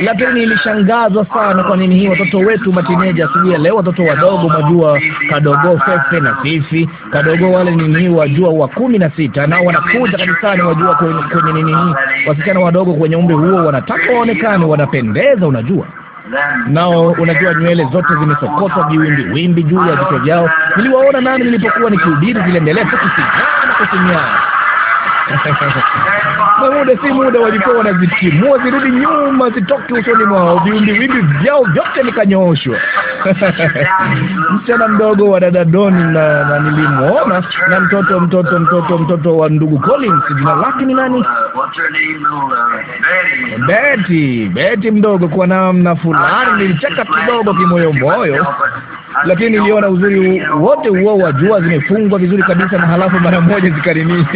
Lakini nilishangazwa sana kwa nini hii watoto wetu matineja asubuhi ya leo, watoto wadogo, mwajua kadogo Fefe na Fifi kadogo, wale nini, wajua wa kumi na sita, nao wanakuja kanisani, wajua kwenye, kwenye nini, wasichana wadogo kwenye umri huo wanataka waonekane wanapendeza, unajua nao unajua, nywele zote zimesokotwa viwimbi wimbi juu ya vichwa vyao. Niliwaona nami nilipokuwa nikihubiri, ziliendelea tu kusimama kusimama na muda si muda walikuwa wanazitimua zirudi nyuma zitoke usoni mwao, viumbiwimbi vyao vyote nikanyooshwa. msichana mdogo wa dada Doni na, na nilimwona na mtoto mtoto mtoto mtoto wa ndugu Collins, jina lake ni nani? Beti, Beti mdogo. Kwa namna fulani nilicheka kidogo kimoyomoyo lakini niliona uzuri wote huo wa jua zimefungwa vizuri kabisa, na halafu mara moja zikarimia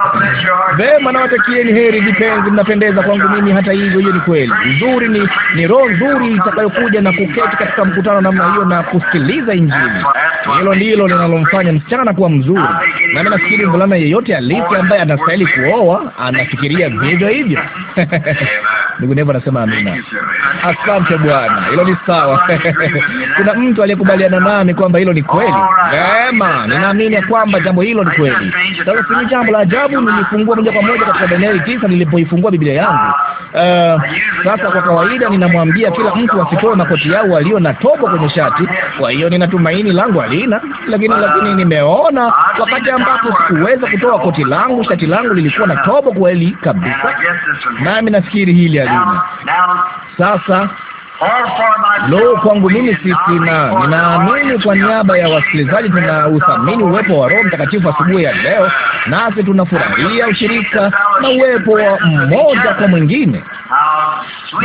Vema, nawatakieni heri, vipenzi, mnapendeza kwangu mimi. Hata hivyo, hiyo ni kweli nzuri, ni, ni roho nzuri itakayokuja na kuketi katika mkutano namna hiyo na kusikiliza Injili. Hilo ndilo linalomfanya msichana kuwa mzuri, nami nafikiri mvulana yeyote alisi ambaye anastahili kuoa anafikiria vivyo hivyo. Ndugu Neva anasema amina. Asante Bwana, hilo ni sawa. Kuna mtu aliyekubaliana nami kwamba hilo ni kweli. Vema, ninaamini kwamba jambo hilo ni kweli. Sasa si jambo la ajabu, ni nilifungua moja kwa moja katika Danieli tisa nilipoifungua Biblia yangu. Uh, sasa kwa kawaida ninamwambia kila mtu asitoe makoti yao walio na tobo kwenye shati. Kwa hiyo ninatumaini langu halina, lakini lakini nimeona wakati ambapo sikuweza kutoa koti langu, shati langu lilikuwa na tobo kweli kabisa, nami nafikiri hili halina sasa Lo, kwangu mimi na Ninaamini kwa niaba ya wasikilizaji tuna uthamini uwepo wa Roho Mtakatifu asubuhi ya leo, nasi tunafurahia ushirika na uwepo wa mmoja kwa mwingine.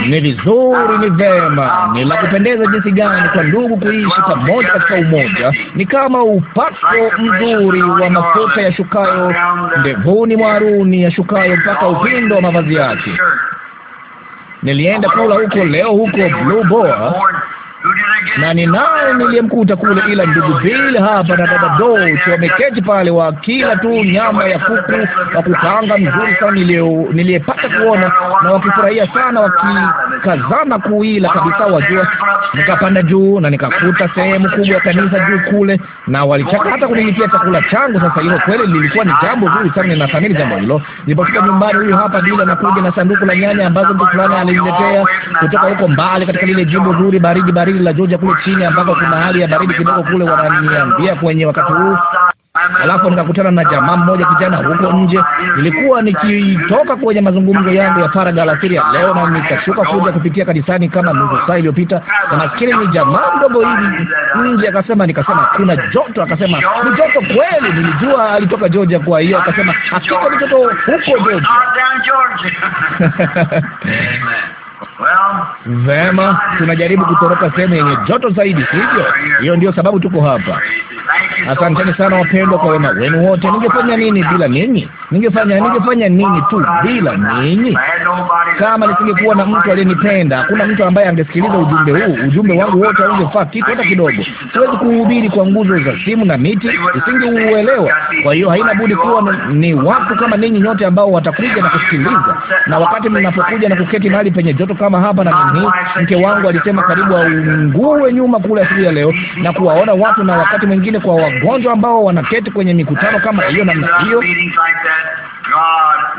Ni vizuri, ni vema, ni la kupendeza jinsi gani kwa ndugu kuishi pamoja katika umoja. Ni kama upako mzuri wa mafuta yashukayo ndevuni mwa Haruni, yashukayo mpaka upindo wa mavazi yake. Nilienda kula huko leo huko Blue Boa na ni nani niliyemkuta kule, ila ndugu Bill hapa na dada Doti wameketi pale wa kila tu nyama ya kuku wa kukaanga mzuri sana niliyepata kuona, na wakifurahia sana, wakikazana kuila kabisa. Wajua, nikapanda juu na nikakuta sehemu kubwa ya kanisa juu kule, na walichaka hata kunihitia chakula changu. Sasa hilo kweli lilikuwa ni jambo zuri sana, ninathamini jambo hilo. Nilipofika nyumbani, huyu hapa Bila nakuja na sanduku la nyanya ambazo mtu fulani aliniletea kutoka huko mbali katika lile jimbo zuri baridi baridi jimbo hili la Georgia kule chini, ambako kuna hali ya baridi kidogo kule, wananiambia kwenye wakati huu Alafu nikakutana na jamaa mmoja kijana huko nje. Nilikuwa nikitoka kwenye mazungumzo yangu ya faragha alasiri ya leo, na nikashuka kuja kupitia kanisani kama nusu saa iliyopita, na maskini ni jamaa mdogo hivi nje akasema, nikasema kuna joto, akasema ni joto kweli. Nilijua alitoka Georgia, kwa hiyo akasema hakika ni joto huko Georgia. Vema, tunajaribu kutoroka sehemu yenye joto zaidi, sivyo? Hiyo ndiyo sababu tuko hapa. Asanteni sana wapendwa, kwa wema wenu wote. Ningefanya nini bila ninyi? Ningefanya ningefanya nini tu bila ninyi? Kama nisingekuwa na mtu aliyenipenda, hakuna mtu ambaye angesikiliza ujumbe huu. Ujumbe wangu wote haungefaa kitu hata kidogo. Siwezi kuhubiri kwa nguzo za simu na miti, isingeuelewa Kwa hiyo haina budi kuwa ni watu kama ninyi nyote ambao watakuja na kusikiliza, na wakati mnapokuja na kuketi mahali penye joto kama kusimama hapa na nini. Mke wangu alisema karibu aungue nyuma kule siku ya leo na kuwaona watu, na wakati mwingine kwa wagonjwa ambao wanaketi kwenye mikutano kama hiyo namna hiyo.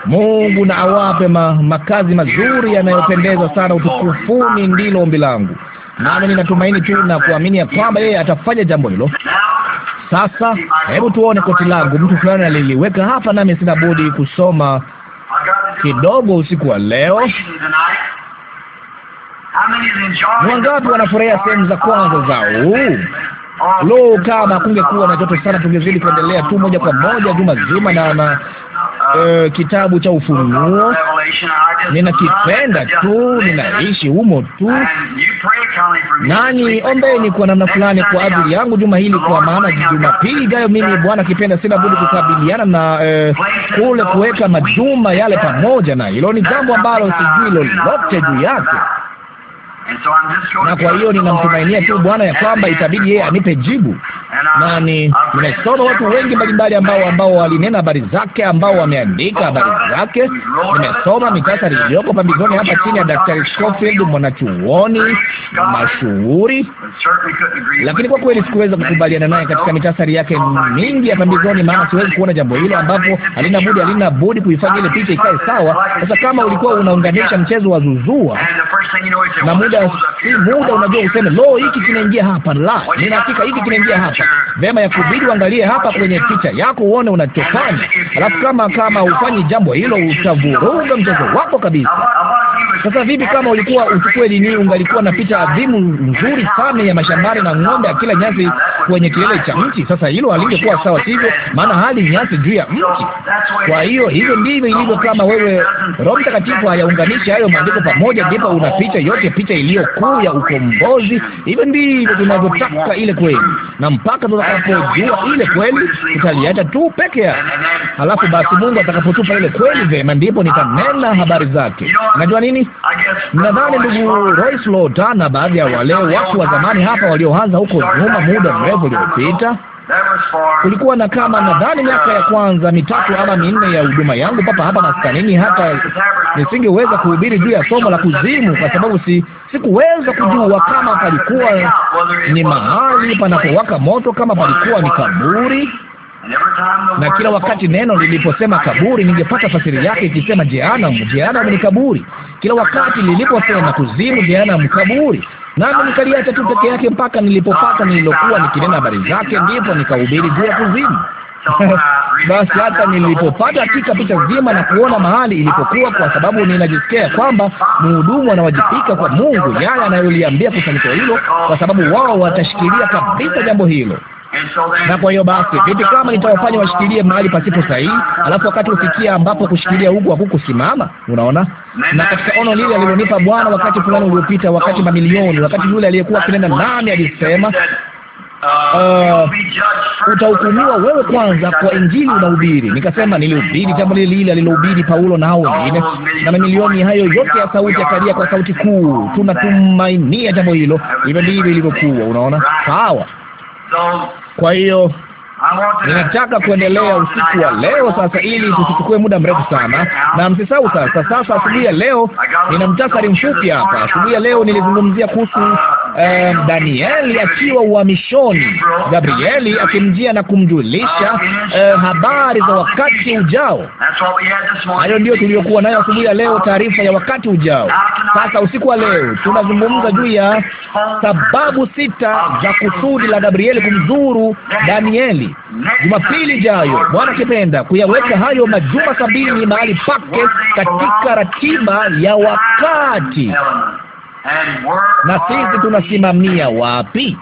Mungu na awape ma, makazi mazuri yanayopendeza sana utukufuni, ndilo ombi langu, nami ninatumaini tu na kuamini ya kwamba yeye atafanya jambo hilo. Sasa hebu tuone koti langu, mtu fulani aliliweka hapa, nami sina budi kusoma kidogo usiku wa leo. Wangapi wanafurahia sehemu za kwanza za huu? Lo, kama kungekuwa na joto sana, tungezidi kuendelea tu moja kwa moja juma zima na na e, kitabu cha Ufunuo ninakipenda tu, ninaishi humo tu. Nani ombeni kwa namna fulani kwa ajili yangu juma hili, kwa maana Jumapili ijayo mimi, Bwana kipenda sina budi kukabiliana na e, kule kuweka majuma yale pamoja, na hilo ni jambo ambalo sijui lolote juu yake na kwa hiyo ninamtumainia tu Bwana ya kwamba itabidi yeye anipe jibu. Na ni nimesoma watu wengi mbalimbali ambao ambao walinena habari zake, ambao wameandika habari zake. Nimesoma mitasari iliyoko pambizoni hapa chini ya Daktari Schofield, mwanachuoni mashuhuri, lakini kwa kweli sikuweza kukubaliana naye katika mitasari yake mingi ya pambizoni, maana siwezi kuona jambo hilo ambapo alina budi alina budi kuifanya ile picha ikae sawa. Sasa kama ulikuwa unaunganisha mchezo wa zuzua na muda si muda unajua useme lo, hiki kinaingia hapa, la, nina hakika hiki kinaingia hapa. Vema, ya kubidi uangalie hapa kwenye picha yako uone unachofanya, alafu kama kama ufanyi jambo hilo utavuruga mchezo wako kabisa. Sasa vipi kama ulikuwa uchukue nini, ungalikuwa na picha adhimu nzuri sana ya mashambani na ng'ombe akila nyasi kwenye kilele cha mti. Sasa hilo halingekuwa sawa, sivyo? Maana hali nyasi juu ya mti. Kwa hiyo hivyo ndivyo ilivyo. Kama wewe Roho Mtakatifu hayaunganishi hayo maandiko pamoja, ndipo una picha yote, picha ilivyo ndiyo kuu ya ukombozi. Hivyo ndivyo tunavyotaka ile kweli, na mpaka tutakapojua ile kweli, tutaliacha tu peke yake. Halafu basi Mungu atakapotupa ile kweli vema, ndipo nitanena habari zake. Unajua nini, nadhani ndugu Royce Lota na baadhi ya wale watu wa zamani hapa walioanza huko nyuma muda mrefu uliopita kulikuwa na kama nadhani miaka ya kwanza mitatu ama minne ya huduma yangu papa hapa maskanini, hata nisingeweza kuhubiri juu ya somo la kuzimu kwa sababu si sikuweza kujua kama palikuwa ni mahali panapowaka moto, kama palikuwa ni kaburi na kila wakati neno liliposema kaburi, ningepata fasiri yake ikisema jehanamu, jehanamu ni kaburi. Kila wakati liliposema kuzimu, jehanamu kaburi nami nikaliacha tu peke yake mpaka nilipopata nililokuwa nikinena habari zake, ndipo nikahubiri juu ya kuzimu. Basi hata nilipopata hakika picha zima na kuona mahali ilipokuwa, kwa sababu ninajisikia kwamba mhudumu anawajibika kwa Mungu yale anayoliambia kusanyiko hilo, kwa sababu wao watashikilia kabisa jambo hilo. Na kwa hiyo basi, vipi kama nitawafanya washikilie mahali pasipo sahihi, alafu wakati ufikia ambapo kushikilia huku hakukusimama? Unaona, na katika ono lile alilonipa Bwana wakati fulani uliopita, wakati mamilioni, wakati yule aliyekuwa akinena nami alisema Uh, utahukumiwa wewe kwanza kwa injili unahubiri. Nikasema nilihubiri jambo lile lile alilohubiri Paulo na hao wengine na mamilioni hayo yote ya sauti yakalia kwa sauti kuu, tunatumainia jambo hilo. Hivyo ndivyo ilivyokuwa, unaona sawa kwa hiyo Ninataka kuendelea usiku wa leo sasa, ili tusichukue muda mrefu sana, na msisahau sasa. Sasa asubuhi ya leo nina mtasari mfupi hapa. Asubuhi ya leo nilizungumzia kuhusu eh, Danieli akiwa uhamishoni, Gabrieli akimjia na kumjulisha eh, habari za wakati ujao. Hayo ndiyo tuliyokuwa nayo asubuhi ya leo, taarifa ya wakati ujao. Sasa usiku wa leo tunazungumza juu ya sababu sita za kusudi la Gabrieli kumzuru Danieli. Jumapili ijayo, Bwana akipenda, kuyaweka hayo majuma sabini mahali pake katika ratiba ya wakati. Na sisi tunasimamia wapi?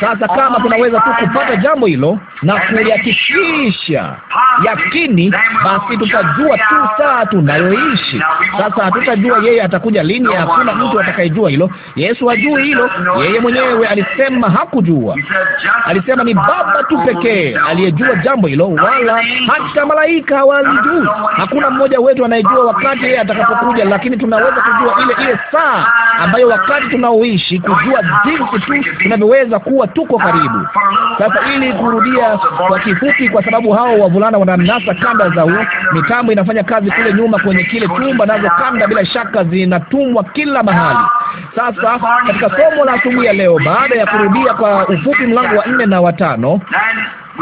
Sasa kama tunaweza tu kupata jambo hilo na kulihakikisha yakini, basi tutajua tu saa tunayoishi sasa. Hatutajua yeye atakuja lini, hakuna mtu atakayejua hilo. Yesu hajui hilo, yeye mwenyewe alisema hakujua. Alisema ni Baba tu pekee aliyejua jambo hilo, wala hata malaika hawalijui. Hakuna mmoja wetu anayejua wakati yeye atakapokuja, lakini tunaweza kujua ile ile saa ambayo wakati tunaoishi, kujua jinsi tu tunavyoweza tunaweza kuwa tuko karibu sasa. Ili kurudia kwa kifupi, kwa sababu hao wavulana wananasa kanda za huu, mitambo inafanya kazi kule nyuma kwenye kile chumba, nazo kanda bila shaka zinatumwa kila mahali. Sasa katika somo la asubuhi ya leo, baada ya kurudia kwa ufupi mlango wa nne na watano,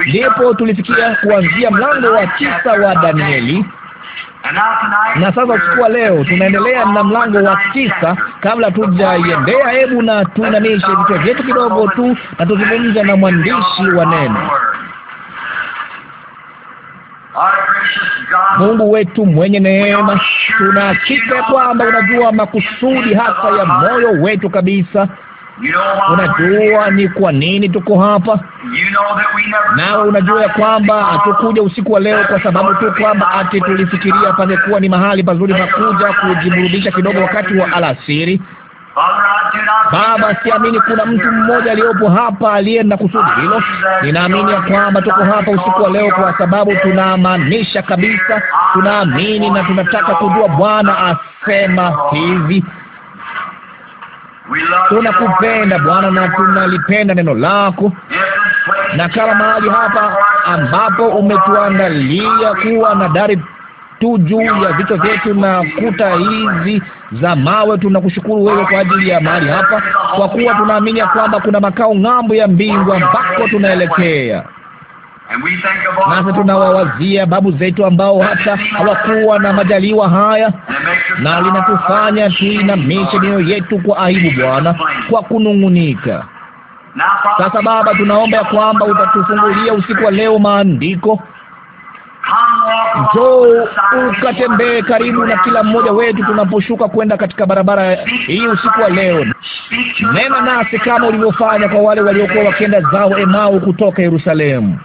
ndipo tulifikia kuanzia mlango wa tisa wa Danieli. Na sasa chukua leo, tunaendelea na mlango wa tisa. Kabla tujaiendea, hebu na tuinamishe vichwa vyetu kidogo tu na tuzungumze na mwandishi wa neno. Mungu wetu mwenye neema, tunahakika kwamba unajua makusudi hasa ya moyo wetu kabisa Unajua ni kwa nini tuko hapa, na unajua ya kwamba hatukuja usiku wa leo kwa sababu tu kwamba ati tulifikiria pangekuwa ni mahali pazuri pa kuja kujiburudisha kidogo wakati wa alasiri. Baba, siamini kuna mtu mmoja aliyopo hapa aliye na kusudi hilo. Ninaamini ya kwamba tuko hapa usiku wa leo kwa sababu tunaamaanisha kabisa, tunaamini na tunataka kujua Bwana asema hivi tunakupenda Bwana na tunalipenda neno lako, na kama mahali hapa ambapo umetuandalia kuwa na dari tu juu ya vichwa vyetu na kuta hizi za mawe, tunakushukuru wewe kwa ajili ya mahali hapa, kwa kuwa tunaamini ya kwamba kuna makao ng'ambo ya mbingu ambako tunaelekea nasi tunawawazia babu zetu ambao hata hawakuwa na majaliwa haya, na linatufanya tuinamishe mioyo yetu kwa aibu, Bwana, kwa kunung'unika. Sasa Baba, tunaomba ya kwamba utatufungulia usiku wa leo maandiko Njoo ukatembee karibu na kila mmoja wetu tunaposhuka kwenda katika barabara hii usiku wa leo. Nena nasi kama ulivyofanya kwa wale waliokuwa wakienda zao Emau kutoka Yerusalemu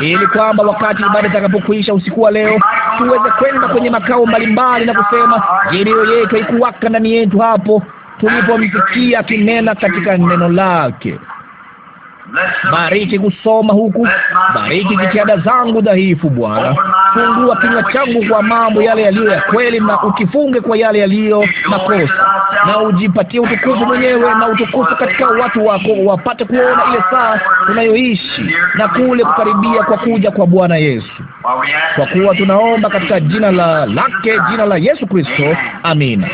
ili kwamba wakati ibada itakapokwisha usiku wa leo tuweze kwenda kwenye makao mbalimbali na kusema mioyo yetu haikuwaka ndani yetu hapo tulipomsikia akinena katika neno lake bariki kusoma huku, bariki jitihada zangu dhaifu. Bwana, fungua kinywa changu kwa mambo yale yaliyo ya kweli, na ukifunge kwa yale yaliyo makosa, na ujipatie utukufu mwenyewe na utukufu katika watu wako, wapate kuona ile saa tunayoishi na kule kukaribia kwa kuja kwa Bwana Yesu, kwa kuwa tunaomba katika jina la lake, jina la Yesu Kristo, amina.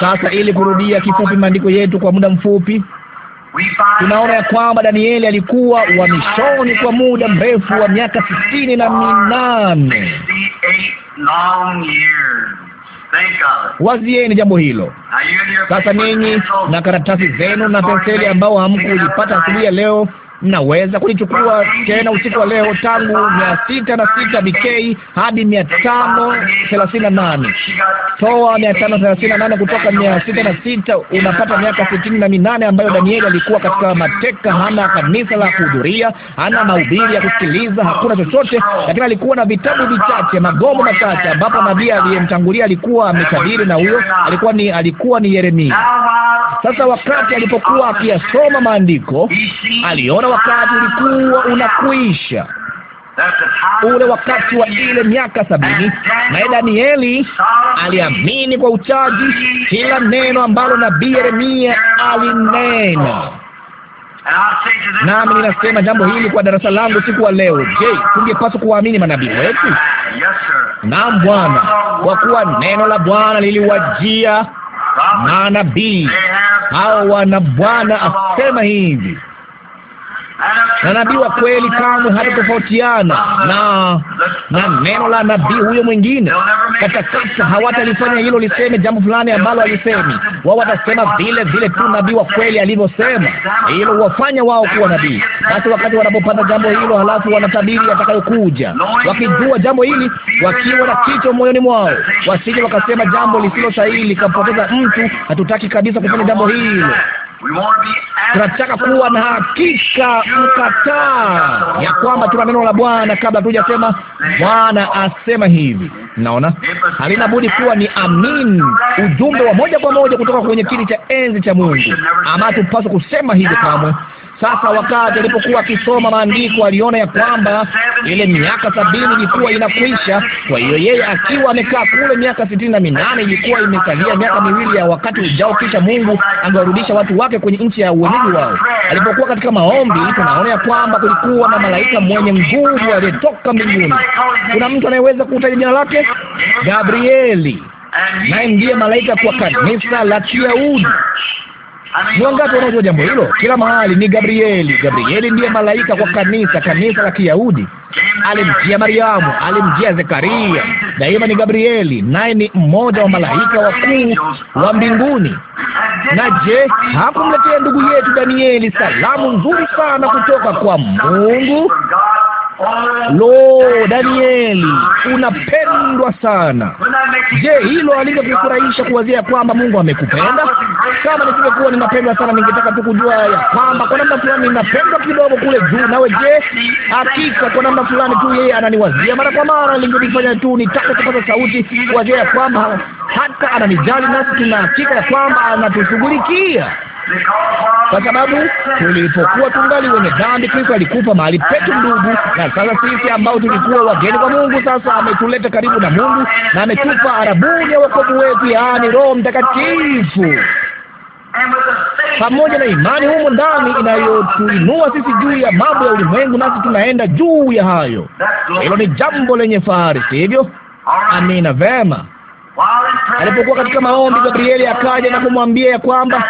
Sasa ili kurudia kifupi maandiko yetu kwa muda mfupi, tunaona ya kwamba Danieli alikuwa uhamishoni kwa muda mrefu wa miaka sitini na minane. Wazieni jambo hilo sasa, ninyi na karatasi zenu na penseli ambao hamkuipata asubuhi ya leo mnaweza kulichukua tena usiku wa leo, tangu mia sita na sita BK hadi mia tano thelathini na nane toa mia tano thelathini na nane kutoka mia sita na sita unapata miaka sitini na minane ambayo Danieli alikuwa katika mateka. Hana kanisa la kuhudhuria, hana mahubiri ya kusikiliza, hakuna chochote, lakini alikuwa na vitabu vichache, magomo machache, ambapo nabii aliyemtangulia alikuwa ametabiri, na huyo alikuwa ni alikuwa ni Yeremia. Sasa wakati alipokuwa akiyasoma maandiko aliona wakati ulikuwa unakwisha, ule wakati wa ile miaka sabini. Naye Danieli aliamini kwa uchaji kila neno ambalo nabii Yeremia alinena. Nami ninasema jambo hili kwa darasa langu siku wa leo. Je, tungepaswa kuwaamini manabii wetu? Naam Bwana, kwa kuwa neno la Bwana liliwajia manabii hao, wana Bwana asema hivi na nabii wa kweli kamwe hatatofautiana na na neno la nabii huyo mwingine. Katakata hawatalifanya hilo liseme jambo fulani ambalo alisemi wao, watasema vile vile tu nabii wa kweli alivyosema. Hilo huwafanya wao kuwa nabii. Basi wakati wanapopata jambo hilo, halafu wanatabiri atakayokuja, wakijua jambo hili, wakiwa na kicho moyoni mwao, wasije wakasema jambo lisilo sahihi likapoteza mtu. Hatutaki kabisa kufanya jambo hilo tunataka kuwa na hakika mkataa ya kwamba tuna neno la Bwana kabla hatujasema Bwana asema hivi. Naona halina budi kuwa ni amin, ujumbe wa moja kwa moja kutoka kwenye kiti cha enzi cha Mungu. Ama tupaswa kusema hivyo kamwe. Sasa wakati alipokuwa akisoma maandiko, aliona ya kwamba ile miaka sabini ilikuwa inakwisha. Kwa hiyo yeye akiwa amekaa kule miaka sitini na minane ilikuwa imesalia miaka miwili ya wakati ujao, kisha Mungu angewarudisha watu wake kwenye nchi ya uwenyeji wao. Alipokuwa katika maombi, tunaona ya kwamba kulikuwa na malaika mwenye nguvu aliyetoka mbinguni. Kuna mtu anayeweza kutaja jina lake? Gabrieli, naye ndiye malaika kwa kanisa la Kiyahudi. Ni wangapi wanaojua jambo hilo? Kila mahali ni Gabrieli. Gabrieli ndiye malaika kwa kanisa, kanisa la Kiyahudi. Alimjia Mariamu, alimjia Zekaria. Daima ni Gabrieli, naye ni mmoja wa malaika wakuu wa mbinguni. Na je, hakumletea ndugu yetu Danieli salamu nzuri sana kutoka kwa Mungu? Lo, Danieli, unapendwa sana. Je, hilo alingekufurahisha kuwazia kwamba Mungu amekupenda? Kama nisingekuwa ninapendwa sana, ningetaka tu kujua ya kwamba kwa namna fulani ninapendwa kidogo kule juu. Nawe je? Hakika kwa namna fulani tu yeye ananiwazia mara kwa mara. Lingenifanya tu nitaka kupata sauti kuwazia ya kwamba hata ananijali, nasi tuna hakika ya kwamba anatushughulikia kwa sababu tulipokuwa tungali wenye dhambi, Kristo alikufa mahali petu, ndugu. Na sasa sisi ambao tulikuwa wageni kwa Mungu, sasa ametuleta karibu na Mungu na ametupa arabuni ya wokovu wetu, yaani Roho Mtakatifu pamoja na imani humo ndani inayotuinua sisi juu ya mambo ya ulimwengu, nasi tunaenda juu ya hayo. Hilo ni jambo lenye fahari, sivyo? Amina. Vema, alipokuwa katika maombi, Gabrieli akaja na kumwambia ya kwamba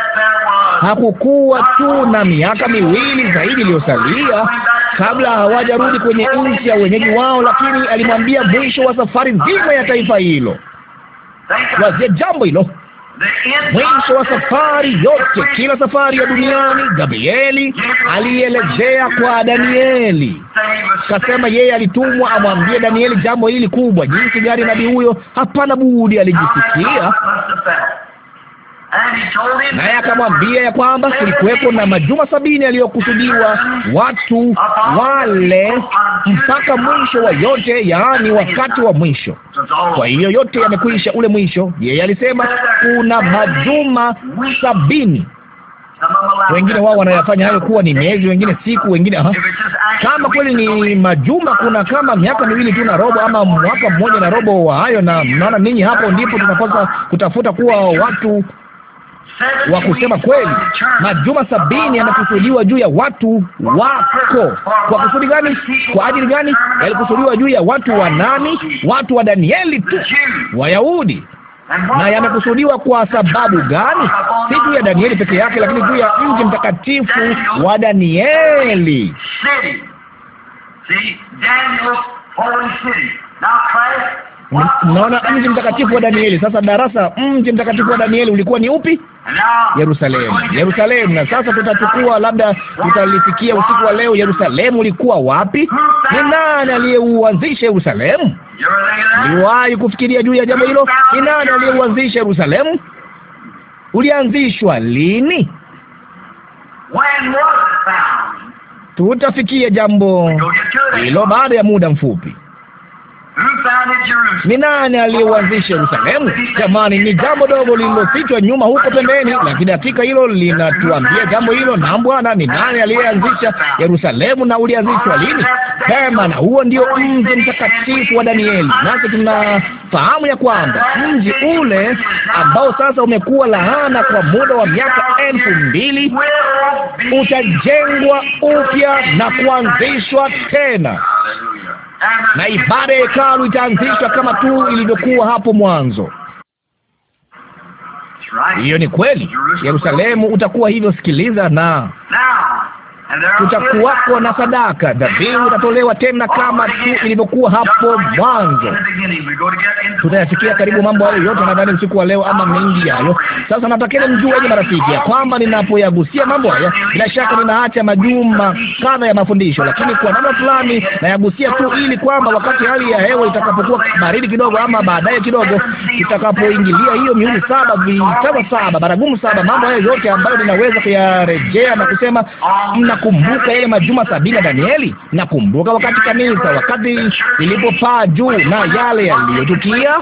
hakukuwa tu na miaka miwili zaidi iliyosalia kabla hawajarudi kwenye nchi ya wenyeji wao, lakini alimwambia mwisho wa safari nzima ya taifa hilo. Wazia jambo hilo, mwisho wa safari yote, kila safari ya duniani. Gabrieli alielezea kwa Danieli, kasema yeye alitumwa amwambie Danieli jambo hili kubwa, jinsi gani nabii huyo hapana budi alijisikia naye akamwambia ya kwamba kulikuwepo na majuma sabini yaliyokusudiwa watu wale mpaka mwisho wa yote, yaani wakati wa mwisho. Kwa hiyo yote yamekwisha, ule mwisho. Yeye alisema kuna majuma sabini. Wengine wao wanayafanya hayo kuwa ni miezi, wengine siku, wengine aha. Kama kweli ni majuma, kuna kama miaka miwili tu na robo, ama mwaka mmoja na robo wa hayo. Na mnaona ninyi, hapo ndipo tunapaswa kutafuta kuwa watu wa kusema kweli. Majuma sabini yamekusudiwa juu ya watu wako. Kwa kusudi gani? Kwa ajili gani? Yalikusudiwa juu ya watu wa nani? Watu wa Danieli tu, Wayahudi na yamekusudiwa kwa sababu gani? Si juu ya Danieli peke yake, lakini juu ya mji mtakatifu wa Danieli. Mnaona mji mtakatifu wa Danieli. Sasa darasa, mji mtakatifu wa Danieli ulikuwa ni upi? Yerusalemu, Yerusalemu. Na sasa tutachukua, labda tutalifikia usiku wa leo. Yerusalemu ulikuwa wapi? Ni nani aliyeuanzisha Yerusalemu? Uliwahi kufikiria juu ya jambo hilo? Ni nani aliyeuanzisha Yerusalemu? Ulianzishwa lini? Tutafikia jambo hilo baada ya muda mfupi. Ni nani aliyeuanzisha Yerusalemu? Jamani, ni jambo dogo lililofichwa nyuma huko pembeni, lakini hakika hilo linatuambia jambo hilo. Na Bwana, ni nani aliyeanzisha Yerusalemu na ulianzishwa lini? Pema, na huo ndio mji mtakatifu wa Danieli, nasi tunafahamu ya kwamba mji ule ambao sasa umekuwa laana kwa muda wa miaka elfu mbili utajengwa upya na kuanzishwa tena na ibada ya hekalu itaanzishwa kama tu ilivyokuwa hapo mwanzo. Hiyo ni kweli. Yerusalemu utakuwa hivyo. Sikiliza, na kutakuwako na sadaka dhabihu, itatolewa tena kama tu ilivyokuwa hapo mwanzo. Tutayafikia karibu mambo hayo yote, nadhani usiku wa leo, ama mengi yayo. Sasa natakeni mjue, je, marafiki, ya kwamba ninapoyagusia mambo haya, bila shaka ninaacha majuma kadha ya mafundisho, lakini kwa namna fulani nayagusia tu, ili kwamba wakati hali ya hewa itakapokuwa baridi kidogo, ama baadaye kidogo, itakapoingilia hiyo miuni saba, vitawa saba, baragumu saba, mambo hayo yote ambayo ninaweza kuyarejea na kusema mna kumbuka yale majuma sabini ya Danieli, kumbuka wakati kanisa, wakati ilipopaa juu na yale yaliyotukia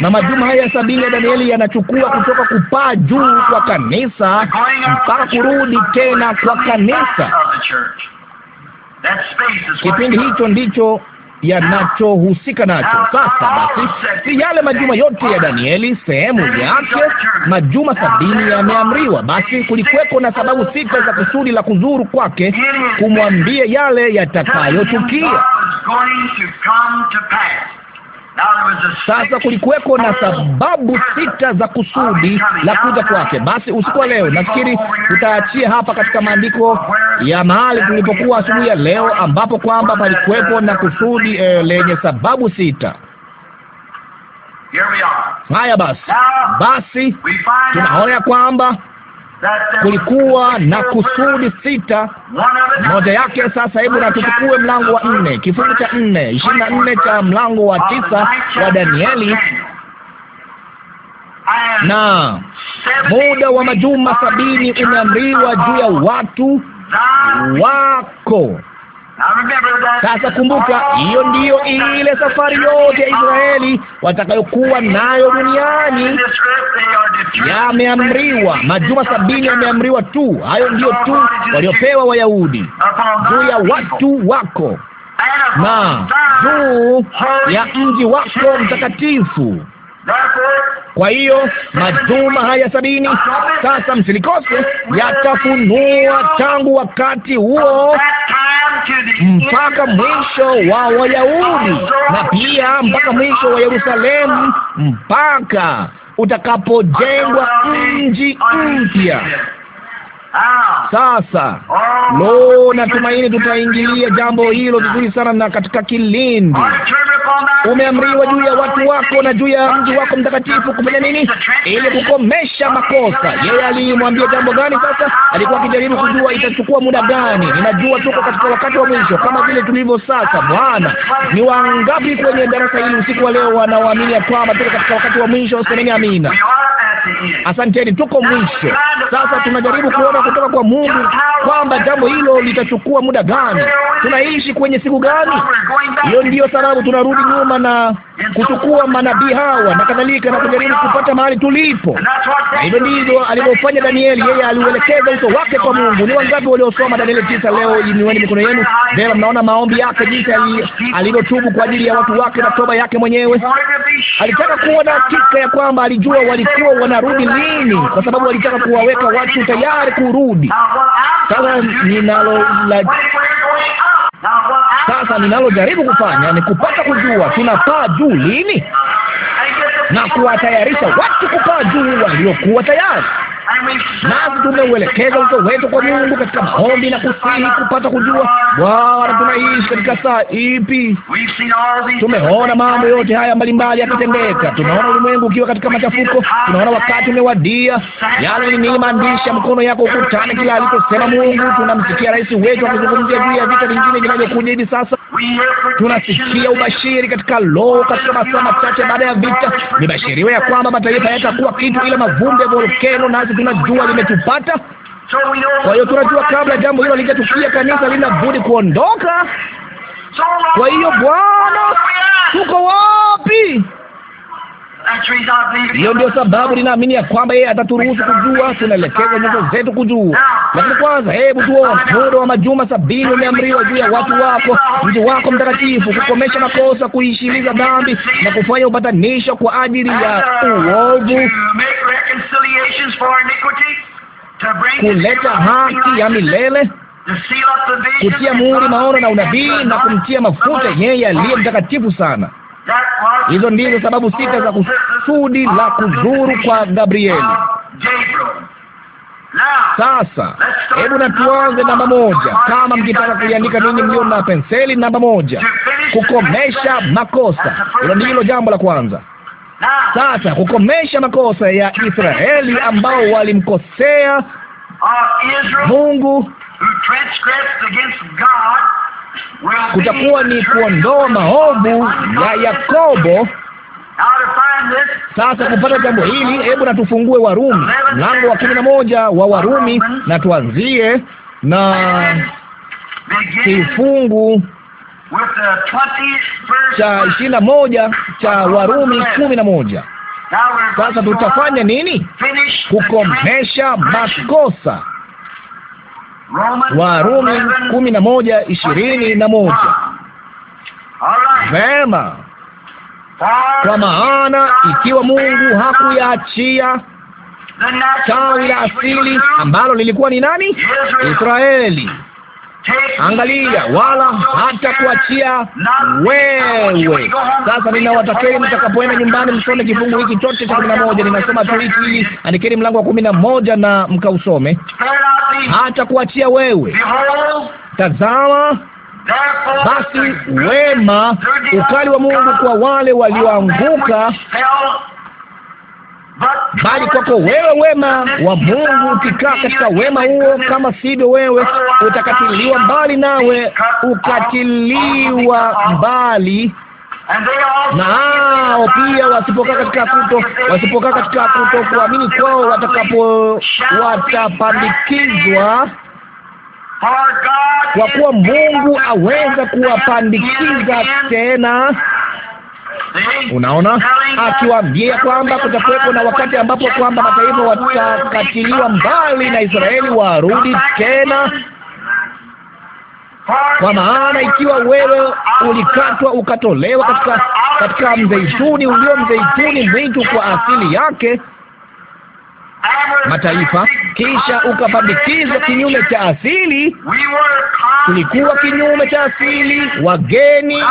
na majuma haya sabini ya Danieli yanachukua kutoka kupaa juu kwa kanisa mpaka kurudi tena kwa kanisa. Kipindi hicho ndicho yanachohusika nacho. Sasa basi, si yale majuma yote ya Danieli, sehemu yake majuma sabini yameamriwa. Basi kulikuwepo na sababu sita za kusudi la kuzuru kwake, kumwambie yale yatakayotukia. Sasa kulikuweko na sababu sita za kusudi la kuja kwake. Basi usiku wa leo nafikiri tutaachia hapa katika maandiko ya mahali tulipokuwa asubuhi ya leo, ambapo kwamba palikuwepo na kusudi eh, lenye sababu sita. Haya basi, basi tunaona kwamba kulikuwa na kusudi sita, moja yake sasa. Hebu na tuchukue mlango wa nne, kifungu cha nne ishirini na nne cha mlango wa tisa wa Danieli na muda wa majuma sabini umeamriwa juu ya watu wako sasa kumbuka, hiyo ndiyo ile safari yote ya Israeli watakayokuwa nayo duniani. Yameamriwa majuma sabini, yameamriwa tu. Hayo ndiyo tu waliopewa Wayahudi juu ya watu wako na juu ya mji wako mtakatifu. Kwa hiyo majuma haya sabini sasa, msilikose, yatafunua tangu wakati huo mpaka mwisho wa Wayahudi na pia mpaka mwisho wa Yerusalemu, mpaka utakapojengwa mji mpya. Ah. Sasa oh. lo, natumaini tutaingilia jambo hilo vizuri sana, na katika kilindi umeamriwa juu ya watu wako na juu ya mji wako mtakatifu kufanya nini ili kukomesha makosa. Yeye alimwambia jambo gani? Sasa alikuwa akijaribu kujua itachukua muda gani. Ninajua tuko katika wakati wa mwisho kama vile tulivyo sasa. Bwana, ni wangapi kwenye darasa hili usiku wa leo wanaoamini ya kwamba tuko katika wakati wa mwisho? Semeni amina. Asanteni, tuko mwisho sasa. Tunajaribu kuona kutoka kwa Mungu kwamba jambo hilo litachukua muda gani, tunaishi kwenye siku gani. Hiyo ndiyo sababu tunarudi nyuma na kuchukua manabii hawa na kadhalika, na kujaribu kupata mahali tulipo, hivyo ndivyo alivyofanya Danieli. Yeye aliuelekeza uso wake kwa Mungu. Ni wangapi waliosoma Danieli tisa leo? Inueni mikono yenu. Vema, mnaona maombi yake, jinsi alivyotubu kwa ajili ya watu wake na toba yake mwenyewe. Alitaka kuwa na hakika ya kwamba alijua walikuwa wanarudi lini, kwa sababu alitaka kuwaweka watu tayari kurudi. Sasa ninalo la sasa ninalojaribu kufanya ni kupata kujua tunapaa juu lini na kuwatayarisha watu kupaa juu waliokuwa tayari nasi tunauelekeza uso wetu kwa Mungu katika maombi na kusihi kupata kujua, Bwana, tunaishi katika saa ipi? Tumeona mambo yote haya mbalimbali yakitendeka. Tunaona ulimwengu ukiwa katika machafuko, tunaona wakati umewadia. Yale ni nini maandishi ya mkono yako ukutane kila aliposema Mungu. Tunamsikia rais wetu akizungumzia juu ya vita vingine vinavyokuja hivi sasa. Tunasikia ubashiri katika loo, katika masaa machache baada ya vita, nibashiriwe ya kwamba mataifa yatakuwa kitu ila mavumbi ya volkeno, nasi kuzima jua limetupata. Kwa hiyo tunajua kabla jambo hilo lijatukia, kanisa lina budi kuondoka. Uh, Kwa hiyo Bwana, tuko wapi? Hiyo ndio sababu ninaamini ya kwamba yeye ataturuhusu kujua, tunaelekeza nyoto zetu kujua. Lakini kwanza, hebu tuone, muda wa majuma sabini umeamriwa juu ya watu wako, mji wako mtakatifu, kukomesha makosa, kuishiliza dhambi na kufanya upatanisho kwa ajili ya uovu kuleta haki ya milele, kutia muhuri maono na unabii, na kumtia mafuta yeye aliye mtakatifu sana. Hizo ndizo sababu sita za kusudi la kuzuru kwa Gabrieli. Sasa hebu na tuanze namba moja, kama mkitaka kuiandika ninyi mlio na penseli. Namba moja, kukomesha makosa. Hilo ndilo jambo la kwanza. Sasa kukomesha makosa ya Israeli ambao walimkosea Mungu kutakuwa ni kuondoa maovu ya Yakobo. Sasa kupata jambo hili, hebu natufungue Warumi mlango wa kumi na moja wa Warumi na tuanzie na kifungu cha ishirini na moja cha Warumi kumi na moja. Sasa tutafanya nini? Kukomesha makosa Warumi kumi na moja ishirini na moja. Vema, kwa maana ikiwa Mungu hakuyaachia tawi la asili ambalo lilikuwa ni nani? Israeli Angalia, wala hata kuachia wewe. Sasa ninawatakeni mtakapoenda nyumbani, msome kifungu hiki chote cha kumi na moja. Ninasoma tu hiki ili andikeni mlango wa kumi na moja na mkausome. Hata kuachia wewe, tazama basi wema, ukali wa Mungu kwa wale walioanguka bali kwako wewe wema wa Mungu, ukikaa katika wema huo, kama sivyo, wewe utakatiliwa mbali, nawe ukatiliwa mbali nao pia wasipokaa katika kuto wasipokaa katika kuto kuamini kwao, watakapo watapandikizwa, kwa kuwa Mungu aweza kuwapandikiza tena Unaona, akiwaambia kwamba kutakuwepo na wakati ambapo kwamba mataifa watakatiliwa mbali na Israeli warudi tena kwa maana ikiwa wewe ulikatwa ukatolewa katika katika mzeituni ulio mzeituni mwitu kwa asili yake mataifa, kisha ukapandikizwa kinyume cha asili. Tulikuwa kinyume cha asili, wageni,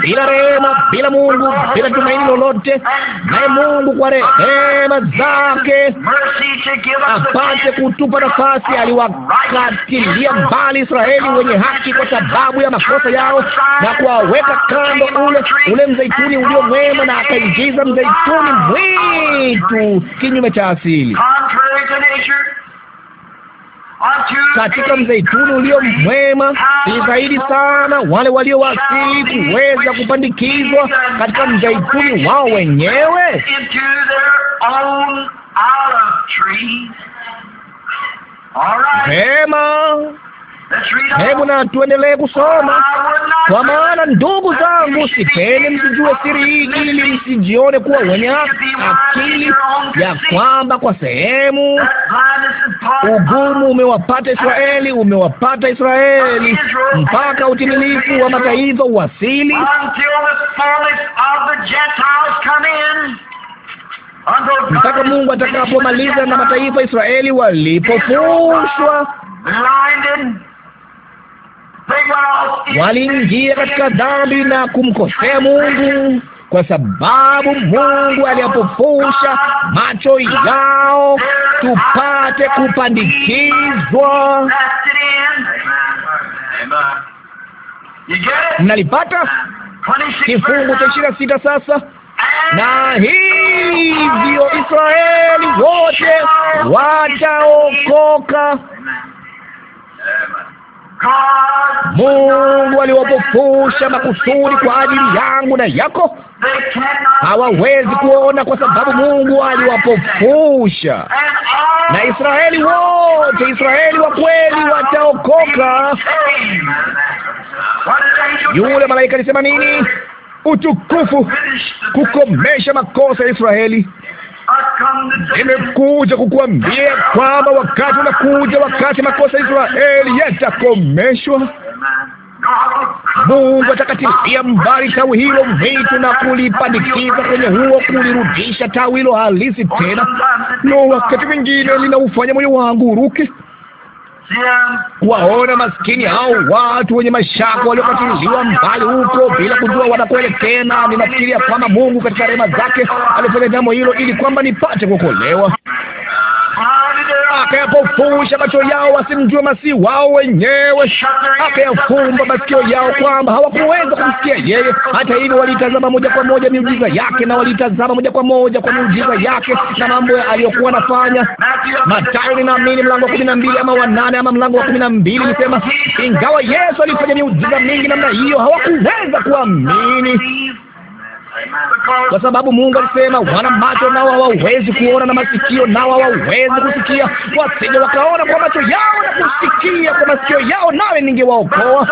bila rehema, bila Mungu, bila tumaini lolote, naye Mungu kwa rehema zake apate kutupa nafasi. Aliwakatilia mbali Israeli wenye haki kwa sababu ya makosa yao, na kuwaweka kando ule ule mzeituni ulio mwema, na akaingiza mzeituni mwitu kinyume cha asili katika mzeituni ulio mwema, ni zaidi sana wale walio wasili kuweza kupandikizwa katika mzeituni wao wenyewe. Vema. Hebu na tuendelee kusoma. Kwa maana ndugu zangu, sipeni msijue siri hii, ili msijione kuwa wenye akili, ya kwamba kwa sehemu ugumu umewapata Israeli, umewapata Israeli mpaka utimilifu wa mataifa uwasili mpaka Mungu atakapomaliza na mataifa Israeli walipofushwa waliingia katika dhambi na kumkosea Mungu, kwa sababu Mungu aliyapofusha macho yao tupate kupandikizwa. Mnalipata kifungu cha ishirini na sita sasa na hivyo Israeli wote wataokoka. Mungu aliwapofusha makusudi kwa ajili yangu na yako. Hawawezi kuona kwa sababu Mungu aliwapofusha. Na Israeli wote, Israeli wa kweli wataokoka. Yule malaika alisema nini? Utukufu, kukomesha makosa ya Israeli. Nimekuja kukuambia kwamba wakati unakuja, wakati makosa ya Israeli yatakomeshwa. Mungu atakatilia mbali tawi hilo vitu na kulipandikiza kwenye huo, kulirudisha tawi hilo halisi tena. Lo, wakati mwingine linaufanya moyo wangu uruke kuwaona maskini au watu wenye mashaka waliokatiliwa mbali huko bila kujua wanakoelekea, na ninafikiria kwamba Mungu katika rehema zake alifanya jambo hilo ili kwamba nipate kuokolewa akayapofusha macho yao wasimjue masihi wao wenyewe, akayafumba masikio yao kwamba hawakuweza kumsikia yeye. Hata hivyo, walitazama moja kwa moja miujiza yake, na walitazama moja kwa moja kwa miujiza yake na mambo aliyokuwa anafanya. Mathayo, ninaamini mlango wa kumi na mbili ama wanane ama mlango wa kumi na mbili nisema, ingawa Yesu alifanya miujiza mingi namna hiyo, hawakuweza kuamini kwa sababu Mungu alisema, wana macho nao hawawezi kuona na masikio nao hawawezi kusikia, wasije wakaona kwa macho yao na kusikia kwa masikio yao, nawe ningewaokoa.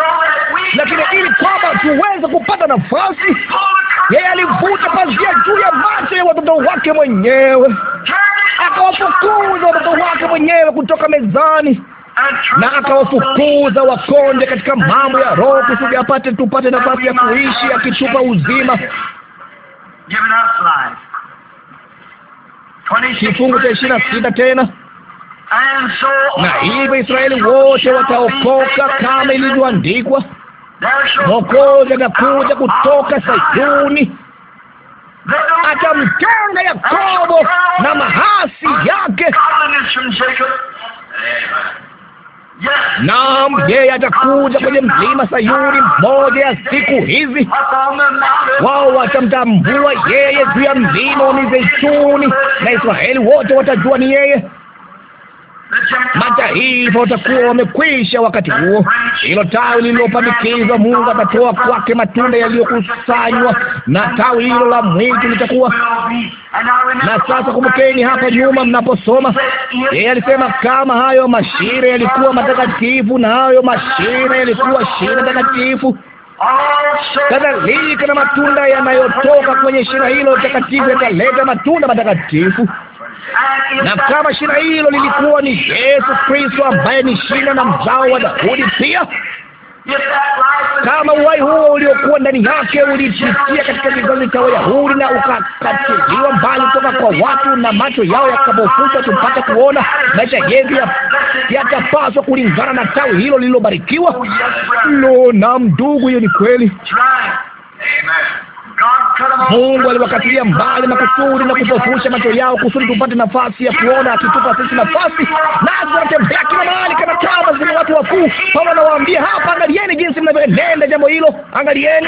Lakini ili kwamba tuweze kupata nafasi, yeye alivuta pazia juu ya macho ya watoto wake mwenyewe, akawafukuza watoto wake mwenyewe kutoka mezani na akawafukuza wakonde katika mambo ya roho, kusudi apate tupate nafasi ya kuishi, akitupa uzima Kifungu cha ishirini na sita tena so, na hivyo Israeli wote wataokoka kama ilivyoandikwa, Mwokozi atakuja kutoka Sayuni, atamtenga Yakobo na mahasi yake. Naam, yeye atakuja kwenye mlima Sayuni moja ya siku hizi, wao watamtambua yeye juu ya mlima wa Mizeituni, na Israeli wote watajua ni yeye mataifa watakuwa wamekwisha wakati huo. Hilo tawi lililopandikizwa, Mungu atatoa kwake matunda yaliyokusanywa, na tawi hilo la mwitu litakuwa na. Sasa kumbukeni, hapa nyuma mnaposoma, yeye alisema kama hayo mashire yalikuwa matakatifu na hayo mashire yalikuwa shina takatifu kadhalika na matunda yanayotoka kwenye shina hilo takatifu yataleta matunda matakatifu na kama shina hilo lilikuwa ni Yesu Kristo ambaye ni shina na mzao wa Daudi pia kama uwai huo uliokuwa ndani yake ulipitia katika kizazi cha Wayahudi na ukakatiliwa mbali kutoka kwa watu, na macho yao yakapofuta tupate kuona, maisha yetu yatapaswa kulingana na tawi hilo lililobarikiwa. Lo, na ndugu, hiyo ni kweli. Mungu aliwakatilia mbali makusudi na kupofusha macho yao kusudi tupate nafasi ya kuona, akitupa sisi nafasi, nasi wanatembea kila mahali kama chama zenye watu wakuu. Paulo anawaambia hapa, angalieni jinsi mnavyoenenda jambo hilo, angalieni,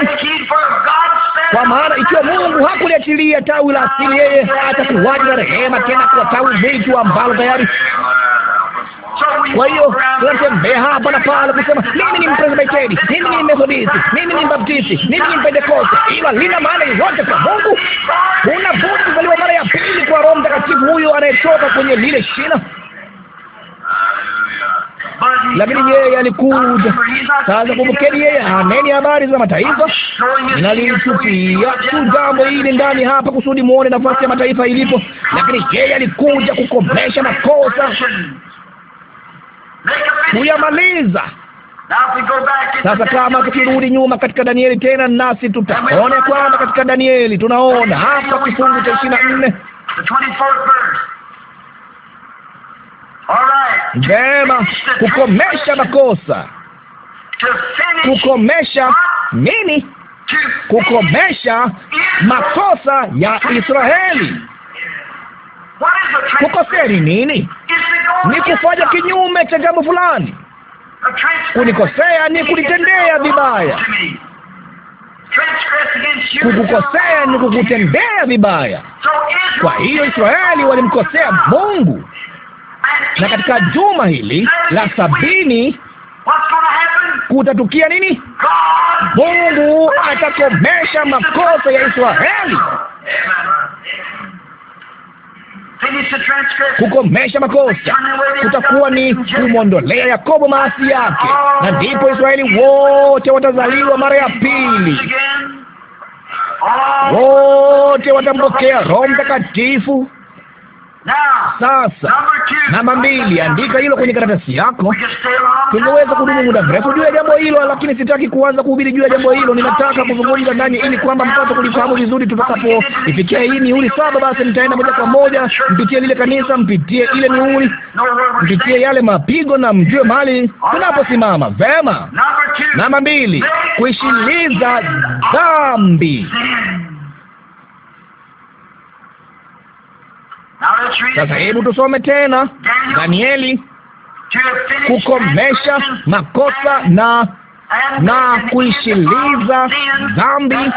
kwa maana ikiwa Mungu hakuliachilia tawi la asili, yeye atakuwaje na rehema tena kwa tawi mwitu ambalo tayari kwa hiyo tunatembea hapa na pale kusema mimi ni Mpresbiteri, mimi ni Methodisti, mimi ni Baptisti, mimi ni Pentekoste, ila lina maana yote kwa Mungu. Kuna budi kuzaliwa mara ya pili kwa Roho Mtakatifu, huyo anayetoka kwenye lile shina lakini yeye alikuja sasa. Kumbukeni yeye, ameni habari za mataifa. Nalitupia tu jambo hili ndani hapa kusudi muone nafasi ya mataifa ilipo, lakini yeye alikuja kukomesha makosa kuyamaliza. Sasa kama tukirudi nyuma katika Danieli tena, nasi tutaona kwamba katika Danieli tunaona hapa kifungu cha ishirini na nne Vema, kukomesha makosa, kukomesha nini? Kukomesha makosa ya Israeli kukosea ni nini? Ni kufanya kinyume cha jambo fulani. Kunikosea ni kulitendea vibaya, kukukosea ni kukutendea vibaya. Kwa hiyo Israeli walimkosea Mungu, na katika juma hili la sabini kutatukia nini? Mungu atakomesha makosa ya Israeli kukomesha makosa, kutakuwa ni kumwondolea Yakobo maasi yake, na ndipo Israeli wote watazaliwa mara ya pili, wote watampokea Roho Mtakatifu. Sasa namba mbili, andika hilo kwenye karatasi yako. Tunaweza kudumu muda mrefu juu ya jambo hilo, lakini sitaki kuanza kuhubiri juu ya jambo hilo. Ninataka kuzungumza nanyi ili kwamba mpate kulifahamu vizuri. tutakapo ifikia hii mihuri saba, basi nitaenda moja kwa moja, mpitie lile kanisa, mpitie ile mihuri, mpitie yale mapigo na mjue mahali tunaposimama. Vema, namba mbili, kuishiliza dhambi Sasa hebu tusome tena Danieli, kukomesha makosa na na kuishiliza dhambi.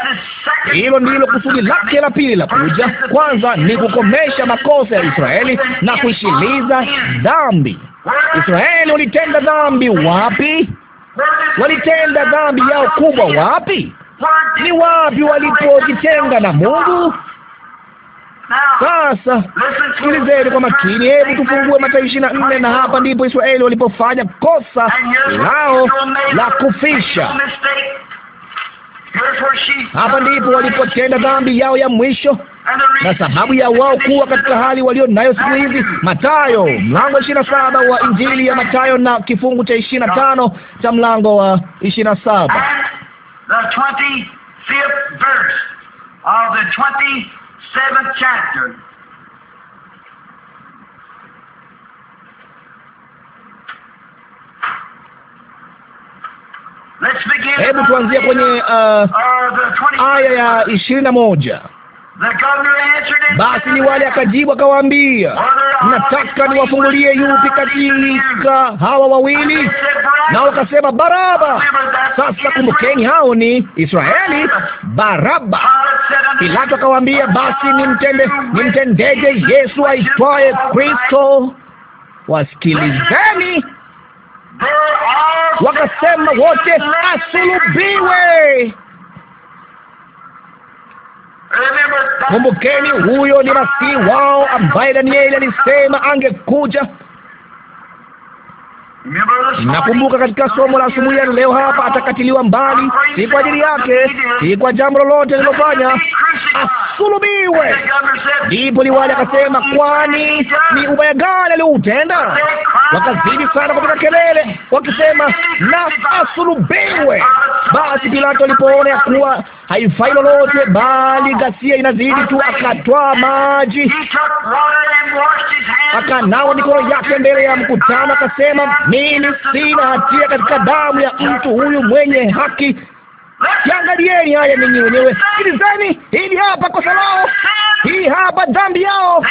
Hilo ndilo kusudi lake la pili la kuja. Kwanza ni kukomesha makosa ya Israeli na kuishiliza dhambi. Israeli walitenda dhambi wapi? Walitenda dhambi yao kubwa wapi? Ni wapi walipojitenga na Mungu? Sasa sikilizeni kwa makini, hebu tufungue Mathayo ishirini na nne na hapa ndipo Israeli walipofanya kosa lao la kufisha. Hapa ndipo walipotenda dhambi yao ya mwisho na sababu ya wao kuwa katika hali walio nayo siku hizi. Mathayo mlango ishirini na saba wa Injili ya Mathayo na kifungu cha ishirini na tano cha mlango wa ishirini na saba seventh chapter. Hebu tuanzie kwenye uh, uh aya ya ishirini na moja. Basi liwali akajibu akawaambia, nataka niwafungulie yupi katika hawa wawili? Na wakasema Baraba. Sasa kumbukeni, hao ni Israeli, Baraba. Pilato akawaambia, basi nimtende nimtendeje Yesu aitwaye Kristo? Wasikilizeni, wakasema wote, asulubiwe. Kumbukeni, huyo ni masihi wao ambaye Danieli alisema angekuja. Nakumbuka katika somo la asubuhi ya leo hapa, atakatiliwa mbali, si kwa ajili yake, si kwa jambo lolote alilofanya, asulubiwe. Ndipo liwali akasema, kwani ni ubaya gani aliutenda? Wakazidi sana kupiga kelele wakisema, na asulubiwe. Basi Pilato alipoona ya kuwa haifai lolote, bali ghasia inazidi tu. Akatwaa maji akanawa mikono yake mbele ya mkutano, akasema, mimi sina hatia katika damu ya mtu huyu mwenye haki. yangalieni haya ninyi wenyewe, sikilizeni hili hapa kosa lao, hii hapa dhambi yao.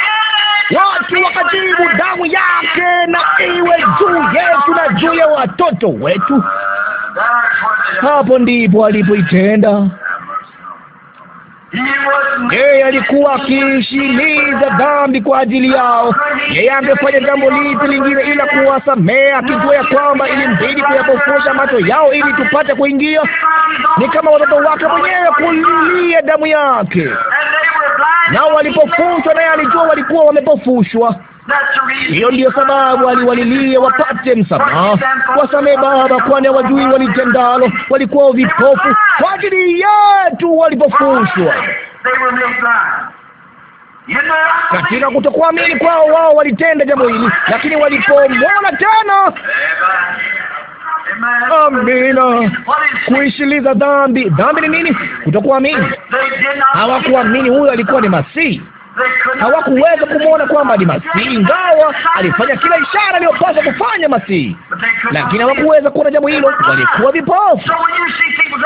Watu wakajibu, damu yake na iwe juu yetu na juu ya watoto wetu. Hapo ndipo alipoitenda yeye alikuwa akiishimiza dhambi kwa ajili yao. Yeye angefanya jambo lipi lingine ila kuwasamea akijua ya kwamba ilimbidi kuyapofusha macho yao ili tupate kuingia. Ni kama watoto wake mwenyewe kulilia damu yake, nao walipofushwa, naye alijua walikuwa wamepofushwa. Hiyo ndiyo sababu aliwalilia wapate msamaha. Wasamehe Baba, kwani hawajui walitendalo. Walikuwa vipofu kwa ajili yetu walipofushwa katika kutokuamini kwao, wao walitenda jambo hili, lakini walipomwona tena, amina, kuishiliza dhambi. Dhambi ni nini? Kutokuamini. Hawakuamini huyo alikuwa ni Masihi hawakuweza kumwona kwamba ni Masihi, ingawa alifanya kila ishara aliyopaswa kufanya Masihi, lakini hawakuweza kuona jambo hilo, walikuwa vipofu.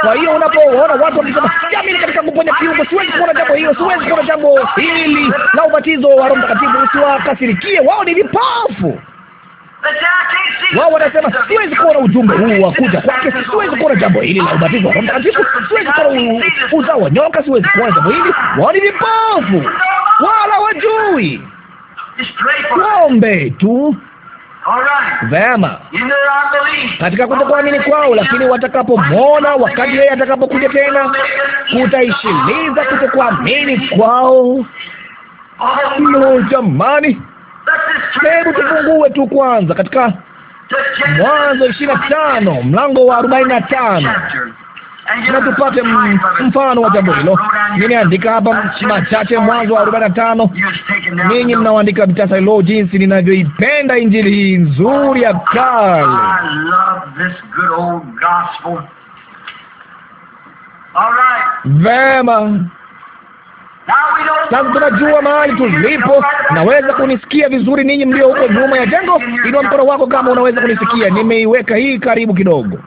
Kwa hiyo unapoona watu wakisema jamini, katika kuponya kiungo, siwezi kuona jambo hilo, siwezi kuona jambo hili la ubatizo wa Roho Mtakatifu, usiwakasirikie, wao ni vipofu wao wanasema siwezi kuona ujumbe huu wa kuja kwake, siwezi kuona jambo hili la ubatizo wa Roho Mtakatifu, siwezi kuona uzao wa nyoka, siwezi kuona jambo hili. Wao ni vipofu, wala wajui. Ombe tu Vema, katika kutokuamini kwao, lakini watakapomwona, wakati yeye atakapokuja tena, kutaishiliza kutokuamini kwao. Lo, oh, jamani! Hebu tufungue tu kwanza katika Mwanzo ishirini na tano mlango wa arobaini na tano na tupate mfano wa jambo hilo. Nimeandika hapa machache, Mwanzo wa arobaini na tano. Ninyi mnaoandika vitasari, jinsi ninavyoipenda injili hii nzuri ya kale. Vema. Sasa tunajua mahali tulipo. Naweza kunisikia vizuri ninyi mlio huko nyuma ya jengo? Inua mkono wako kama unaweza kunisikia. Nimeiweka hii karibu kidogo.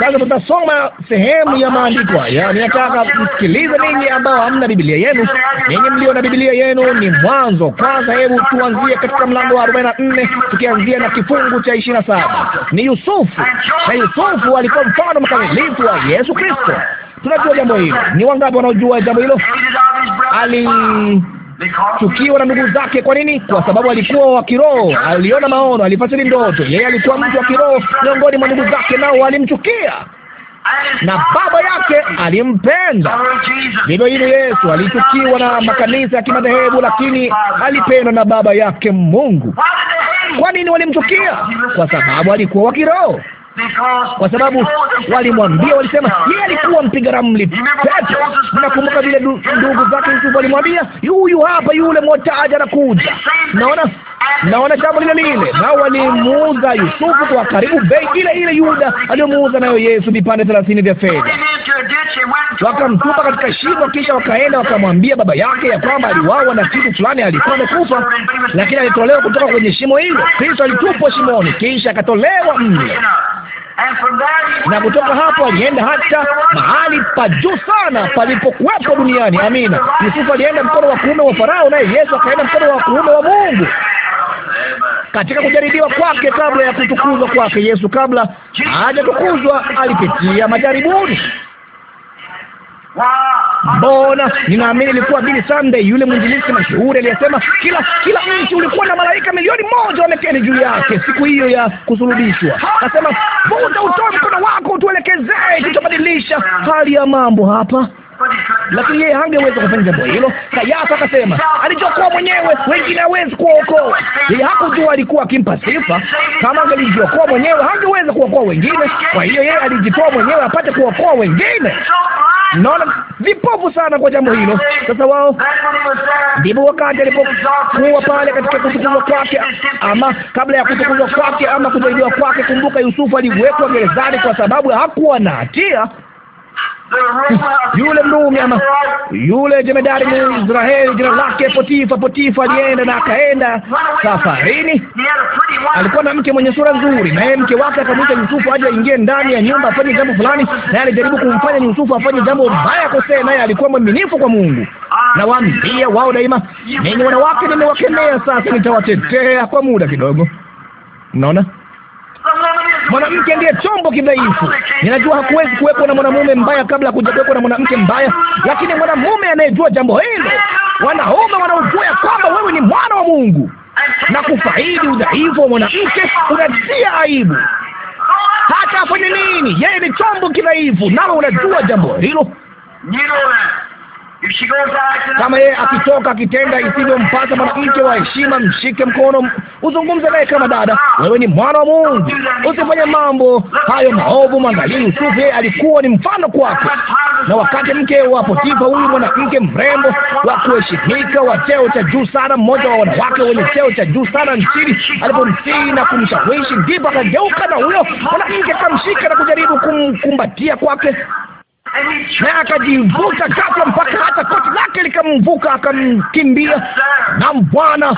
Sasa tutasoma sehemu ya maandiko haya. Ninataka msikilize ninyi ambao hamna Biblia yenu. Ninyi mlio na Biblia yenu ni mwanzo kwanza. Hebu tuanzie katika mlango wa 44 tukianzia na kifungu cha 27. Ni Yusufu, na Yusufu alikuwa mfano mkamilifu wa Yesu Kristo tunajua jambo hilo. Ni wangapi wanaojua jambo hilo? Alichukiwa na ndugu zake. Kwa nini? Kwa sababu alikuwa wa kiroho, aliona maono, alifasiri ndoto. Yeye alikuwa mtu wa kiroho miongoni mwa ndugu zake, nao walimchukia na baba yake alimpenda. Vivyo hivyo Yesu alichukiwa na makanisa ya kimadhehebu, lakini alipendwa na baba yake Mungu. Kwa nini walimchukia? Kwa sababu alikuwa wa kiroho kwa sababu walimwambia, walisema yeye alikuwa mpiga ramli pepe. Mnakumbuka vile ndugu zake Yusufu walimwambia, huyu hapa yule mwotaji anakuja. Naona naona jambo lile lile, nao walimuuza Yusufu kwa karibu bei ile ile Yuda aliyomuuza nayo Yesu, vipande thelathini vya fedha. Wakamtupa katika shimo, kisha wakaenda wakamwambia baba yake ya kwamba aliwawa na kitu fulani, alikuwa amekufa, lakini alitolewa kutoka kwenye shimo hilo. Kristo alitupwa shimoni, kisha akatolewa mle na kutoka hapo alienda hata mahali pa juu sana palipokuwepo duniani. Amina. Yusufu alienda mkono wa kuume wa Farao, naye Yesu akaenda mkono wa kuume wa Mungu. Katika kujaribiwa kwake kabla ya kutukuzwa kwake, Yesu kabla hajatukuzwa alipitia majaribuni. Mbona ninaamini ilikuwa Billy Sunday, yule mwinjilisti mashuhuri aliyesema kila kila mti ulikuwa na malaika milioni moja wamekeni juu yake siku hiyo ya kusulubishwa. Akasema, vuta utoe mkono wako tuelekezee, kitabadilisha hali ya mambo hapa lakini yeye hangeweza kufanya jambo hilo. Kayafa akasema alichokuwa mwenyewe, wengine hawezi kuokoa. Yeye hakujua alikuwa akimpa sifa. Kama angelijiokoa mwenyewe, hangeweza kuokoa wengine. Kwa hiyo yeye alijitoa mwenyewe apate kuokoa wengine. Naona vipofu sana kwa jambo hilo. Sasa wao ndipo wakati alipokuwa pale katika kutukuzwa kwake, ama kabla ya kutukuzwa kwake ama kujaribiwa kwake. Kumbuka Yusufu aliwekwa gerezani kwa sababu hakuwa na hatia yule mdume ama yule jemedari Mwisraeli, jina lake Potifa. Potifa alienda na akaenda safarini. Alikuwa na mke mwenye sura nzuri, naye mke wake akamwita Yusufu aje aingie ndani ya nyumba afanye jambo fulani, naye alijaribu kumfanya Yusufu afanye jambo baya kosee, naye alikuwa mwaminifu kwa Mungu. Nawaambia wao daima, ninyi wanawake, nimewakemea sasa, nitawatetea kwa muda kidogo. Mnaona? Mwanamke ndiye chombo kidhaifu. Ninajua hakuwezi kuwepo na mwanamume mbaya kabla kuwepo na mwanamke mbaya, lakini mwanamume anayejua jambo hilo, wanaume wanaojua ya kwamba wewe ni mwana wa Mungu na kufaidi udhaifu wa mwanamke unatia aibu hata afanye nini, yeye ni chombo kidhaifu, nalo unajua jambo hilo. Kama yeye akitoka akitenda isivyompasa mwanamke wa heshima, mshike mkono, uzungumze naye kama dada. Wewe ni mwana wa Mungu, usifanye mambo hayo maovu, mwangalie Yusufu, yeye alikuwa ni mfano kwako. Na wakati mke wa Potifa, huyu mwanamke mrembo wa kuheshimika wa cheo cha juu sana, mmoja wa wanawake wenye cheo cha juu sana nchini, alipomsii na kumshawishi, ndipo akageuka na huyo mwanamke akamshika na kujaribu kumkumbatia kwake na akajivuta ghafla mpaka hata koti lake likamvuka, akamkimbia. Na Bwana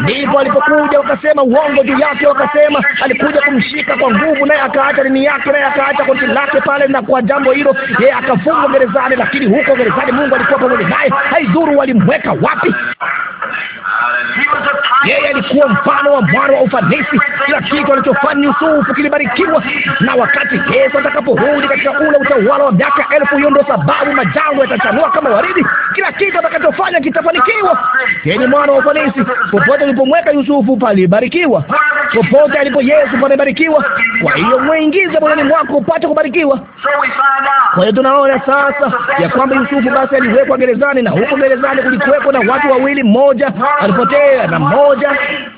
ndipo alipokuja, wakasema uongo juu yake, wakasema alikuja kumshika kwa nguvu, naye akaacha nini yake, naye akaacha koti lake pale, na kwa jambo hilo yeye akafungwa gerezani. Lakini huko gerezani Mungu alikuwa pamoja naye, haidhuru walimweka wapi. Yeye alikuwa mfano wa mwana wa ufanisi. Kila kitu alichofanya Yusufu kilibarikiwa, na wakati Yesu atakaporudi katika ule utawala wa miaka elfu. Hiyo ndio sababu majangwa yatachanua kama waridi. Kila kitu atakachofanya kitafanikiwa. Yeye mwana wa ufanisi. Popote alipomweka Yusufu palibarikiwa, popote alipo Yesu pamebarikiwa. Kwa hiyo mwingize moyoni mwako upate kubarikiwa. Kwa hiyo tunaona sasa ya kwamba Yusufu basi aliwekwa gerezani, na huko gerezani kulikuwepo na watu wawili, mmoja alipotea na mmoja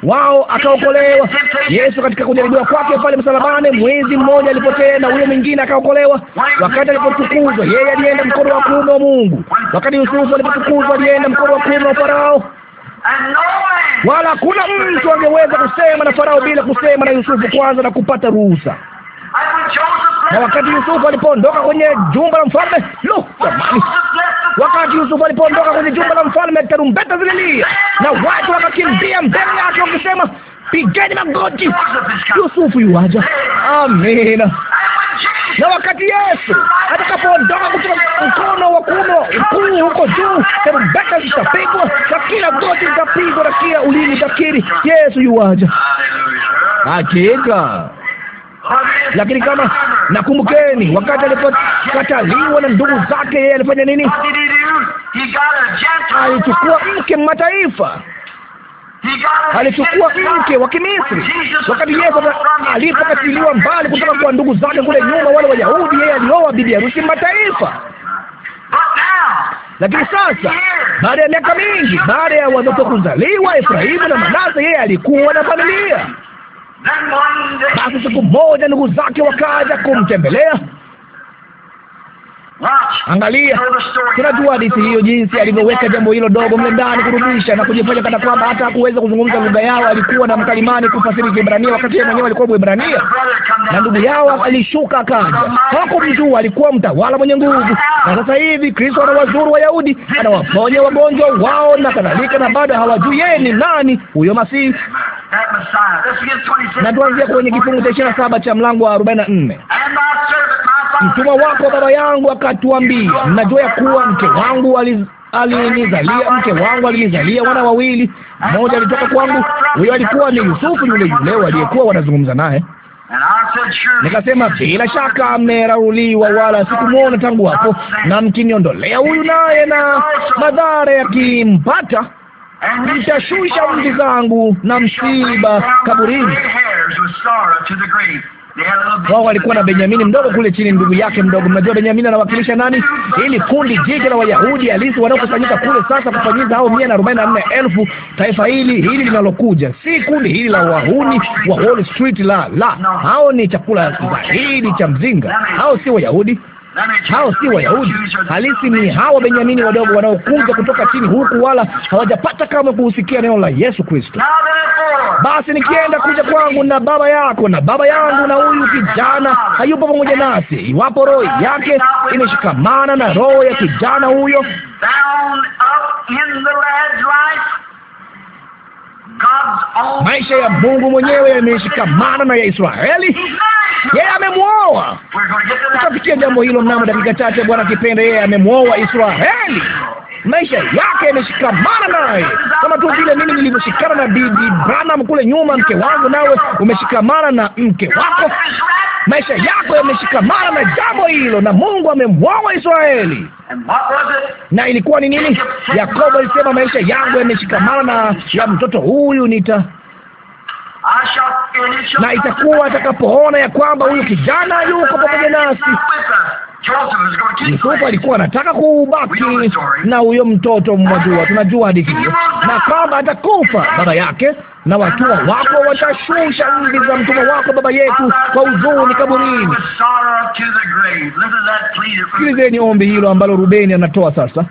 wao akaokolewa. Yesu katika kujaribiwa kwake pale msalabani, mwizi mmoja alipotea na huyo mwingine akaokolewa. Wakati alipo alipotukuzwa, yeye alienda mkono wa kuume wa Mungu. Wakati Yusufu alipotukuzwa, alienda mkono wa kuume wa Farao wala hakuna mtu angeweza kusema na Farao bila kusema na Yusufu kwanza na kupata ruhusa. Na wakati Yusufu alipoondoka kwenye jumba la mfalme, lo jamani! Wakati Yusufu alipoondoka kwenye jumba la mfalme, tarumbeta zililia na watu wakakimbia mbele yake wakisema, pigeni magoti, Yusufu yuaja. Amina. Na wakati Yesu atakapoondoka kutoka mkono wa kuume mkuu huko juu, tarumbeta zitapigwa na kila goti litapigwa na kila ulimi takiri Yesu yuwaja hakika. Lakini kama nakumbukeni, wakati alipokataliwa na ndugu zake, yeye alifanya nini? Alichukua mke mataifa alichukua mke wa Kimisri. Wakati Yesu alipokatiliwa mbali kutoka kwa ndugu zake kule nyuma, wale Wayahudi, yeye alioa bibi harusi mataifa. Lakini sasa baada ya miaka mingi, baada ya watoto kuzaliwa, Efraimu na Manase, yeye alikuwa na familia. Basi siku moja ndugu zake wakaja kumtembelea Angalia, tunajua hadithi hiyo, jinsi alivyoweka jambo hilo dogo mle ndani, kurudisha na kujifanya kana kwamba hata hakuweza kuzungumza lugha yao. Alikuwa na mkalimani kufasiri Kiebrania wakati yeye mwenyewe alikuwa Mwebrania, na ndugu yao alishuka akaja. Hakumjua, alikuwa mtawala mwenye nguvu, na sasa hivi Kristo anawazuru Wayahudi, anawaponya wagonjwa wao na kadhalika, na bado hawajui yeye ni nani huyo Masihi. Na tuanzia kwenye kifungu cha ishirini na saba cha mlango wa arobaini na nne Mtumwa wako baba yangu akatuambia, mnajua ya kuwa mke wangu aliz alinizalia mke wangu alinizalia wana wawili, mmoja alitoka kwangu, huyo alikuwa ni Yusufu yule yule waliyekuwa wanazungumza naye. Nikasema bila shaka amerauliwa, wala sikumwona tangu hapo, na mkiniondolea huyu naye na madhara yakimpata, mtashusha mvi zangu na msiba kaburini wao walikuwa na Benyamini mdogo kule chini, ndugu yake mdogo. Mnajua Benyamini anawakilisha nani? ili kundi jiji la Wayahudi halisi wanaokusanyika kule sasa kufanyiza hao mia na arobaini na nne elfu taifa hili hili linalokuja, si kundi hili la wahuni wa Wall Street. La, la, hao ni chakula zaidi cha mzinga, hao si Wayahudi hao si Wayahudi halisi, ni hawa Benyamini wadogo wanaokuja kutoka chini huku, wala hawajapata kama kuhusikia neno la Yesu Kristo. Basi nikienda kuja kwangu na baba yako na baba yangu, na huyu kijana hayupo pamoja nasi, iwapo roho yake imeshikamana na roho ya kijana huyo maisha ya Mungu mwenyewe yameshikamana na ya Israeli yeye amemwoa. Tutafikia jambo hilo mnamo dakika chache, Bwana kipende Yeye amemwoa Israeli, maisha yake yameshikamana naye, kama tu vile mimi nilivyoshikana na Bibi Branham kule nyuma, mke wangu, nawe umeshikamana na mke wako. Maisha yako yameshikamana na jambo hilo, na Mungu amemwoa Israeli. Na ilikuwa ni nini? Yakobo alisema, maisha yangu yameshikamana na ya mtoto huyu nita na itakuwa atakapoona ya kwamba huyu kijana yuko pamoja nasi. Yusufu alikuwa anataka kubaki na huyo mtoto, mwajua, tunajua hadithi hiyo, na kwamba atakufa baba yake, na watua wako watashusha mvi za mtumwa wako baba yetu kwa huzuni kaburini. Sikilizeni ombi hilo ambalo Rubeni anatoa sasa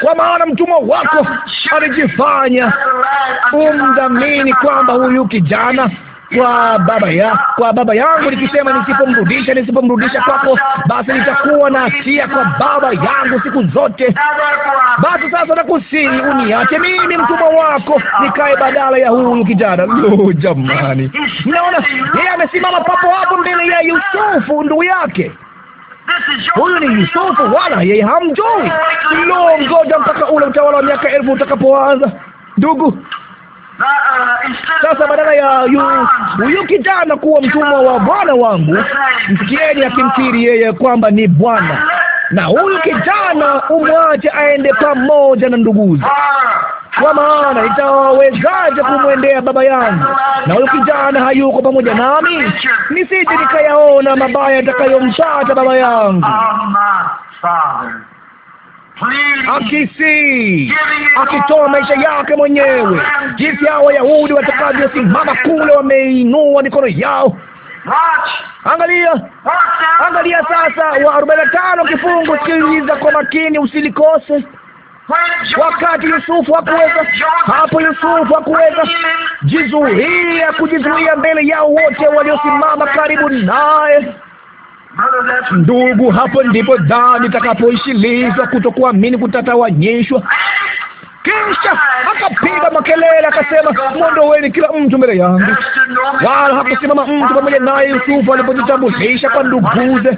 kwa maana mtumwa wako alijifanya umdhamini kwamba huyu kijana kwa baba ya kwa baba yangu, nikisema nisipomrudisha, nisipomrudisha kwako, basi nitakuwa na hatia kwa baba yangu siku zote. Basi sasa nakusihi uniache mimi mtumwa wako nikae badala ya huyu kijana. Lo, jamani, mnaona yeye amesimama papo hapo mbele ya Yusufu ndugu yake huyu ni Yusufu, wala yeye hamjui. Lo, ngoja mpaka ule utawala wa miaka elfu utakapoanza, ndugu. Sasa badala ya huyu kijana kuwa mtumwa wa bwana wangu, msikieni akimkiri yeye kwamba ni bwana, na huyu kijana umwache aende pamoja na nduguzi kwa maana itawezaje ah. kumwendea baba yangu na huyu kijana hayuko pamoja nami? Nisije nikayaona mabaya atakayompata baba yangu. Akisii, akitoa maisha yake mwenyewe, jinsi hao Wayahudi watakavyosimama kule, wameinua mikono yao. Angalia, angalia sasa wa arobaini na tano kifungu, sikiliza kwa makini usilikose wakati Yusufu hakuweza hapo, Yusufu hakuweza jizuia, kujizuia mbele yao wote waliosimama karibu naye. Ndugu, hapo ndipo dhani itakapoishilizwa, kutokuamini kutatawanyishwa. Kisha akapiga makelele akasema, mwondoweni kila mtu mbele yangu. Wala hakusimama mtu pamoja naye Yusufu alipojitambulisha kwa nduguze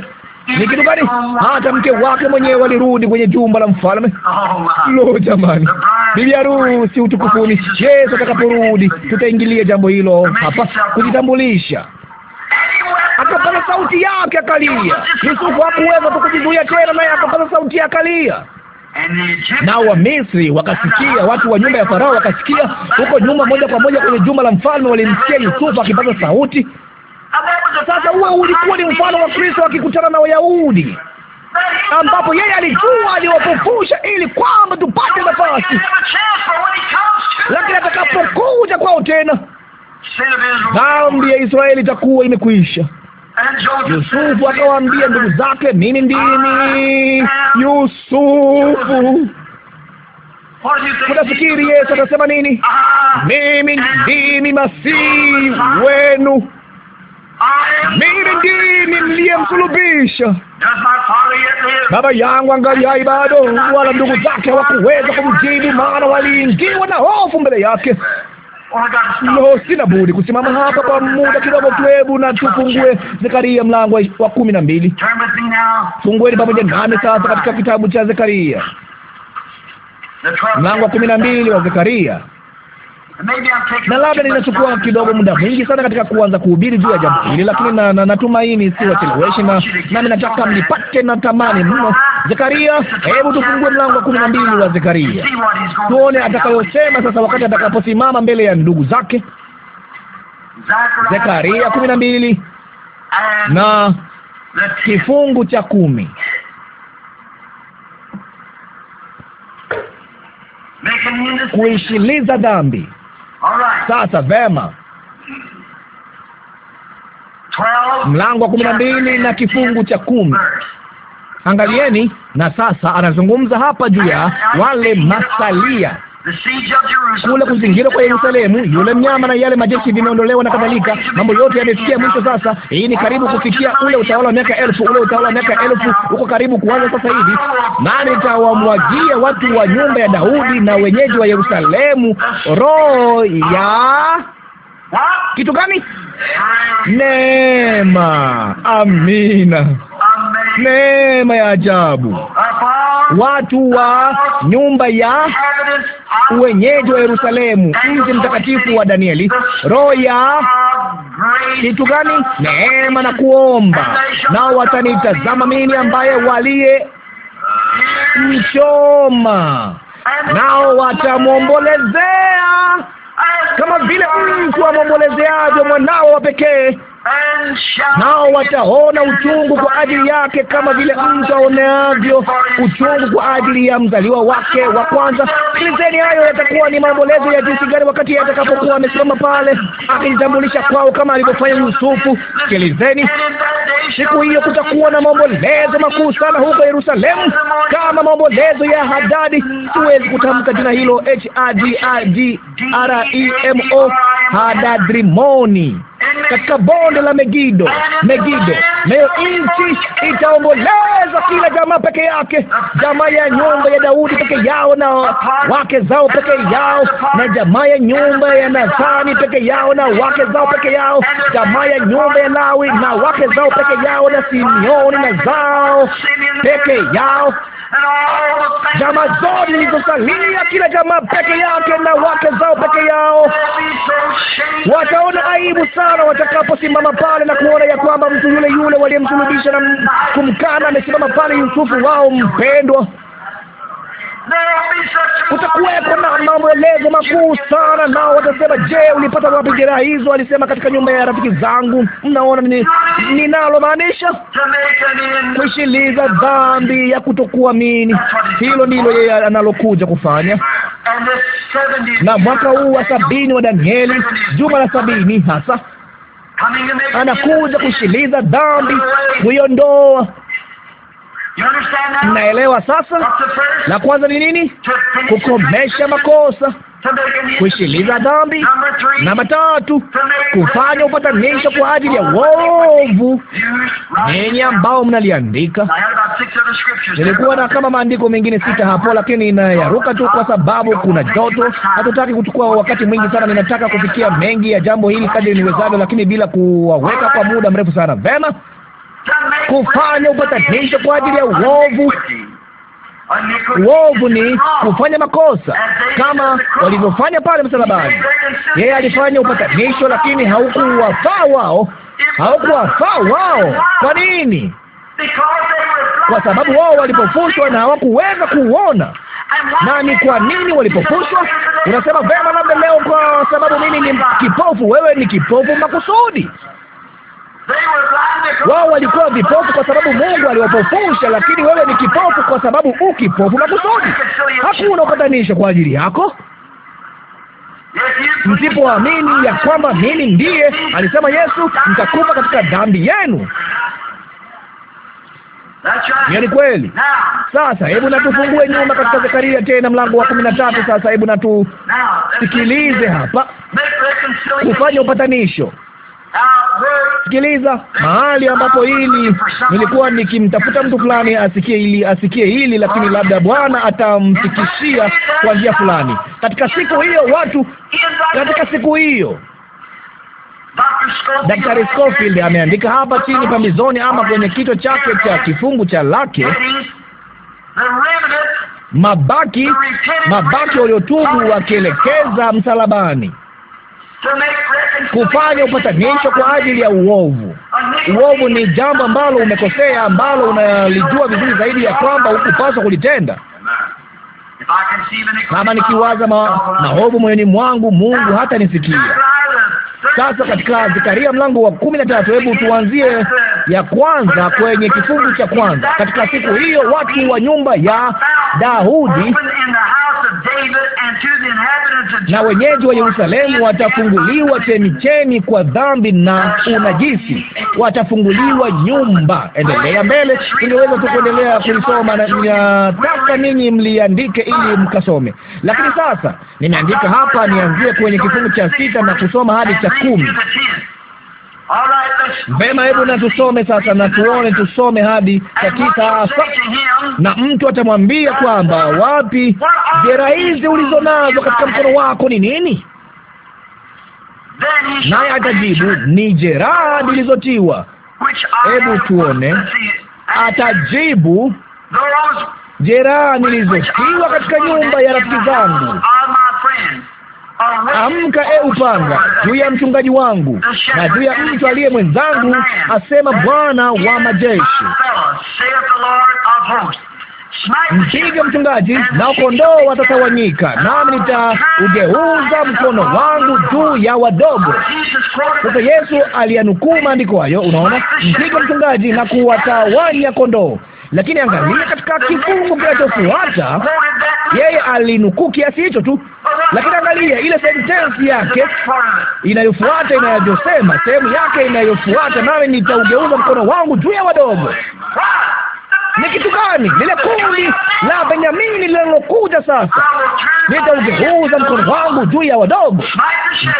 ni kitu gani? Hata mke wake mwenyewe walirudi kwenye jumba la mfalme. Lo, jamani, bibi harusi utukufuni! Yesu atakaporudi, tutaingilia jambo hilo hapa, kujitambulisha akapaza sauti yake akalia. Yusufu hakuweza kukujizuia tena, naye akapaza sauti akalia. Na Wamisri wakasikia, watu wa nyumba ya Farao wakasikia huko nyuma, moja kwa moja kwenye jumba la mfalme, walimsikia Yusufu akipaza sauti. Sasa huo ulikuwa ni mfano wa Kristo akikutana na Wayahudi, ambapo yeye alijua aliwapofusha ili kwamba tupate nafasi, lakini atakapokuja kwao tena dhambi ya Israeli itakuwa imekwisha. Yusufu akawaambia ndugu zake, mimi ndimi Yusufu. Mnafikiri Yesu atasema nini? Mimi ndimi masihi wenu mimi ndimi mliyemsulubisha. Baba yangu angali hai bado, wala ndugu zake hawakuweza kumjibu, maana waliingiwa na hofu mbele yake. Oh, no, sina budi kusimama hapa kwa muda kidogo tu. Hebu na tufungue Zekaria mlango wa kumi na mbili. Fungueni pamoja nami sasa katika kitabu cha Zekaria mlango wa kumi na mbili wa Zekaria na labda ninachukua kidogo muda mwingi sana katika kuanza kuhubiri juu ya jambo hili, lakini na, na, natumaini si wacheleweshi, na nami nataka mlipate na tamani mno. Zekaria, hebu tufungue mlango wa kumi na mbili wa Zekaria tuone atakayosema sasa wakati atakaposimama mbele ya ndugu zake. Zekaria kumi na mbili na kifungu cha kumi. Kuishiliza dhambi sasa vema, mlango wa kumi na mbili na kifungu cha kumi. Angalieni, na sasa anazungumza hapa juu ya wale masalia kule kuzingirwa kwa Yerusalemu, yule mnyama na yale majeshi vimeondolewa na kadhalika. Mambo yote yamefikia mwisho sasa. Hii ni karibu kufikia ule utawala wa miaka elfu. Ule utawala wa miaka elfu uko karibu kuanza sasa hivi, nani tawamwagia watu wa nyumba ya Daudi na wenyeji wa Yerusalemu roho ya kitu gani? Neema. Amina, neema ya ajabu watu wa nyumba ya wenyeji wa Yerusalemu, mji mtakatifu wa Danieli, roho ya kitu gani? Neema na kuomba, nao watanitazama mimi ambaye waliye mchoma, nao watamwombolezea kama vile mtu amwombolezeavyo mwanao wa pekee nao wataona uchungu kwa ajili yake, kama vile mtu aoneavyo uchungu kwa ajili ya mzaliwa wake wa kwanza. Sikilizeni, hayo yatakuwa ni maombolezo ya jinsi gani wakati yatakapokuwa amesimama pale akijitambulisha kwao kama alivyofanya Yusufu. Sikilizeni, siku hiyo kutakuwa na maombolezo makuu sana huko Yerusalemu, kama maombolezo ya Hadadi. Siwezi kutamka jina hilo, H A D A D R E M O, Hadadrimoni katika bonde la Megido, Megido. Nayo nchi itaomboleza, kila jamaa peke yake, jamaa ya nyumba ya Daudi peke yao na wake zao peke yao, na jamaa ya nyumba ya Nathani peke yao na wake zao peke yao, jamaa ya nyumba ya Lawi na wake zao peke yao, na Simeoni na zao peke yao jamaa zote zilizosalia, kila jamaa peke yake na wake zao peke yao. Wataona aibu sana watakaposimama pale na kuona ya kwamba mtu yule yule waliyemsulubisha na kumkana amesimama pale, Yusufu wao mpendwa. Kutakuwepo na maelezo makuu sana, nao watasema, je, ulipata wapi jeraha hizo? Alisema katika nyumba ya rafiki zangu. Mnaona ni ninalomaanisha, kuishiliza dhambi ya kutokuamini. Hilo ndilo yeye analokuja kufanya. Na mwaka huu wa sabini wa Danieli, juma la sabini hasa, anakuja kuishiliza dhambi, kuiondoa Mnaelewa sasa? La kwanza ni nini? Kukomesha makosa, kuishiliza dhambi. Namba tatu, kufanya upatanisho kwa ajili ya wovu. Ninyi ambao mnaliandika, nilikuwa na kama maandiko mengine sita hapo, lakini inayaruka tu kwa sababu kuna joto. Hatutaki kuchukua wakati mwingi sana. Ninataka kufikia mengi ya jambo hili kadri niwezavyo, lakini bila kuwaweka kwa muda mrefu sana. Vema kufanya upatanisho kwa ajili ya uovu. Uovu ni kufanya makosa kama walivyofanya pale msalabani. Yeye alifanya upatanisho, lakini haukuwafaa wao, haukuwafaa wao. Kwa nini? Kwa sababu wao walipofushwa na hawakuweza kuona Na ni kwa nini walipofushwa? Unasema vema, labda leo, kwa sababu mimi ni kipofu. Wewe ni kipofu makusudi. Wao walikuwa vipofu kwa sababu Mungu aliwapofusha, lakini wewe ni kipofu kwa sababu ukipofu kipofu na Hakuna upatanisho kwa ajili yako. Msipoamini ya kwamba mimi ndiye, alisema Yesu, mtakufa katika dhambi yenu. Hiyo ni kweli. Sasa hebu natufungue nyuma katika Zekaria tena mlango wa kumi na tatu. Sasa hebu natusikilize hapa, kufanya upatanisho Sikiliza, mahali ambapo hili nilikuwa nikimtafuta mtu fulani asikie hili, asikie hili, lakini labda Bwana atamfikishia kwa njia fulani katika siku hiyo. Watu katika siku hiyo Daktari Scofield ameandika hapa chini pambizoni, ama kwenye kichwa chake cha kifungu cha lake, mabaki mabaki waliotubu wakielekeza msalabani kufanya upatanisho kwa ajili ya uovu. Uovu ni jambo ambalo umekosea, ambalo unalijua vizuri zaidi ya kwamba hukupaswa kulitenda. Kama nikiwaza ma, maovu moyoni mwangu, Mungu hata nisikia. Sasa katika Zekaria mlango wa kumi na tatu, hebu tuanzie ya kwanza kwenye kifungu cha kwanza. Katika siku hiyo watu wa nyumba ya Daudi na wenyeji wa Yerusalemu watafunguliwa chemichemi kwa dhambi na unajisi, watafunguliwa nyumba. Endelea mbele, ningeweza tu kuendelea kulisoma na ninataka ninyi mliandike ili mkasome, lakini sasa nimeandika hapa, nianzie kwenye kifungu cha sita na kusoma hadi cha kumi. Vema, hebu na tusome sasa, na tuone, tusome hadi katika asa. Na mtu atamwambia kwamba wapi, jeraha hizi ulizonazo katika mkono wako ni nini? Naye atajibu ni jeraha nilizotiwa. Hebu tuone, atajibu jeraha nilizotiwa katika nyumba ya rafiki zangu Amka e upanga, juu ya mchungaji wangu na juu ya mtu aliye mwenzangu, asema Bwana wa majeshi. Mpige mchungaji na kondoo watatawanyika, nami nitaugeuza mkono wangu juu ya wadogo. Sasa Yesu aliyanukuu maandiko hayo, unaona. Mpige mchungaji na kuwatawanya kondoo. Lakini angalia katika kifungu kinachofuata, yeye alinukuu kiasi hicho tu, lakini angalia ile sentensi yake inayofuata inavyosema, sehemu yake inayofuata, nami nitaugeuza mkono wangu juu ya wadogo ni kitu gani? Lile kundi la Benyamini linalokuja sasa, nitaugeuza mkono wangu juu ya wadogo.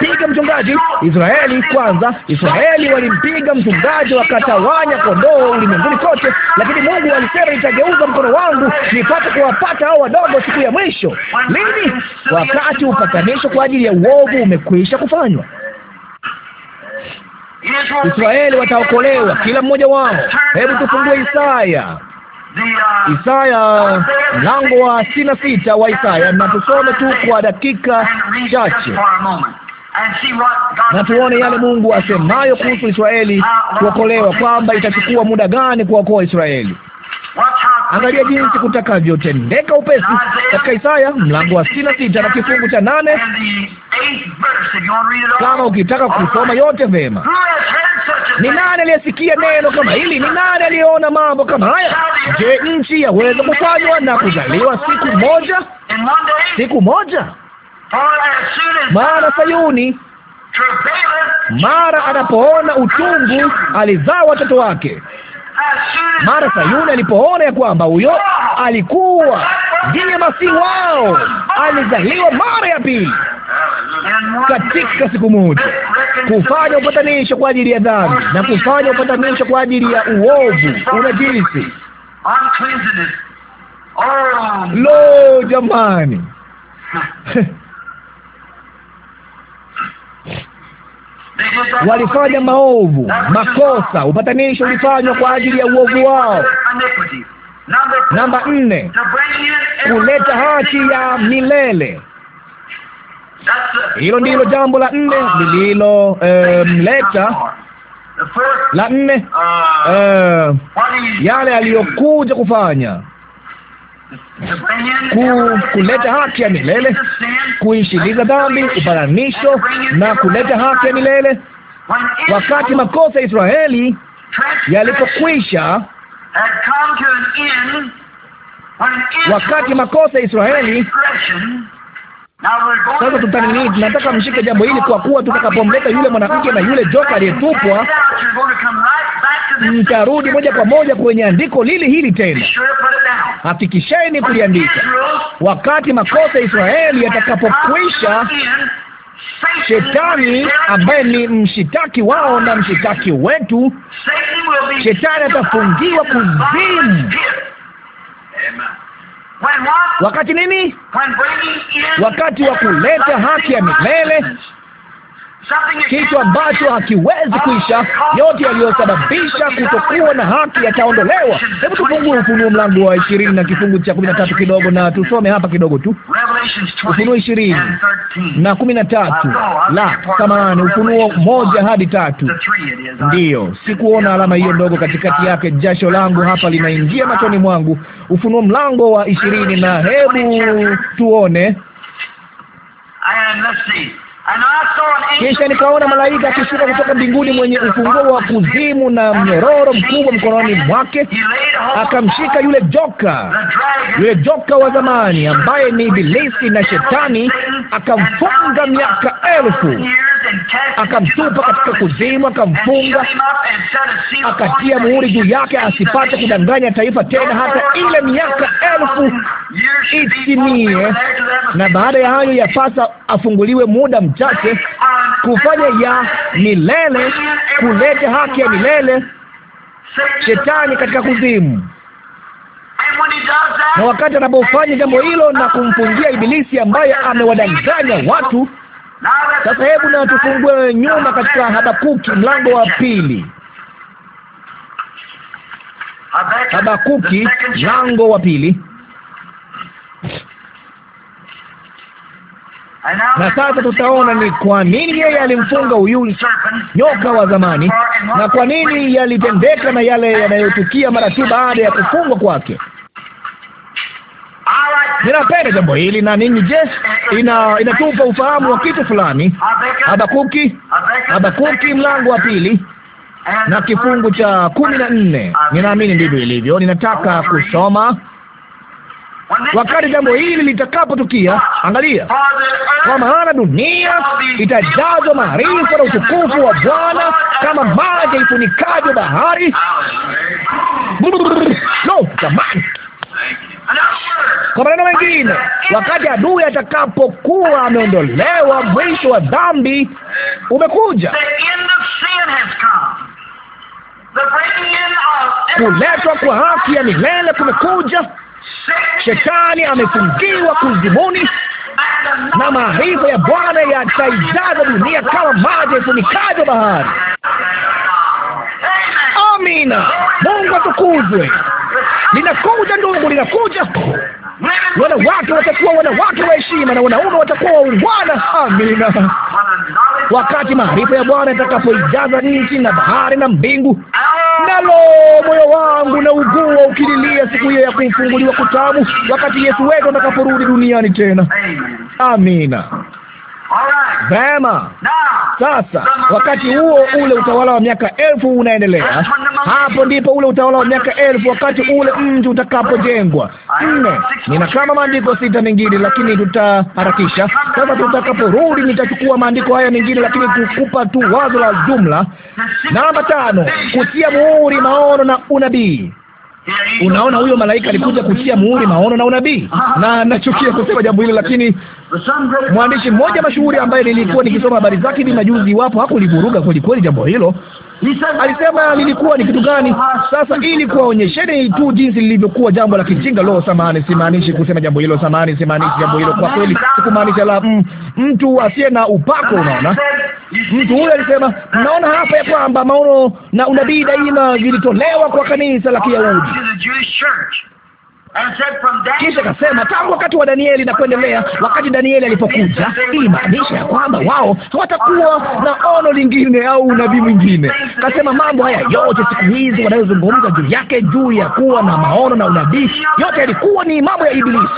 Mpiga mchungaji Israeli kwanza. Israeli walimpiga mchungaji, wakatawanya kondoo ulimwenguni kote, lakini Mungu alisema nitageuza mkono wangu nipate kuwapata hao wadogo siku ya mwisho. Lini? Wakati upatanisho kwa ajili ya uovu umekwisha kufanywa. Israeli wataokolewa kila mmoja wao. Hebu tufungue Isaya Isaya mlango wa sitini na sita wa Isaya, na tusome tu kwa dakika chache na tuone yale Mungu asemayo kuhusu Israeli ah, kuokolewa, kwamba itachukua muda gani kuokoa Israeli. Angalia jinsi kutakavyotendeka upesi katika Isaya mlango wa sitini na sita na kifungu cha nane kama ukitaka kusoma yote vema. Ni nani aliyesikia neno kama hili? Ni nani aliyeona mambo kama haya? Je, nchi yaweza kufanywa na kuzaliwa siku moja? Siku moja? Maana Sayuni mara anapoona utungu alizaa watoto wake. Mara Sayuni alipoona ya kwamba huyo alikuwa ndiye masihi wao, alizaliwa mara ya pili katika siku moja, kufanya upatanisho kwa ajili ya dhambi na kufanya upatanisho kwa ajili ya uovu, unajisi. Lo, jamani! walifanya maovu, makosa. Upatanisho ulifanywa kwa ajili ya uovu wao. Namba nne, kuleta haki ya milele. Hilo ndilo jambo la nne lililomleta um, la nne uh, yale aliyokuja kufanya kuleta haki ya milele, kuishiliza dhambi, upatanisho na kuleta haki ya milele. Wakati makosa ya Israeli yalipokwisha, wakati makosa ya Israeli sasa tutani nini? Tunataka mshike jambo hili, kwa kuwa tutakapomleta yule mwanamke na yule joka aliyetupwa, mtarudi moja kwa moja kwenye andiko lili hili tena. Hakikisheni kuliandika. Wakati makosa ya Israeli yatakapokwisha, Shetani ambaye ni mshitaki wao na mshitaki wetu, Shetani atafungiwa kuzimu. Wakati nini? Wakati wa kuleta haki ya milele kitu ambacho hakiwezi kuisha. Oh, Yote yaliyosababisha kutokuwa na haki yataondolewa. Hebu tufungue Ufunuo mlango wa ishirini na kifungu cha kumi na tatu kidogo, na tusome hapa kidogo tu, Ufunuo ishirini na kumi na tatu la samahani, Ufunuo moja hadi tatu. Ndiyo, sikuona alama hiyo ndogo katikati yake, jasho langu hapa linaingia machoni mwangu. Ufunuo mlango wa ishirini na hebu tuone kisha nikaona malaika akishuka kutoka mbinguni mwenye ufunguo wa kuzimu na mnyororo mkubwa mkononi mwake. Akamshika yule joka, yule joka wa zamani ambaye ni Ibilisi na Shetani, akamfunga miaka elfu, akamtupa katika kuzimu, akamfunga, akatia muhuri juu yake, asipate kudanganya taifa tena hata ile miaka elfu itimie. Na baada ya hayo yapasa afunguliwe muda mchache, kufanya ya milele, kuleta haki ya milele, shetani katika kuzimu. Na wakati anapofanya jambo hilo na kumfungia Ibilisi ambaye amewadanganya watu. Sasa hebu na tufungue nyuma katika Habakuki mlango wa pili. Habakuki mlango wa pili. Na sasa tutaona ni kwa nini yeye alimfunga huyu nyoka wa zamani na kwa nini yalitendeka na yale yanayotukia mara tu baada ya kufungwa kwake. Ninapenda jambo hili na nini. Je, ina inatupa ufahamu wa kitu fulani. Habakuki, Habakuki mlango wa pili na kifungu cha kumi na nne. Ninaamini ndivyo ilivyo. Ninataka kusoma wakati jambo hili litakapotukia. Angalia, kwa maana dunia itajazwa maarifa na utukufu wa Bwana kama maji yaifunikavyo bahari. No, jamani. Kwa maneno mengine, wakati adui atakapokuwa ameondolewa, mwisho wa dhambi umekuja kuletwa kwa haki ya milele kumekuja. Shetani amefungiwa kuzimuni, na maarifa ya Bwana yataijaza dunia kama maji ifunikavyo bahari. Amina. Mungu atukuzwe. Linakuja ndugu, linakuja wanawake watakuwa wanawake wa heshima na wanaume watakuwa waungwana. Amina. Wakati maarifa ya Bwana itakapoijaza nchi na bahari na mbingu, nalo moyo wangu na ugua ukililia siku hiyo ya kufunguliwa kutabu, wakati Yesu wetu atakaporudi duniani tena. Amina. Vema. Sasa wakati huo ule utawala wa miaka elfu unaendelea. Hapo ndipo ule utawala wa miaka elfu, wakati ule mji utakapojengwa. Nne, nina kama maandiko sita mengine, lakini tutaharakisha. Sasa tutakaporudi, nitachukua maandiko haya mengine, lakini kukupa tu wazo la jumla. Namba tano, kutia muhuri maono na unabii. Unaona, huyo malaika alikuja kutia muhuri maono na unabii, na nachukia kusema jambo hili lakini mwandishi mmoja mashuhuri ambaye nilikuwa nikisoma habari zake hivi majuzi, iwapo hakulivuruga kweli kweli jambo hilo, Alisema nilikuwa ni kitu gani? Sasa ili kuwaonyesheni tu jinsi lilivyokuwa jambo la kijinga. Lo, samahani, simaanishi kusema jambo hilo, samahani, simaanishi jambo hilo, kwa kweli sikumaanisha la mm, mtu asiye na upako. Unaona, mtu huyo alisema, naona hapa ya kwamba maono na unabii daima vilitolewa kwa kanisa la Kiyahudi. Kisha akasema tangu wakati wa Danieli na kuendelea, wakati Danieli alipokuja, maanisha ya kwamba wao hawatakuwa na ono lingine au unabii mwingine. Akasema mambo haya yote siku hizi wanayozungumza juu yake, juu ya kuwa na maono na unabii, yote yalikuwa ni mambo ya Ibilisi,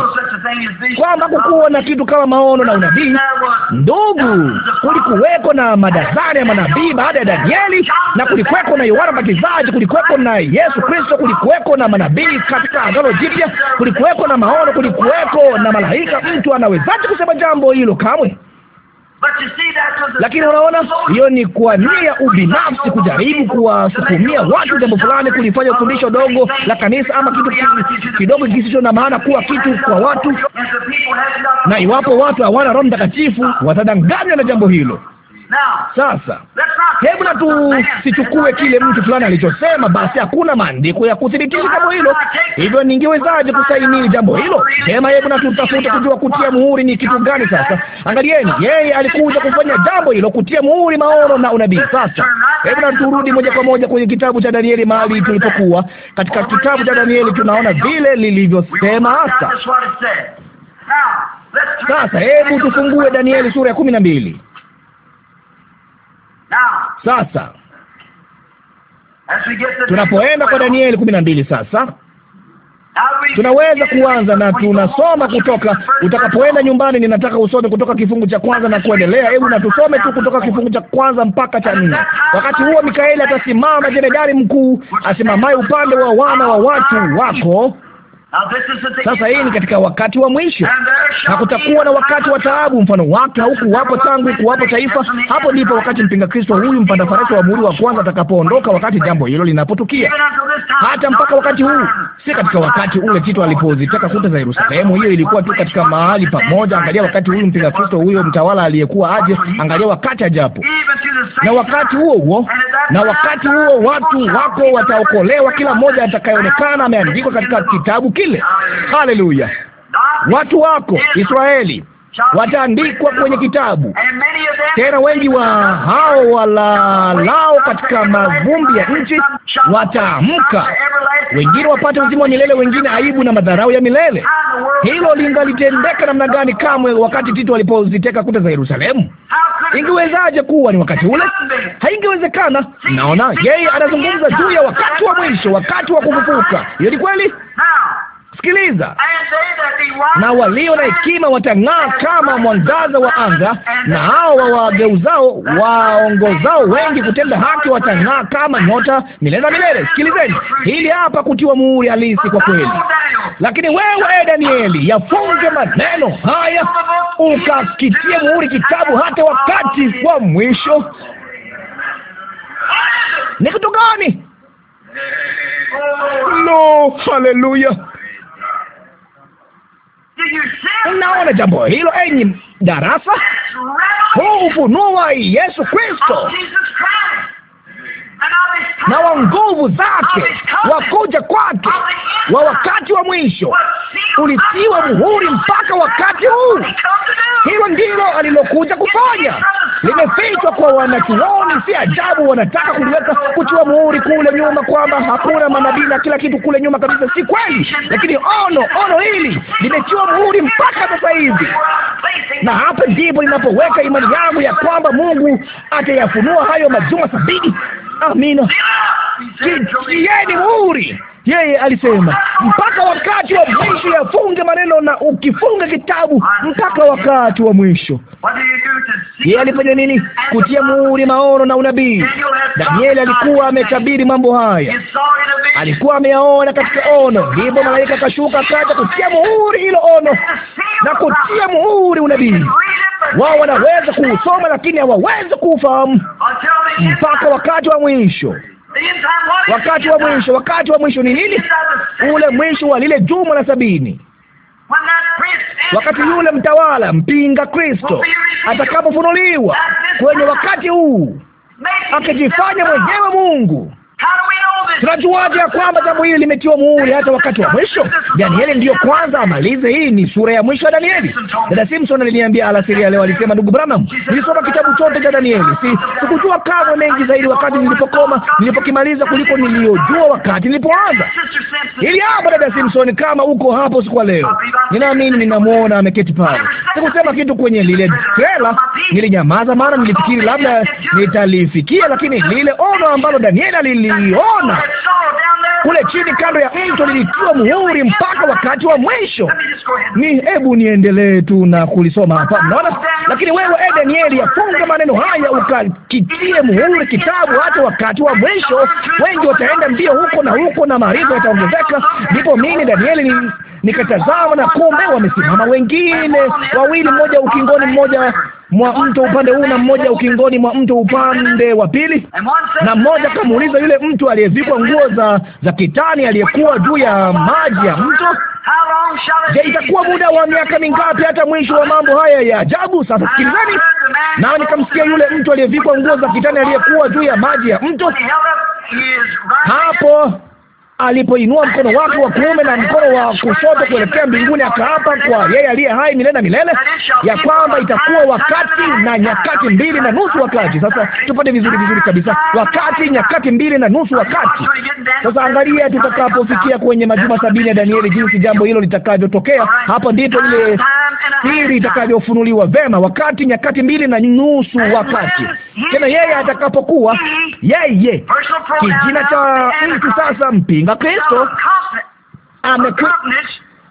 kwamba kukuwa na kitu kama maono na unabii. Ndugu, kulikuweko na madazani ya manabii baada ya Danieli, na kulikuweko na Yohana Mbatizaji, kulikuweko na Yesu Kristo, kulikuweko na manabii katika Agano Jipya kulikuweko na maono, kulikuweko na malaika. Mtu anawezaje kusema jambo hilo? Kamwe. Lakini unaona, hiyo ni kwa nia ubinafsi, kujaribu kuwasukumia watu jambo fulani, kulifanya fundisho dogo la kanisa ama kitu kidogo kisicho na maana kuwa kitu kwa watu. Na iwapo watu hawana Roho Mtakatifu, watadanganywa na jambo hilo. Sasa hebu na tusichukue kile mtu fulani alichosema, basi hakuna maandiko ya kuthibitisha jambo hilo, hivyo ningewezaje kusaini jambo hilo? Sema, hebu na tutafute kujua kutia muhuri ni kitu gani. Sasa angalieni, yeye alikuja kufanya jambo hilo, kutia muhuri maono na unabii. Sasa hebu na turudi moja kwa moja kwenye kitabu cha Danieli mahali tulipokuwa. Katika kitabu cha Danieli tunaona vile lilivyosema hasa sasa hebu tufungue Danieli sura ya kumi na mbili. Sasa tunapoenda kwa Danieli kumi na mbili sasa tunaweza kuanza na tunasoma kutoka. Utakapoenda nyumbani, ninataka usome kutoka kifungu cha kwanza na kuendelea. Hebu natusome tu kutoka kifungu cha kwanza mpaka cha nne. Wakati huo Mikaeli atasimama, jemedari mkuu asimamaye upande wa wana wa watu wako sasa hii ni katika wakati wa mwisho, na kutakuwa na wakati wa taabu. Mfano wake haukuwapo tangu kuwapo taifa. Hapo ndipo wakati mpinga Kristo huyu mpanda farasi wa muhuri wa kwanza atakapoondoka, wakati jambo hilo linapotukia, hata mpaka wakati huu. Si katika wakati ule Tito alipozitaka kuta za Yerusalemu, hiyo ilikuwa tu katika mahali pamoja. Angalia wakati huyu mpinga Kristo huyo mtawala aliyekuwa aje, angalia wakati ajapo, na wakati huo huo, na wakati huo watu wako wataokolewa, kila mmoja atakayeonekana ameandikwa katika kitabu kile. Haleluya! Watu wako Israeli wataandikwa kwenye kitabu. Tena wengi wa hao walalao katika mavumbi ya nchi wataamka, wengine wapate uzima wa milele, wengine aibu na madharau ya milele. Hilo lingalitendeka namna gani? Kamwe. Wakati Tito alipoziteka kuta za Yerusalemu, ingewezaje kuwa ni wakati ule? Haingewezekana. Naona yeye anazungumza juu ya wakati wa mwisho, wakati wa kufufuka. Hiyo ni kweli. Sikiliza, na walio na hekima watang'aa kama mwangaza wa anga, na hao wawageuzao waongozao wengi kutenda haki watang'aa kama nyota milele na milele. Sikilizeni, hili hapa kutiwa muhuri halisi kwa kweli. Lakini wewe e Danieli, yafunge maneno haya, ukakitie muhuri kitabu hata wakati wa mwisho. Ni kitu gani? Lo, haleluya! Mnaona jambo hilo, enyi darasa? Huu ufunuo wa Yesu Kristo na wa nguvu zake wa kuja kwake wa wakati wa mwisho ulitiwa muhuri mpaka wakati huu. Hilo ndilo alilokuja kufanya, limefichwa kwa wanachuoni. Si ajabu wanataka kuliweka kutiwa muhuri kule nyuma, kwamba hakuna manabii na kila kitu kule nyuma kabisa. Si kweli, lakini ono ono hili limetiwa muhuri mpaka sasa hivi, na hapa ndipo linapoweka imani yangu ya kwamba Mungu atayafunua hayo majuma sabini. Amina. Titieni muhuri yeye alisema mpaka wakati wa mwisho yafunge maneno, na ukifunga kitabu mpaka wakati wa mwisho. Yeye alifanya nini? Kutia muhuri maono na unabii. Danieli alikuwa ametabiri mambo haya, alikuwa ameyaona katika ono. Ndipo malaika akashuka kaja kutia muhuri hilo ono na kutia muhuri unabii. Wao wanaweza kuusoma, lakini hawawezi kuufahamu mpaka wakati wa mwisho. Wakati wa mwisho, wakati wa mwisho ni nini? Ule mwisho wa lile juma la sabini, wakati yule mtawala mpinga Kristo atakapofunuliwa kwenye wakati huu akijifanya mwenyewe Mungu Tunajuaje ya kwamba jambo hili limetiwa muhuri hata wakati wa mwisho? Danieli ndiyo kwanza amalize. Hii ni sura ya mwisho ya Danieli. Dada Simpson aliniambia alasiri ya leo, alisema ndugu Branham, nilisoma kitabu chote cha Danieli. Si sikujua kamwe mengi zaidi wakati nilipokoma, nilipokimaliza kuliko niliyojua wakati nilipoanza. Ili hapo, dada Simpson, kama uko hapo siku leo, ninaamini ninamwona ameketi pale. Sikusema kitu kwenye lile trela, nilinyamaza, maana nilifikiri labda nitalifikia, lakini lile ono ambalo Danieli alili niliona kule chini kando ya mto, lilitiwa muhuri mpaka wakati wa mwisho. Ni hebu niendelee tu na kulisoma hapa, mnaona. Lakini wewe danieli yafunga maneno haya ukakitie muhuri kitabu hata wakati wa mwisho. Wengi wataenda mbio huko na huko, na maarifa yataongezeka. Ndipo mimi Danieli Nikatazama na kumbe, wamesimama wengine wawili, mmoja ukingoni, mmoja mwa mto upande huu na mmoja ukingoni mwa mto upande wa pili. Na mmoja kamuuliza yule mtu aliyevikwa nguo za za kitani aliyekuwa juu ya maji ya mto, je, itakuwa muda wa miaka mingapi hata mwisho wa mambo haya ya ajabu? Sasa sikilizeni. Na nikamsikia yule mtu aliyevikwa nguo za kitani aliyekuwa juu ya maji ya mto hapo alipoinua mkono wake wa kuume na mkono wa kushoto kuelekea mbinguni, akaapa kwa yeye aliye hai milele na milele ya kwamba itakuwa wakati na nyakati mbili na nusu wakati. Sasa tupate vizuri vizuri kabisa, wakati, nyakati mbili na nusu wakati. Sasa angalia, tutakapofikia kwenye majuma sabini ya Danieli, jinsi jambo hilo litakavyotokea. hapo ndipo ile siri itakavyofunuliwa vema, wakati, nyakati mbili na nusu wakati. Tena yeye atakapokuwa yeye kijina cha mtu sasa mpinga kwamba Kristo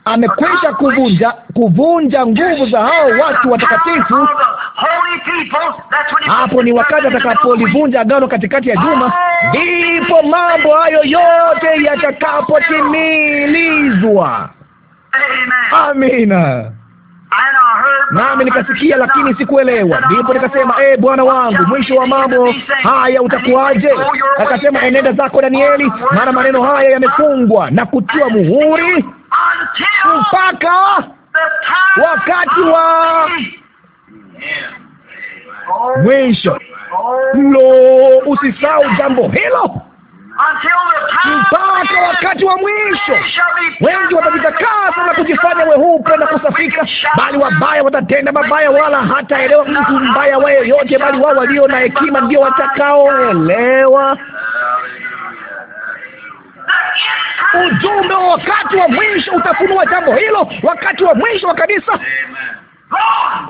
amekwisha kuvunja kuvunja nguvu za hao watu watakatifu. Hapo ni wakati atakapolivunja agano katikati ya juma, ndipo mambo hayo yote yatakapotimilizwa. Amina nami nikasikia, lakini sikuelewa. Ndipo nikasema ee, Bwana wangu, mwisho wa mambo haya utakuwaje? Akasema, enenda zako Danieli, maana maneno haya yamefungwa na kutiwa muhuri mpaka wakati wa mwisho. Lo, usisahau jambo hilo mpaka wakati wa mwisho. Wengi watajitakasa na kujifanya weupe na kusafika, bali wabaya watatenda mabaya, wala hataelewa mtu mbaya wa yeyote, bali wao walio na hekima ndio watakaoelewa. Ujumbe wa wakati wa mwisho utafunua jambo hilo, wakati wa mwisho wa kanisa,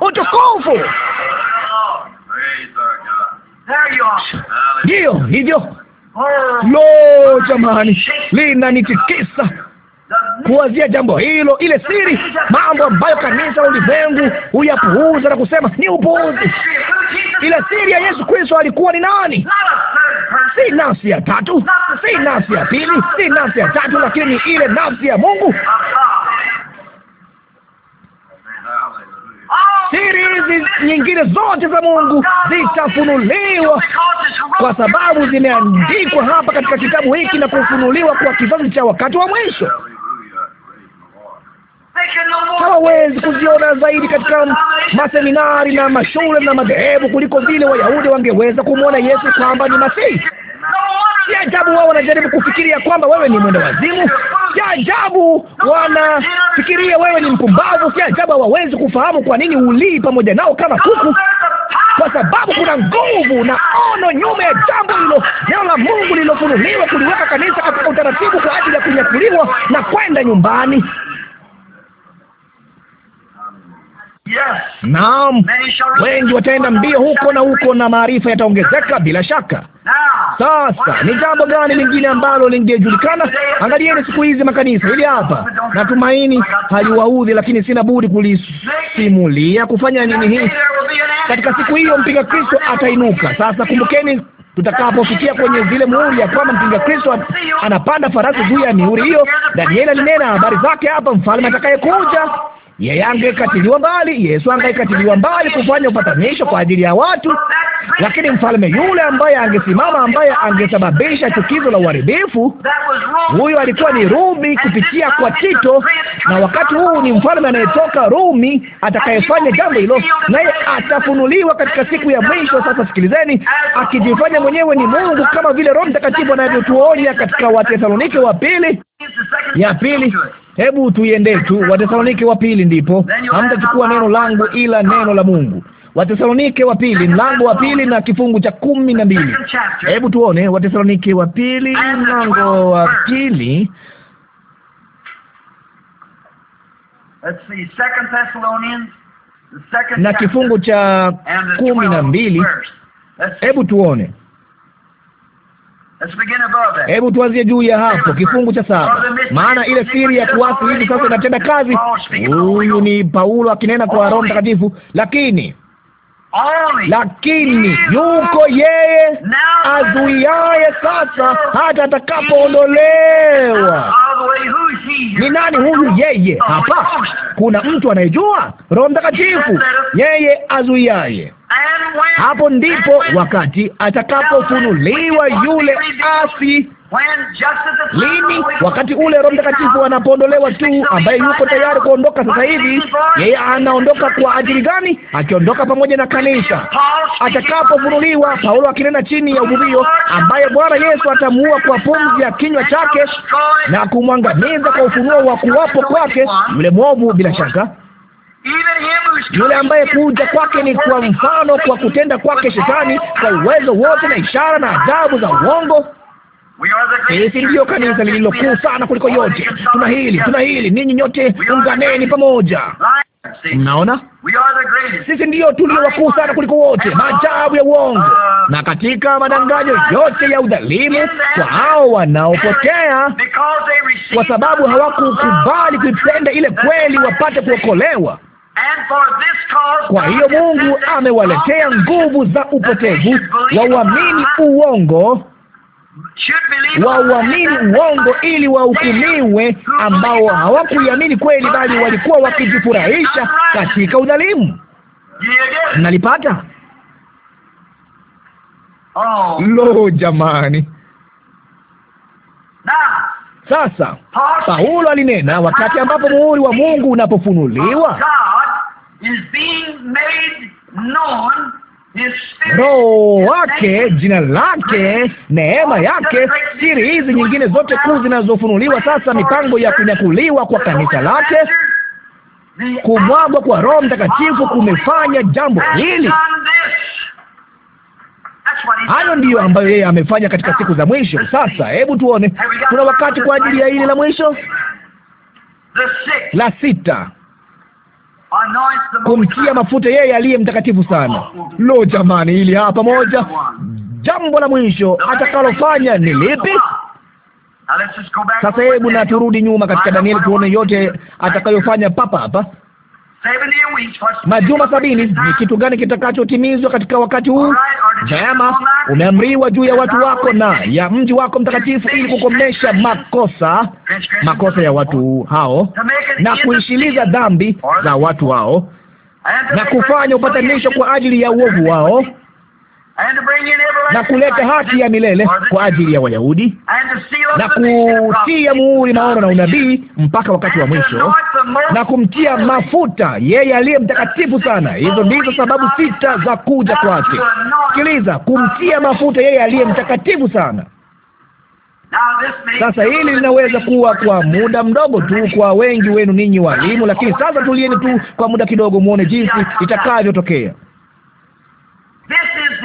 utukufu. Ndiyo hivyo. Lo, jamani, linanitikisa kuwazia jambo hilo, ile siri, mambo ambayo kanisa ulimwengu huyapuuza na kusema ni upuuzi. Ile siri ya Yesu Kristo alikuwa ni nani? Si nafsi ya tatu, si nafsi ya pili, si nafsi ya tatu, lakini ni ile nafsi ya Mungu. siri hizi nyingine zote za Mungu zitafunuliwa kwa sababu zimeandikwa hapa katika kitabu hiki na kufunuliwa kwa kizazi cha wakati wa mwisho. Hawawezi kuziona zaidi katika maseminari na mashule na madhehebu kuliko vile Wayahudi wangeweza kumwona Yesu kwamba ni Masihi. Si ajabu wao wanajaribu kufikiria kwamba wewe ni mwenda wazimu, kiajabu wanafikiria wewe ni mpumbavu. Kiajabu hawawezi kufahamu kwa nini ulii pamoja nao kama kuku, kwa sababu kuna nguvu na ono nyuma ya jambo hilo. Neno la Mungu lilofunuliwa kuliweka kanisa katika utaratibu kwa ajili ya kunyakuliwa na kwenda nyumbani. Yes. Naam, wengi wataenda mbio huko na huko, na maarifa yataongezeka bila shaka. Sasa ni jambo gani lingine ambalo lingejulikana? Angalieni siku hizi makanisa, hili hapa, natumaini haliwaudhi, lakini sina budi kulisimulia. Kufanya nini hii? Katika siku hiyo mpinga Kristo atainuka. Sasa kumbukeni tutakapofikia kwenye zile muhuri ya kwamba mpinga Kristo anapanda farasi juu ya mihuri hiyo. Danieli alinena habari zake hapa, mfalme atakayekuja yeye angekatiliwa mbali, Yesu angekatiliwa mbali kufanya upatanisho kwa ajili ya watu, lakini mfalme yule ambaye angesimama, ambaye angesababisha chukizo la uharibifu, huyo alikuwa ni Rumi kupitia kwa Tito, na wakati huu ni mfalme anayetoka Rumi atakayefanya jambo hilo, naye atafunuliwa katika siku ya mwisho. Sasa sikilizeni, akijifanya mwenyewe ni Mungu kama vile Roho Mtakatifu anavyotuonya katika Wathesalonike wa pili ya pili Hebu tuiende tu Watesalonike wa pili, ndipo hamtachukua neno langu ila neno la Mungu. Watesalonike wa pili mlango wa pili na kifungu cha kumi na mbili. Hebu tuone Watesalonike wa pili mlango wa pili na kifungu cha kumi na mbili. Hebu tuone Hebu tuanzie juu ya hapo, kifungu cha saba. Maana ile siri ya kuasi hivi sasa inatenda kazi. Huyu ni Paulo akinena kwa Roho Mtakatifu, lakini lakini yuko yeye azuiaye sasa hata atakapoondolewa ni nani huyu yeye? Hapa kuna mtu anayejua? Roho Mtakatifu yeye azuiaye. Hapo ndipo wakati atakapofunuliwa yule asi Lini? Wakati ule Roho Mtakatifu anapoondolewa tu, ambaye yuko tayari kuondoka sasa hivi. Yeye anaondoka kwa ajili gani? Akiondoka pamoja na kanisa atakapofunuliwa, Paulo akinena chini ya uvuvio, ambaye Bwana Yesu atamuua kwa pumzi ya kinywa chake na kumwangamiza kwa ufunuo wa kuwapo kwake yule mwovu, bila shaka yule ambaye kuja kwake ni kwa mfano kwa kutenda kwake shetani kwa uwezo wote na ishara na adhabu za uongo. Sisi ndiyo kanisa lililokuu sana kuliko yote. Tuna hili, tuna hili, ninyi nyote unganeni pamoja. Mnaona, sisi ndiyo tulio wakuu sana kuliko wote, maajabu ya uongo uh, na katika madanganyo yote ya udhalimu kwa hao wanaopotea, kwa sababu hawakukubali kuipenda ile kweli wapate kuokolewa. Kwa hiyo Mungu amewaletea nguvu za upotevu, wauamini uongo wauamini uongo ili wahukumiwe, ambao hawakuiamini kweli, bali walikuwa wakijifurahisha katika udhalimu. nalipata Lo, jamani! Sasa Paulo alinena wakati ambapo muhuri wa Mungu unapofunuliwa Roho wake, jina lake, neema yake, siri hizi nyingine zote kuu zinazofunuliwa sasa, mipango ya kunyakuliwa kwa kanisa lake kumwagwa kwa Roho Mtakatifu oh, kumefanya jambo hili. Hayo ndiyo ambayo yeye amefanya katika siku za mwisho. Sasa hebu tuone, kuna wakati kwa ajili ya hili la mwisho la sita kumtia mafuta yeye aliye mtakatifu sana. Lo, jamani, ili hapa moja. Jambo la mwisho atakalofanya ni lipi? Sasa hebu na turudi nyuma katika Danieli tuone yote atakayofanya papa hapa majuma sabini. Ni kitu gani kitakachotimizwa katika wakati huu? Jema, umeamriwa juu ya watu wako na ya mji wako mtakatifu, ili kukomesha makosa makosa ya watu hao na kuishiliza dhambi za watu hao na kufanya upatanisho kwa ajili ya uovu wao na kuleta haki ya milele kwa ajili ya Wayahudi na kutia muhuri maono na unabii mpaka wakati wa mwisho na kumtia mafuta yeye aliye mtakatifu sana. Hizo ndizo sababu sita za kuja kwake. Sikiliza, kumtia mafuta yeye aliye mtakatifu sana. Sasa hili linaweza kuwa kwa muda mdogo tu kwa wengi wenu ninyi walimu, lakini sasa tulieni tu kwa muda kidogo, muone jinsi itakavyotokea.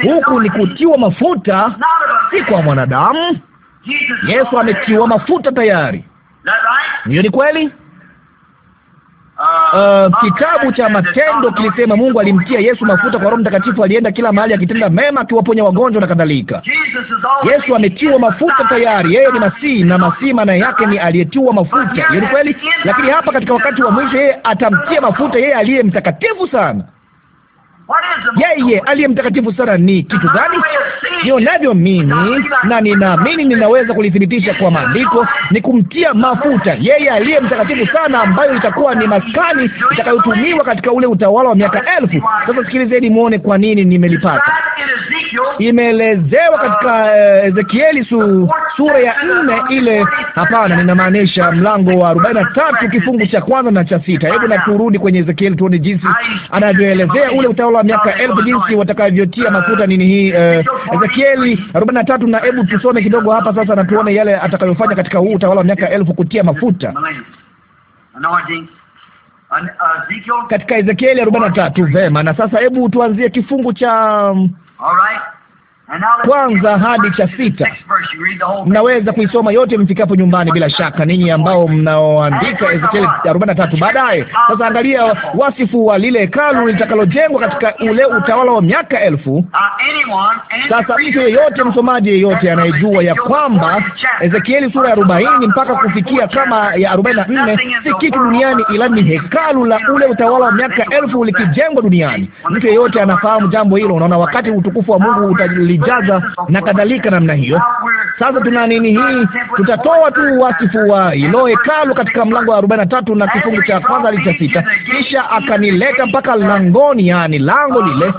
Huku ni kutiwa mafuta, si kwa mwanadamu. Yesu ametiwa mafuta tayari. Hiyo ni kweli. Uh, uh, uh, kitabu cha Matendo kilisema Mungu alimtia Yesu mafuta kwa Roho Mtakatifu, alienda kila mahali akitenda mema, akiwaponya wagonjwa na kadhalika. Yesu ametiwa mafuta tayari, yeye ni Masihi na Masihi maana yake ni aliyetiwa mafuta. Hiyo ni kweli, lakini hapa katika wakati wa mwisho yeye atamtia mafuta yeye aliye mtakatifu sana yeye aliye mtakatifu sana ni kitu gani? Nionavyo mimi na ninaamini ninaweza kulithibitisha kwa maandiko, ni kumtia mafuta yeye aliye mtakatifu sana, ambayo itakuwa ni maskani itakayotumiwa katika ule utawala wa miaka elfu. Sasa sikilizeni muone kwa nini nimelipata. Imeelezewa uh, katika uh, Ezekieli su, sura ya nne ile, hapana, ninamaanisha mlango wa arobaini na tatu kifungu cha kwanza na cha sita. Hebu na turudi kwenye Ezekieli tuone jinsi anavyoelezea ule utawala wa miaka elfu jinsi watakavyotia mafuta nini hii. Eh, Ezekieli 43 na hebu tusome kidogo hapa sasa, na tuone yale atakayofanya katika huu utawala wa miaka elfu kutia mafuta katika Ezekieli 43. Vema, na sasa hebu tuanzie kifungu cha mm, kwanza hadi cha sita. Mnaweza kuisoma yote mfikapo nyumbani, bila shaka, ninyi ambao mnaoandika Ezekieli 43 baadaye. Sasa angalia wasifu wa lile hekalu litakalojengwa katika ule utawala wa miaka elfu. Sasa mtu yeyote, msomaji yeyote, anayejua ya kwamba Ezekieli sura ya 40 mpaka kufikia kama ya 44 si kitu duniani, ila ni hekalu la ule utawala wa miaka elfu likijengwa duniani. Mtu yeyote anafahamu jambo hilo. Unaona, wakati utukufu wa Mungu utajili kulijaza na kadhalika namna hiyo. Sasa tuna nini hii? Tutatoa tu wasifu wa hilo hekalu katika mlango wa arobaini na tatu na kifungu cha kwanza hadi cha sita. Kisha akanileta mpaka langoni, yaani lango lile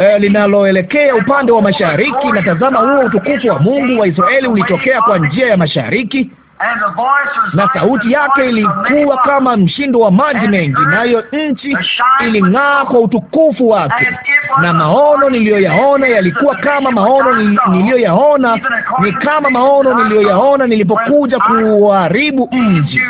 e, linaloelekea upande wa mashariki, na tazama, huo utukufu wa Mungu wa Israeli ulitokea kwa njia ya mashariki na sauti yake ilikuwa kama mshindo wa maji mengi, nayo nchi iling'aa kwa utukufu wake, na maono niliyoyaona yalikuwa kama maono niliyoyaona, ni kama maono niliyoyaona nilipokuja kuharibu mji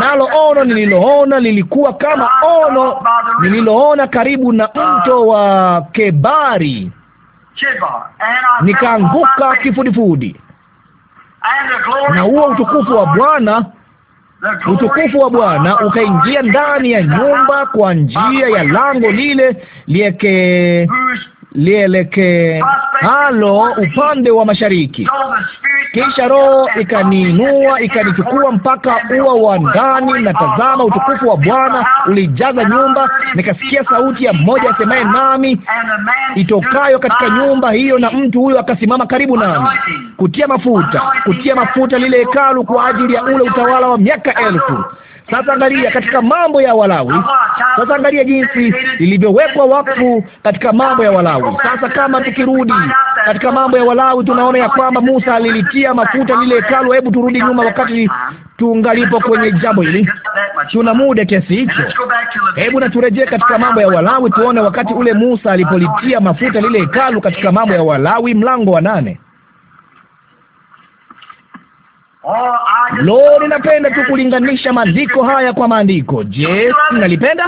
nalo ono nililoona lilikuwa kama ono nililoona karibu na mto wa Kebari nikaanguka kifudifudi, na huo utukufu wa Bwana utukufu wa Bwana ukaingia ndani ya nyumba kwa njia ya lango lile lieke halo upande wa mashariki. Kisha Roho ikaniinua ikanichukua mpaka ua wa ndani, na tazama, utukufu wa Bwana ulijaza nyumba. Nikasikia sauti ya mmoja asemaye nami itokayo katika nyumba hiyo, na mtu huyo akasimama karibu nami, kutia mafuta, kutia mafuta lile hekalu kwa ajili ya ule utawala wa miaka elfu sasa angalia katika mambo ya Walawi. Sasa angalia jinsi ilivyowekwa wakfu katika mambo ya Walawi. Sasa kama tukirudi katika mambo ya Walawi, tunaona ya kwamba Musa alilitia mafuta lile hekalu. Hebu turudi nyuma wakati tungalipo kwenye jambo hili, tuna muda kiasi hicho. Hebu na turejee katika mambo ya Walawi tuone wakati ule Musa alipolitia mafuta lile hekalu, katika mambo ya Walawi mlango wa nane. Lo, ninapenda tu kulinganisha maandiko haya kwa maandiko. Je, nalipenda?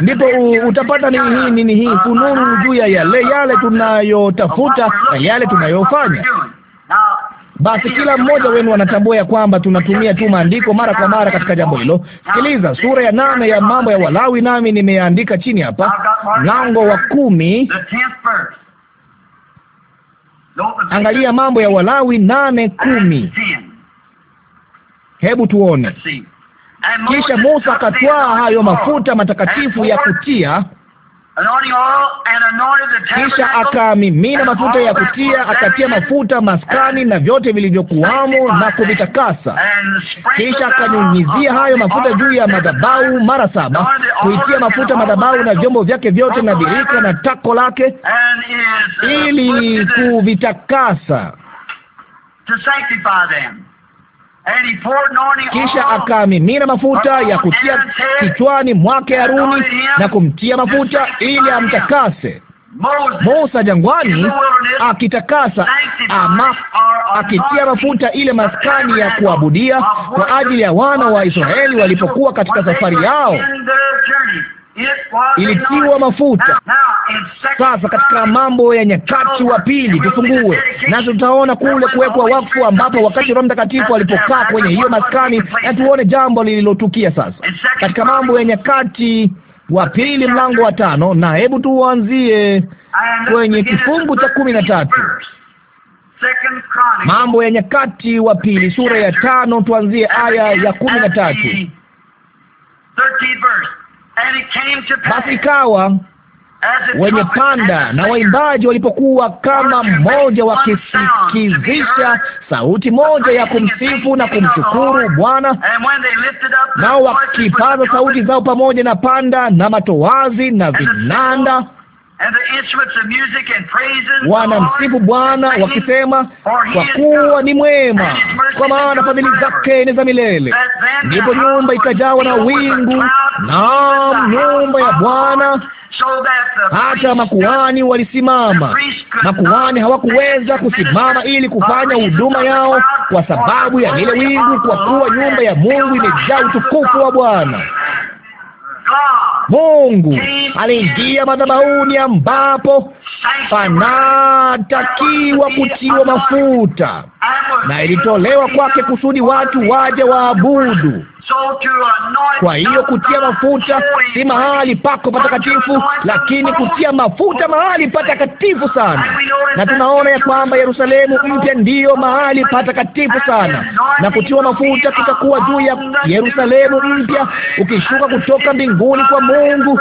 Ndipo utapata ni hii nini hii fununu juu ya yale yale tunayotafuta na yale tunayofanya. Basi kila mmoja wenu anatambua ya kwamba tunatumia tu maandiko mara kwa mara katika jambo hilo. Sikiliza sura ya nane ya mambo ya Walawi, nami nimeandika chini hapa, mlango wa kumi Angalia mambo ya Walawi nane kumi. Hebu tuone. Kisha Musa akatwaa hayo mafuta matakatifu ya kutia kisha akamimina mafuta ya kutia, akatia mafuta maskani na vyote vilivyokuwamo na kuvitakasa. Kisha akanyunyizia hayo mafuta juu ya madhabahu mara saba, kuitia mafuta madhabahu na vyombo vyake vyote na birika na tako lake, ili kuvitakasa kisha akamimina mafuta ya kutia kichwani mwake Haruni na kumtia mafuta ili amtakase. Musa jangwani akitakasa ama akitia mafuta ile maskani ya kuabudia kwa ajili ya wana wa Israeli walipokuwa katika safari yao ilitiwa mafuta. Sasa katika Mambo ya Nyakati wa Pili tufungue nasi, tutaona kule kuwekwa wakfu, ambapo wakati Roho Mtakatifu alipokaa kwenye hiyo maskani, na tuone jambo lililotukia sasa katika Mambo ya Nyakati wa Pili mlango wa tano, na hebu tuanzie kwenye kifungu cha kumi na tatu. Mambo ya Nyakati wa Pili sura ya tano, tuanzie aya ya kumi na tatu. Basi ikawa wenye panda na waimbaji walipokuwa kama mmoja wakisikizisha sauti moja ya kumsifu na kumshukuru Bwana, nao wakipaza sauti zao pamoja na panda na matoazi na vinanda wanamsifu Bwana wakisema, kwa kuwa ni mwema, kwa maana fadhili zake ni za milele. Ndipo nyumba ikajawa na wingu, naam, nyumba ya Bwana hata makuhani walisimama. Makuhani hawakuweza kusimama ili kufanya huduma yao kwa sababu ya lile wingu, kwa kuwa nyumba ya Mungu imejaa utukufu wa Bwana. Mungu aliingia madhabahuni ambapo panatakiwa kutiwa mafuta, na ilitolewa kwake kusudi watu waje waabudu. Kwa hiyo kutia mafuta si mahali pako patakatifu, lakini kutia mafuta mahali patakatifu sana, na tunaona ya kwamba Yerusalemu mpya ndiyo mahali patakatifu sana, na kutiwa mafuta kutakuwa juu ya Yerusalemu mpya, ukishuka kutoka mbinguni kwa Mungu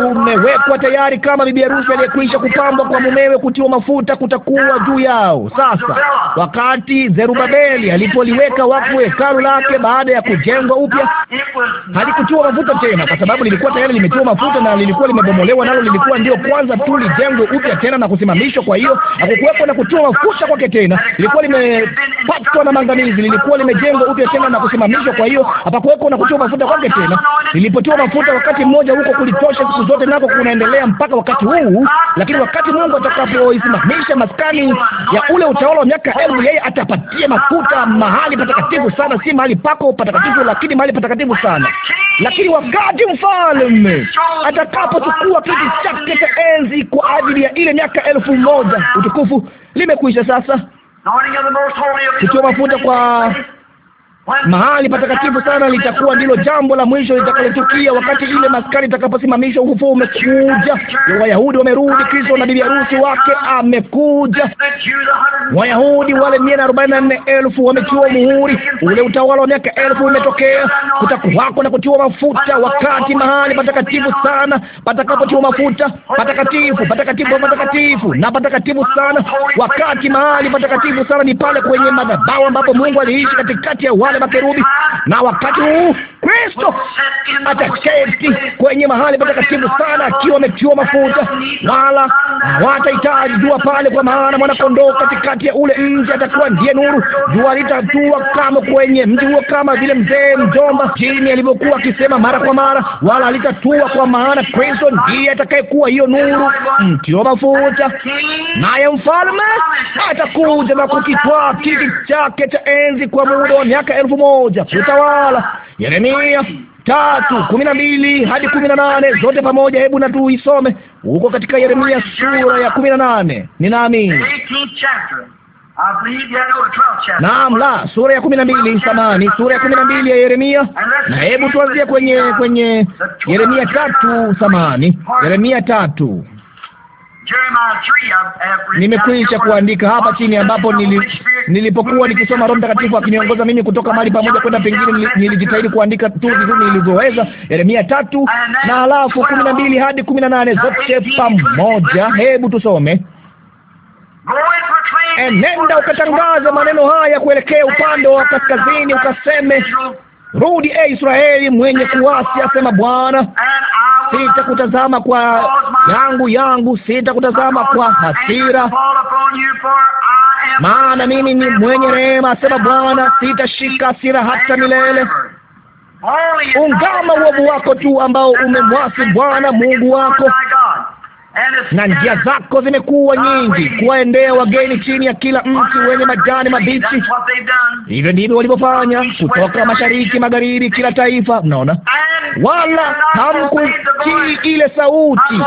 umewekwa tayari kama bibi harusi aliyekwisha kupambwa kwa mumewe kutiwa mafuta kutakuwa juu yao. Sasa wakati Zerubabeli alipoliweka wakfu hekalu lake baada ya kujengwa upya, halikutiwa mafuta tena, kwa sababu lilikuwa tayari limetiwa mafuta na lilikuwa limebomolewa, nalo lilikuwa ndio kwanza tu lijengwe upya tena na kusimamishwa. Kwa hiyo hakukuwepo na kutiwa mafuta kwake tena, lilikuwa limepatwa na maangamizi, lilikuwa limejengwa upya tena na kusimamishwa. Kwa hiyo hapakuwepo na kutiwa mafuta kwake tena. Lilipotiwa mafuta wakati mmoja huko kulitosha siku siku zote nako kunaendelea mpaka wakati huu, lakini wakati Mungu atakapoisimamisha maskani ya ule utawala wa miaka elfu, yeye atapatia makuta mahali patakatifu sana, si mahali pako patakatifu, lakini mahali patakatifu sana. Lakini wakati mfalme atakapochukua kiti chake cha enzi kwa ajili ya ile miaka elfu moja, utukufu limekwisha sasa. Kutia mafuta kwa Mahali patakatifu sana litakuwa ndilo jambo la mwisho litakalotukia wakati ile maskari itakaposimamishwa. Ufufuo umekuja, Wayahudi wamerudi, Kristo na bibi harusi wake amekuja. Wayahudi wale mia na arobaini na nne elfu wametiwa muhuri. Ule utawala wa miaka elfu umetokea. Kutakuwako na kutiwa mafuta, wakati mahali patakatifu sana patakapotiwa mafuta, patakatifu, patakatifu, patakatifu na patakatifu sana. Wakati mahali patakatifu sana ni pale kwenye madhabahu ambapo Mungu aliishi katikati ya wale makerubi, na wakati huu Kristo ataketi kwenye mahali patakatifu sana, akiwa ametiwa mafuta, wala watahitaji jua pale, kwa maana mwanakondoo katikati ya ule mji atakuwa ndiye nuru. Jua litatua kama kwenye mji huo, kama vile mzee mjomba chini alivyokuwa akisema mara kwa mara, wala litatua, kwa maana Kristo ndiye atakayekuwa hiyo nuru, mtiwa mafuta, naye mfalme atakuja na kukitwaa kiti chake cha enzi kwa muda wa miaka elfu moja utawala. Yeremia tatu kumi na mbili hadi kumi na nane zote pamoja, hebu na tuisome huko katika Yeremia sura ya kumi na nane ninaamini Naam, la sura ya kumi na mbili samani, sura ya kumi na mbili ya Yeremia. Na hebu tuanzie kwenye kwenye Yeremia tatu samani, Yeremia tatu Nimekwisha kuandika hapa chini, ambapo nili, nilipokuwa nikisoma Roho Mtakatifu akiniongoza mimi kutoka mahali pamoja kwenda pengine, nilijitahidi kuandika tu vizuri nilivyoweza, Yeremia tatu na halafu kumi na mbili hadi kumi na nane zote pamoja. Hebu tusome. Enenda ukatangaza maneno haya kuelekea upande wa kaskazini, ukaseme, rudi e Israeli mwenye kuasi, asema Bwana, sitakutazama kwa yangu yangu, sitakutazama kwa hasira, maana mimi ni mwenye rehema, asema Bwana. Sitashika hasira hata milele. Ungama uovu wako tu ambao umemwasi Bwana Mungu wako na njia zako zimekuwa nyingi kuwaendea wageni chini ya kila mti wenye majani mabichi. Hivyo ndivyo walivyofanya kutoka mashariki, magharibi, kila taifa. Mnaona, wala hamkutii ile sauti,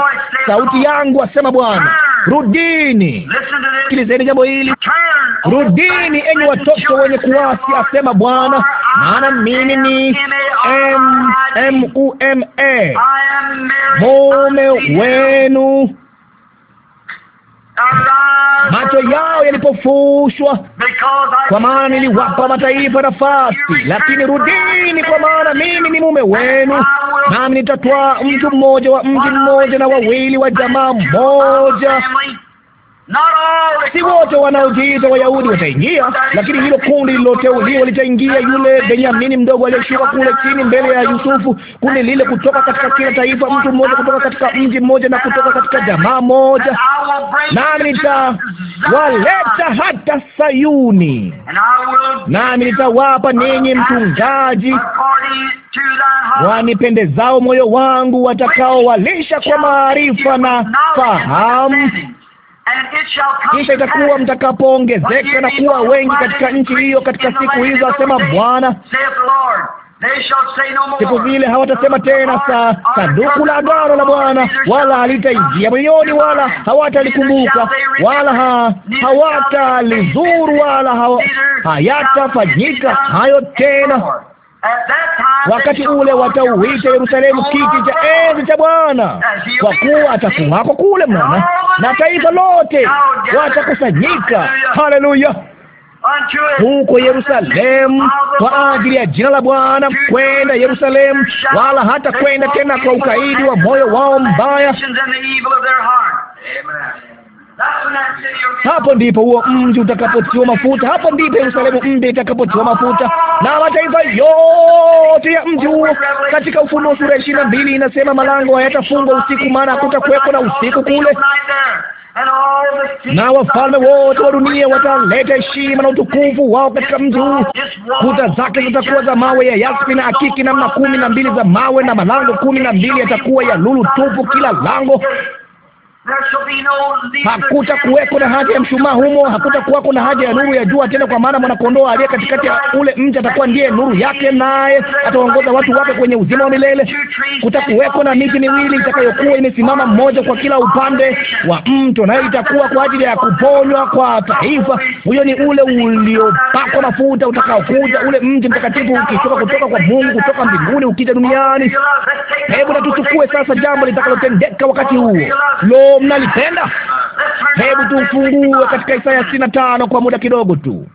sauti yangu, asema Bwana rudini, sikilizeni jambo hili, rudini enyi watoto wenye kuasi, asema Bwana, maana mimi ni e. mume wenu macho yao yalipofushwa, kwa maana niliwapa mataifa nafasi. Lakini rudini, kwa maana mimi ni mume wenu, nami nitatwaa mtu mmoja wa mji mmoja na wawili wa jamaa moja Si wote wanaojiita Wayahudi wataingia, lakini hilo kundi liloteuliwa litaingia. Yule Benyamini mdogo aliyeshuka kule chini mbele ya Yusufu, kundi lile kutoka katika kila taifa, mtu mmoja kutoka katika mji mmoja na kutoka katika jamaa moja, nami nitawaleta hata Sayuni, nami nitawapa ninyi mchungaji wanipendezao moyo wangu, watakaowalisha kwa maarifa na fahamu kisha itakuwa mtakapoongezeka na kuwa wengi katika nchi hiyo katika siku hizo, asema Bwana. Siku zile hawatasema tena sa sanduku la agano la Bwana, wala halitaingia moyoni, wala hawatalikumbuka, wala ha, hawatalizuru, wala hayatafanyika hayo tena Wakati ule watauita Yerusalemu kiti cha enzi cha Bwana, kwa kuwa atakuwako kule, mwana na taifa lote watakusanyika. Haleluya! huko Yerusalemu kwa ajili ya jina la Bwana, kwenda Yerusalemu, wala hata kwenda tena kwa ukaidi wa moyo wao mbaya. Hapo ndipo huo mji utakapotiwa mafuta, hapo ndipo Yerusalemu mpya itakapotiwa mafuta na mataifa yote ya mji huo. Katika Ufunuo sura ishirini na mbili inasema malango hayatafungwa usiku, maana hakutakuweko na usiku kule na wafalme wote wa dunia wataleta heshima na utukufu wao katika mji huu. Kuta zake zitakuwa za mawe ya yaspi na akiki, namna kumi na mbili za mawe, na malango kumi na mbili yatakuwa ya lulu tupu kila lango. Hakuta kuweko na haja ya mshumaa humo, hakuta kuwako na haja ya nuru ya jua tena, kwa maana mwanakondoo aliye katikati ya ule mji atakuwa ndiye nuru yake, naye ataongoza watu wake kwenye uzima wa milele. Kutakuweko na miti miwili itakayokuwa imesimama, mmoja kwa kila upande wa mto, nayo itakuwa kwa ajili ya kuponywa kwa taifa. Huyo ni ule uliopakwa mafuta utakaokuja, ule mji mtakatifu ukitoka kutoka kwa Mungu, kutoka mbinguni ukija duniani. Hebu natuchukue sasa jambo litakalotendeka wakati huo. Lo, mnalipenda? Hebu tufungue katika Isaya sitini na tano kwa muda kidogo tu.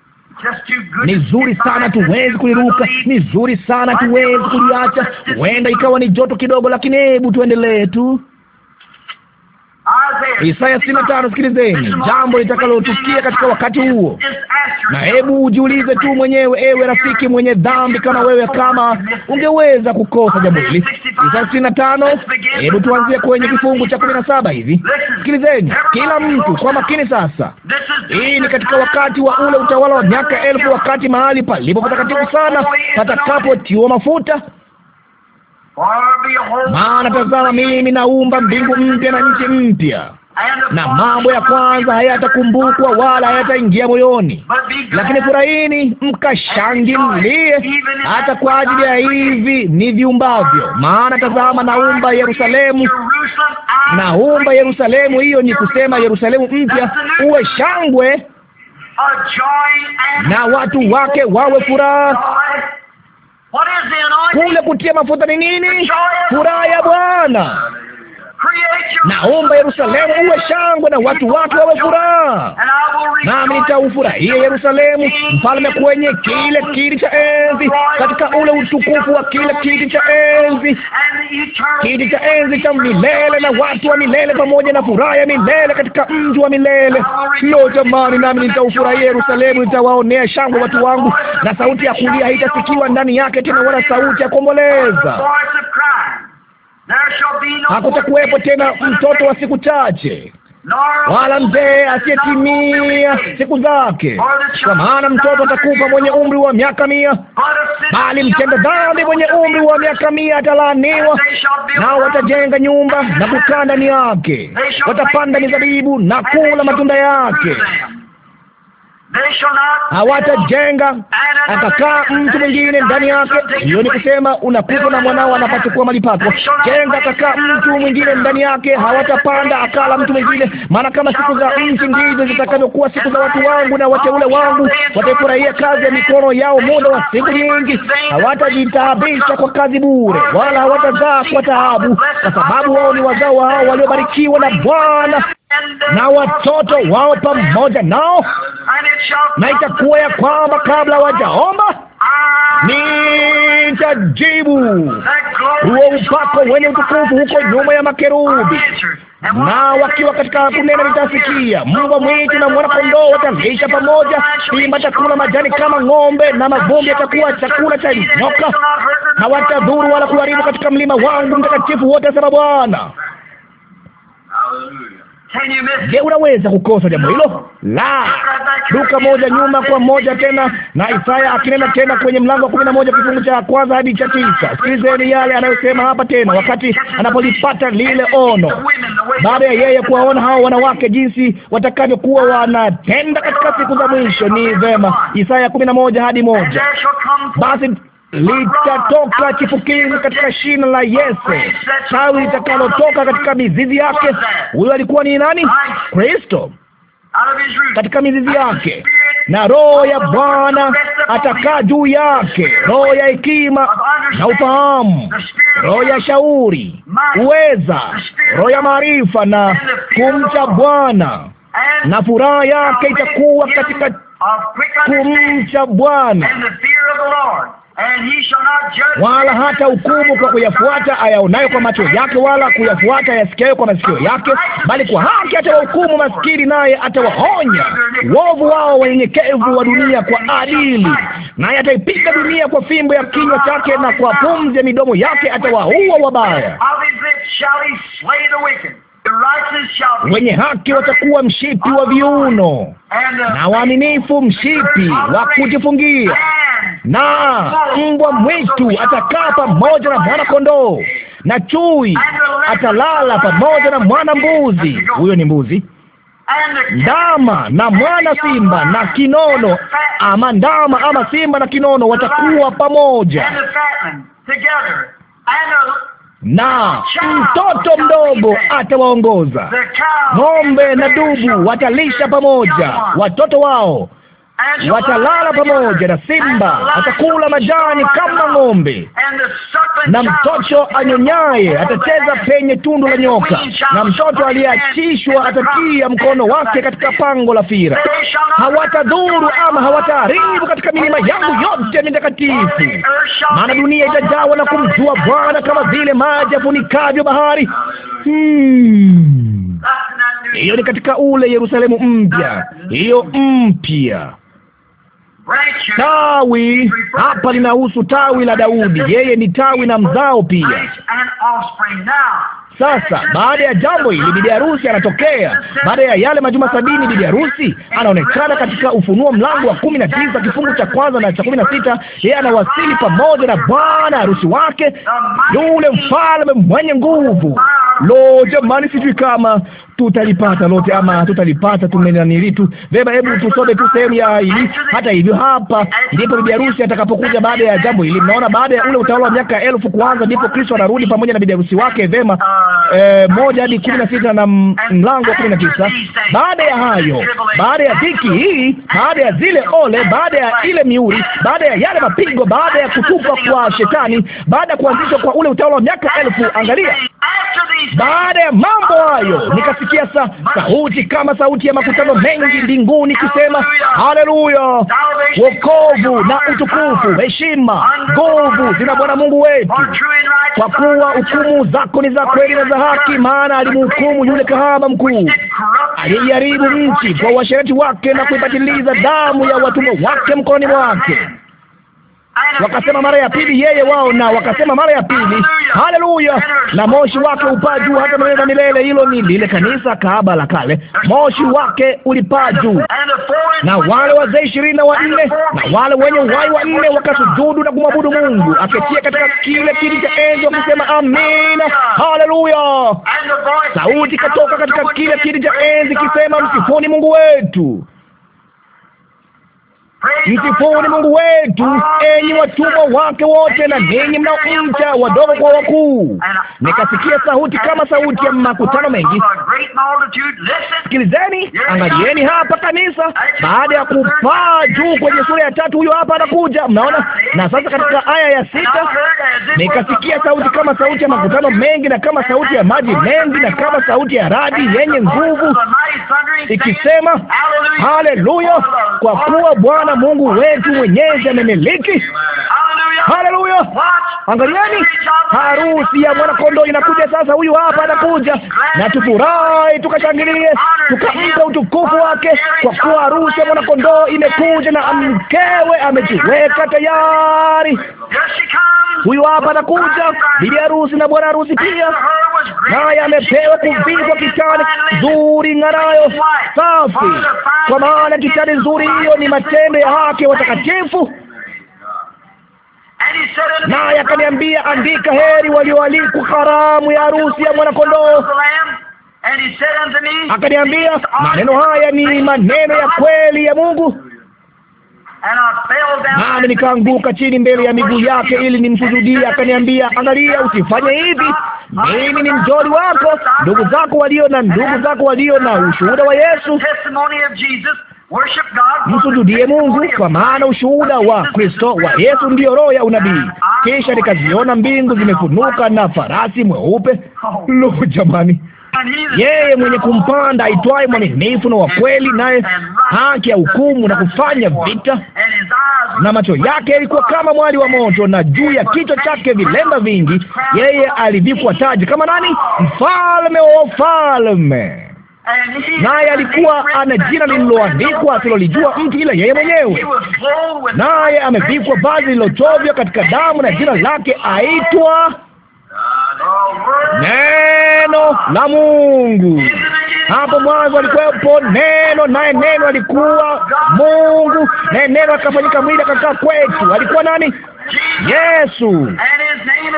Ni zuri sana, tuwezi kuliruka. Ni zuri sana, tuwezi kuliacha. Huenda ikawa ni joto kidogo, lakini hebu tuendelee tu. Isaya tano. sikilizeni jambo litakalotukia katika wakati huo, na hebu ujiulize tu mwenyewe, ewe rafiki mwenye dhambi kama wewe, kama ungeweza kukosa jambo hili. Isaya tano, hebu tuanzie kwenye kifungu cha saba hivi. Sikilizeni kila mtu kwa makini sasa. Hii ni katika wakati wa ule utawala wa miaka elfu, wakati mahali palipo patakatifu sana patakapotiwa mafuta maana tazama, mimi naumba mbingu mpya na nchi mpya, na mambo ya kwanza hayatakumbukwa wala hayataingia moyoni. Lakini furahini mkashangilie, hata kwa ajili ya hivi ni viumbavyo. Maana tazama, naumba Yerusalemu, naumba Yerusalemu. Hiyo ni kusema Yerusalemu mpya, uwe shangwe na watu wake wawe furaha kule kutia mafuta ni nini? Furaha ya Bwana. Naomba Yerusalemu uwe shangwe na watu wake wawe furaha, nami nitaufurahia Yerusalemu, mfalme kwenye kile kiti cha enzi, katika ule utukufu wa kile kiti cha enzi, kiti cha enzi cha milele na watu wa milele, pamoja na furaha ya milele katika mji wa milele. Lo, jamani, nami nitaufurahia Yerusalemu, nitawaonea shangwe watu wangu, na sauti ya kulia haitasikiwa ndani yake tena, wala sauti ya kuomboleza hakutakuwepo tena mtoto wa siku chache wala mzee asiyetimia siku zake, kwa maana mtoto atakufa mwenye umri wa miaka mia, bali mtenda dhambi mwenye umri wa miaka mia atalaaniwa. Nao watajenga nyumba na kukaa ndani yake, watapanda mizabibu na kula matunda yake hawatajenga akakaa mtu mwingine ndani yake. Hiyo ni kusema unakutwa na mwanao anapachukua mali pako. Jenga akakaa mtu mwingine ndani yake, hawatapanda akala mtu mwingine, maana kama siku za nchi ndivyo zitakavyokuwa siku za watu wangu na wateule wangu, wataifurahia kazi ya mikono yao muda wa siku nyingi. Hawatajitaabisha kwa kazi bure, wala hawatazaa kwa taabu, kwa sababu wao ni wazao wao waliobarikiwa na Bwana na watoto wao pamoja nao, na itakuwa ya kwamba kabla wajaomba nitajibu. Huo upako wenye utukufu huko nyuma ya makerubi, na wakiwa katika kunena nitasikia. Mbwa mwitu na mwana kondoo watalisha pamoja, simba atakula majani kama ng'ombe, na mavumbi atakuwa chakula cha nyoka, na watadhuru wala kuharibu katika mlima wangu mtakatifu wote, asema Bwana. Je, unaweza kukosa jambo hilo? La, duka moja nyuma kwa moja tena na Isaya akinena tena kwenye mlango wa kumi na moja kifungu cha kwanza hadi cha tisa. Sikilizeni yale anayosema hapa tena, wakati anapolipata lile ono, baada ya yeye kuwaona hao wanawake jinsi watakavyokuwa wanatenda katika siku za mwisho. Ni vema, Isaya kumi na moja hadi moja basi litatoka chipukizi katika shina la Yese, tawi litakalotoka katika mizizi yake. Huyo alikuwa ni nani? Kristo katika mizizi yake, na Roho ya Bwana atakaa juu yake, roho ya hekima na ufahamu, roho ya shauri, uweza, roho ya maarifa na kumcha Bwana, na furaha yake itakuwa katika kumcha Bwana wala hata hukumu kwa kuyafuata ayaonayo kwa macho yake, wala kuyafuata yasikiayo kwa masikio yake, bali kwa haki atawahukumu maskini, naye atawaonya uovu wao wanyenyekevu wa dunia kwa adili, naye ataipiga dunia kwa fimbo ya kinywa chake, na kwa pumzi ya midomo yake atawaua wabaya. Wenye haki watakuwa mshipi wa viuno, na waaminifu mshipi wa kujifungia, na mbwa mwitu atakaa pamoja na mwana-kondoo, na chui atalala pamoja na mwana-mbuzi. Huyo ni mbuzi ndama na mwana simba na kinono, ama ndama ama simba na kinono watakuwa pamoja na mtoto mdogo atawaongoza. Ng'ombe na dubu watalisha pamoja watoto wao watalala pamoja na simba, atakula majani kama ng'ombe, na mtoto anyonyaye atacheza penye tundu la nyoka, na mtoto aliyeachishwa atatia mkono wake katika pango la fira. Hawatadhuru ama hawataharibu katika milima yangu yote mitakatifu, maana dunia itajawa na kumjua Bwana kama vile maji yafunikavyo bahari. Hmm. Hiyo ni katika ule Yerusalemu mpya, hiyo mpya Tawi hapa linahusu tawi la Daudi, yeye ni tawi na mzao pia. Sasa baada ya jambo hili bibi harusi anatokea. Baada ya yale majuma sabini, bibi harusi anaonekana katika Ufunuo mlango wa kumi na tisa kifungu cha kwanza na cha kumi na sita Yeye anawasili pamoja na bwana harusi wake, yule mfalme mwenye nguvu. Lo, jamani, sijui kama tutalipata lote ama tutalipata tumenanili tu vema. Hebu tusome tu sehemu ya hili. Hata hivyo, hapa ndipo bibi harusi atakapokuja baada ya jambo hili. Mnaona, baada ya ule utawala wa miaka elfu kuanza, ndipo Kristo anarudi pamoja na bibi harusi wake. Vema, e, moja hadi kumi na sita na mlango wa kumi na tisa. Baada ya hayo, baada ya dhiki hii, baada ya zile ole, baada ya ile miuri, baada ya yale mapigo, baada ya kutupwa kwa shetani, baada ya kuanzishwa kwa ule utawala wa miaka elfu, angalia, baada ya mambo hayo nikasi nilisikia sa, sauti kama sauti ya makutano mengi mbinguni ikisema haleluya, wokovu na utukufu, heshima, nguvu zina Bwana Mungu wetu, kwa kuwa hukumu zako ni za kweli na za haki, maana alimhukumu yule kahaba mkuu aliyeiharibu nchi kwa uasherati wake na kuipatiliza damu ya watumwa wake mkononi mwake wakasema mara ya pili yeye wao, na wakasema mara ya pili haleluya, na moshi wake upaa juu hata milele na milele. Hilo ni lile kanisa kaaba la kale, moshi wake ulipaa juu. Na wale wazee ishirini na wanne na wale wenye uhai wanne wakasujudu na kumwabudu Mungu aketia katika kile kiti cha enzi, wakisema amina, haleluya. Sauti katoka katika kile kiti cha enzi kisema, msifuni Mungu wetu. Msifuni Mungu wetu, enyi watumwa wake wote, na ninyi mnaomcha, wadogo kwa wakuu. Nikasikia sauti kama sauti ya makutano mengi. Sikilizeni, angalieni hapa kanisa, baada ya kupaa juu kwenye sura ya tatu, huyo hapa anakuja. Mnaona? Na sasa katika aya ya sita, nikasikia sauti kama sauti ya makutano mengi, na kama sauti ya maji mengi, na kama sauti ya radi yenye nguvu, ikisema haleluya, kwa kuwa Bwana Bwana Mungu wetu mwenyezi amemiliki. Haleluya! Angalieni, harusi ya mwanakondoo inakuja sasa. Huyu hapa anakuja, na tufurahi tukashangilie, tukampa utukufu wake, kwa kuwa harusi ya mwanakondoo imekuja na mkewe amejiweka tayari. Huyu hapa anakuja bibi harusi na bwana harusi pia, naye amepewa kuvikwa kitani nzuri ng'arayo safi, kwa maana kitani nzuri hiyo ni matendo ya haki watakatifu. Naye akaniambia, andika, heri walioalikwa karamu ya harusi ya mwanakondoo. Akaniambia, maneno haya ni maneno ya kweli ya Mungu nami nikaanguka chini mbele ya miguu yake ili nimsujudie. Akaniambia, angalia, usifanye hivi. Mimi ni mjoli wako, ndugu zako walio na ndugu zako walio na ushuhuda wa Yesu. Msujudie Mungu, kwa maana ushuhuda wa Kristo wa Yesu ndiyo roho ya unabii. Kisha nikaziona mbingu zimefunuka na farasi mweupe. Oh. Lo, jamani! yeye mwenye kumpanda aitwaye mwaminifu na wa kweli, naye haki ya hukumu na kufanya vita. Na macho yake yalikuwa kama mwali wa moto, na juu ya kichwa chake vilemba vingi. Yeye alivikwa taji kama nani? Mfalme wa wafalme naye alikuwa ana jina lililoandikwa asilolijua mtu ila yeye mwenyewe. Naye amevikwa vazi lililochovya katika damu, na jina lake aitwa neno la Mungu. Hapo mwanzo alikuwepo neno, naye neno alikuwa Mungu, naye neno akafanyika mwili akakaa kwetu. Alikuwa nani? Yesu,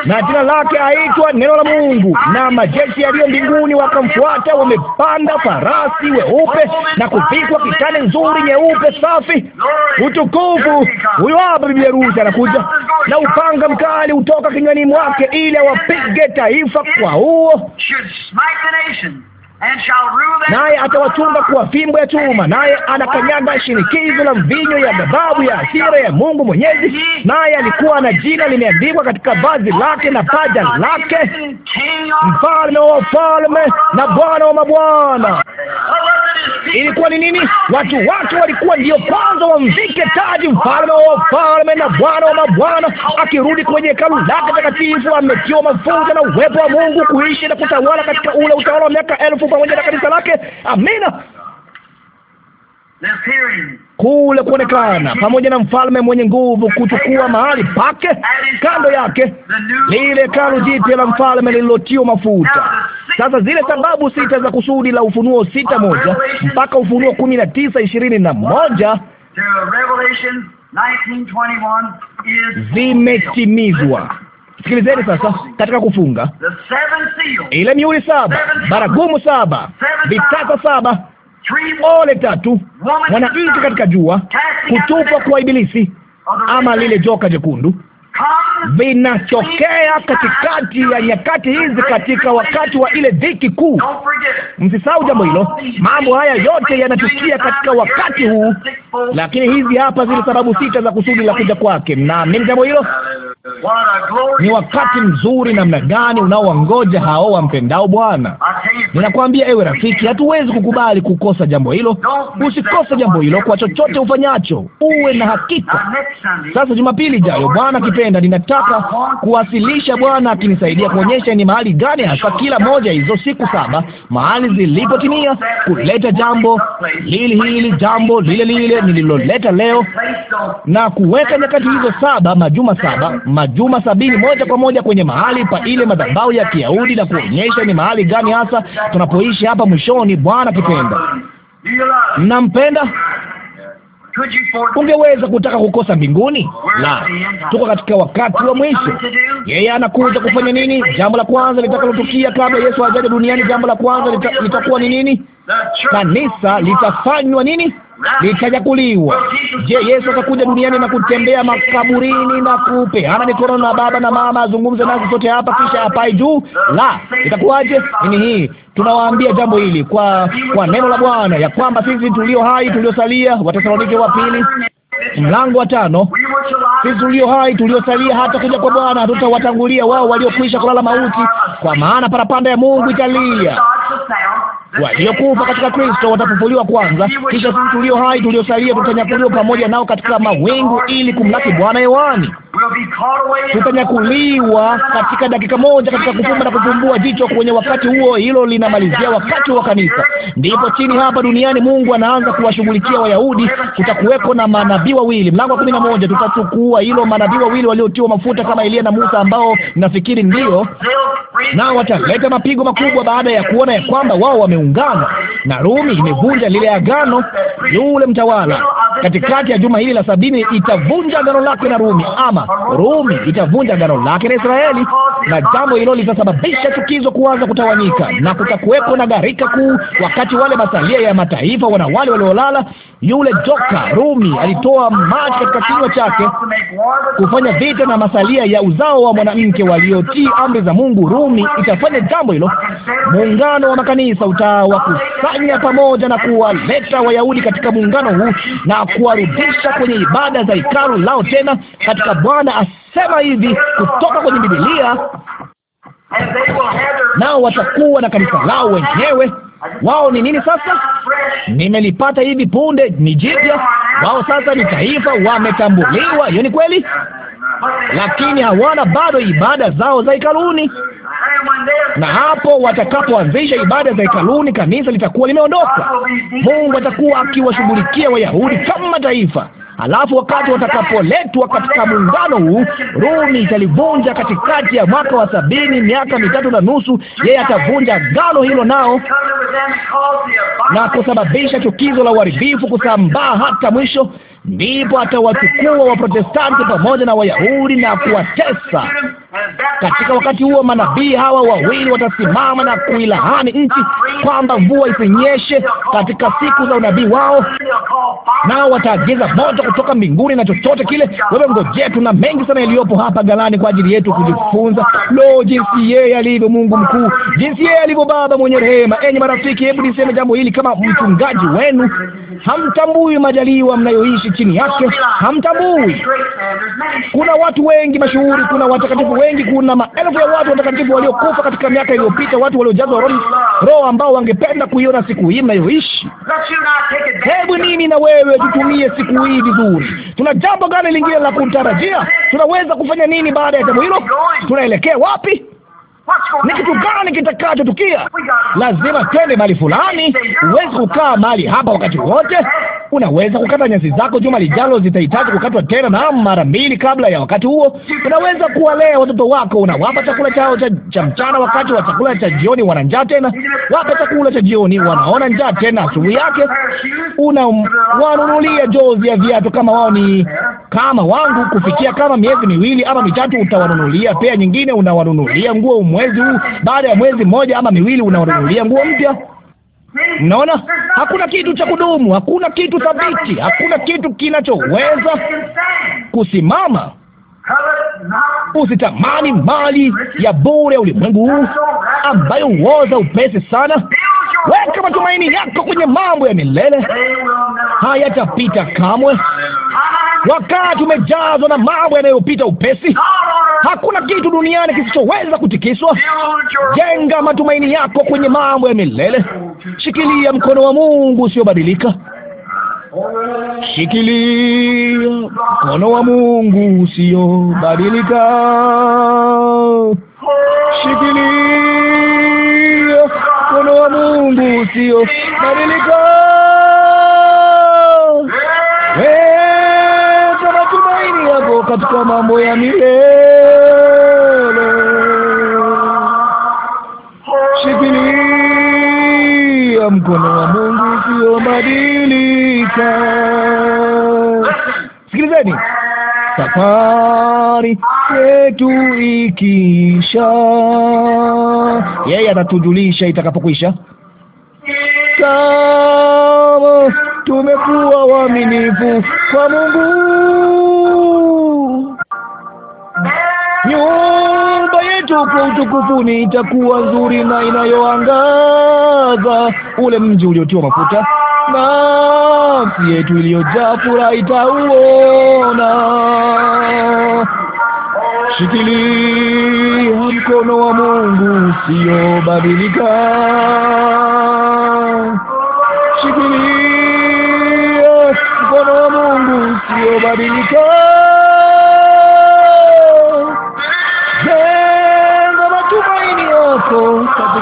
na jina lake aitwa neno la Mungu, na majeshi yaliyo mbinguni wakamfuata, wamepanda farasi weupe na kuvikwa kitani nzuri nyeupe safi, utukufu. Huyo hapa bibi harusi anakuja, na upanga mkali utoka kinywani mwake, ili awapige taifa kwa huo naye atawachunga kuwa fimbo ya chuma, naye anakanyaga shinikizo la mvinyo ya ghadhabu ya hasira ya Mungu Mwenyezi. Naye alikuwa na jina limeandikwa katika vazi lake na paja lake, mfalme wa wafalme na Bwana wa mabwana. Ilikuwa ni nini? Watu wake walikuwa ndio kwanza wamvike taji, mfalme wa wafalme na Bwana wa mabwana, akirudi kwenye hekalu lake takatifu, ametiwa mafuta na uwepo wa Mungu kuishi na kutawala katika ule utawala wa miaka elfu pamoja na kanisa lake. Amina. Kule kuonekana pamoja na mfalme mwenye nguvu kuchukua mahali pake, kando yake lile hekalu jipya la mfalme lililotiwa mafuta. Sasa zile sababu sita za kusudi la Ufunuo sita moja mpaka Ufunuo kumi na tisa ishirini na moja zimetimizwa. Sikilizeni sasa, katika kufunga ile mihuri saba, baragumu saba, vitasa saba, ole tatu, mwanamke katika jua, kutupwa kwa Ibilisi ama lile joka jekundu vinatokea katikati ya nyakati hizi, katika wakati wa ile dhiki kuu. Msisahau jambo hilo. Mambo haya yote yanatukia katika wakati huu, lakini hizi hapa zile sababu sita za kusudi la kuja kwake. Mnaamini jambo hilo? Ni wakati mzuri namna gani unaowangoja hao wampendao Bwana! Ninakwambia ewe rafiki, hatuwezi kukubali kukosa jambo hilo. Usikose jambo hilo kwa chochote ufanyacho, uwe na hakika. Sasa Jumapili ijayo, Bwana akipenda, ninata nataka kuwasilisha, Bwana akinisaidia kuonyesha ni mahali gani hasa kila moja hizo siku saba mahali zilipotimia kuleta jambo lili hili jambo lile lile nililoleta leo, na kuweka nyakati hizo saba, majuma saba, majuma sabini, moja kwa moja kwenye mahali pa ile madhabahu ya Kiyahudi na kuonyesha ni mahali gani hasa tunapoishi hapa mwishoni, Bwana kipenda. Mnampenda? Ungeweza kutaka kukosa mbinguni? La, tuko katika wakati wa mwisho. Yeye anakuja kufanya nini? Jambo la kwanza litakalotukia kabla Yesu ajaje duniani, jambo la kwanza litakuwa ni nini? Kanisa litafanywa nini? litanyakuliwa. Je, Yesu atakuja duniani na kutembea makaburini na kupeana mikono na baba na mama, azungumze nasi sote hapa, kisha apai juu? La, itakuwaje? Nini hii? Tunawaambia jambo hili kwa kwa neno la Bwana ya kwamba sisi tulio hai tuliosalia, Watesalonike wa pili mlango wa tano. Sisi tulio hai tuliosalia hata kuja kwa Bwana hatutawatangulia wao waliokwisha kulala mauti, kwa maana parapanda ya Mungu italia waliokufa katika Kristo watafufuliwa kwanza, kisha sisi tulio hai tuliosalia tutanyakuliwa pamoja nao katika mawingu ili kumlaki Bwana hewani. Tutanyakuliwa katika dakika moja, katika kufumba na kufumbua jicho kwenye wakati huo. Hilo linamalizia wakati wa kanisa. Ndipo chini hapa duniani Mungu anaanza kuwashughulikia Wayahudi. Kutakuwepo na manabii wawili, mlango wa kumi na moja. Tutachukua hilo, manabii wawili waliotiwa mafuta kama elia na Musa, ambao nafikiri ndio nao wataleta mapigo makubwa baada ya kuona ya kwamba wao wame muungano, na Rumi imevunja lile agano. Yule mtawala katikati ya juma hili la sabini itavunja agano lake na Rumi, ama Rumi itavunja agano lake na Israeli, na jambo hilo litasababisha chukizo kuanza kutawanyika, na kutakuwepo na gharika kuu, wakati wale masalia ya mataifa wanawale wale waliolala yule joka Rumi alitoa maji katika kinywa chake kufanya vita na masalia ya uzao wa mwanamke waliotii amri za Mungu. Rumi itafanya jambo hilo. Muungano wa makanisa utawakusanya pamoja na kuwaleta Wayahudi katika muungano huu na kuwarudisha kwenye ibada za hekalu lao tena katika Bwana asema hivi kutoka kwenye Biblia nao watakuwa na kanisa lao wenyewe. Wao ni nini sasa? Nimelipata hivi punde, ni jipya. Wao sasa ni taifa, wametambuliwa. Hiyo ni kweli, lakini hawana bado ibada zao za hekaluni na hapo watakapoanzisha ibada za hekaluni, kanisa litakuwa limeondoka. Mungu atakuwa akiwashughulikia Wayahudi kama taifa. Alafu wakati watakapoletwa katika muungano huu, Rumi italivunja katikati ya mwaka wa sabini, miaka mitatu na nusu. Yeye atavunja gano hilo nao na kusababisha chukizo la uharibifu kusambaa hata mwisho ndipo atawachukua Waprotestanti pamoja na Wayahudi na kuwatesa. Katika wakati huo manabii hawa wawili watasimama na kuilahani nchi kwamba mvua isinyeshe katika siku za unabii wao, nao wataagiza moto kutoka mbinguni na chochote kile. Wewe ngoje, tuna mengi sana yaliyopo hapa galani kwa ajili yetu kujifunza. Lo, jinsi yeye alivyo Mungu mkuu, jinsi yeye alivyo Baba mwenye rehema. Enyi marafiki, hebu niseme jambo hili kama mchungaji wenu hamtambui majaliwa mnayoishi chini yake, hamtambui. Kuna watu wengi mashuhuri, kuna watakatifu wengi, kuna maelfu ya watu watakatifu waliokufa katika miaka iliyopita, watu waliojazwa Roho ambao wangependa kuiona siku hii mnayoishi. Hebu nini na wewe tutumie siku hii vizuri. Tuna jambo gani lingine la kutarajia? Tunaweza kufanya nini baada ya jambo hilo? Tunaelekea wapi? ni kitu gani kitakachotukia? Lazima twende mahali fulani. Huwezi kukaa mahali hapa wakati wote. Unaweza kukata nyasi zako, juma lijalo zitahitaji kukatwa tena na mara mbili kabla ya wakati huo. Unaweza kuwalea watoto wako, unawapa chakula chao cha, cha mchana, wakati wa chakula cha jioni wana njaa tena, wapa chakula cha jioni, wanaona njaa tena asubuhi yake. Unawanunulia jozi ya viatu kama wao ni kama wangu, kufikia kama miezi miwili ama mitatu, utawanunulia pea nyingine, unawanunulia nguo mwezi huu, baada ya mwezi mmoja ama miwili unawanunulia nguo mpya naona hakuna kitu cha kudumu, hakuna kitu thabiti, hakuna kitu kinachoweza kusimama. Usitamani mali ya bure ulimwengu huu ambayo huoza upesi sana. Weka matumaini yako kwenye mambo ya milele, hayatapita kamwe. Wakati umejazwa na mambo yanayopita upesi, hakuna kitu duniani kisichoweza kutikiswa. Jenga matumaini yako kwenye mambo ya milele, shikilia mkono wa Mungu usiobadilika. Shikilia mkono wa Mungu usiobadilika, shikilia mkono wa Mungu usiobadilika. Weka matumaini yako katika mambo ya milele, shikilia mkono wa Mungu usiobadilika katika sikilizeni, safari yetu ikiisha, yeye atatujulisha itakapokwisha, kama tumekuwa waaminifu kwa Mungu Nyumba yetu kwa utukufuni itakuwa nzuri na inayoangaza, ule mji uliotiwa mafuta, nafsi yetu iliyojaa furaha itauona. Shikilia mkono wa Mungu usiyobadilika, shikilia mkono wa Mungu usiyobadilika.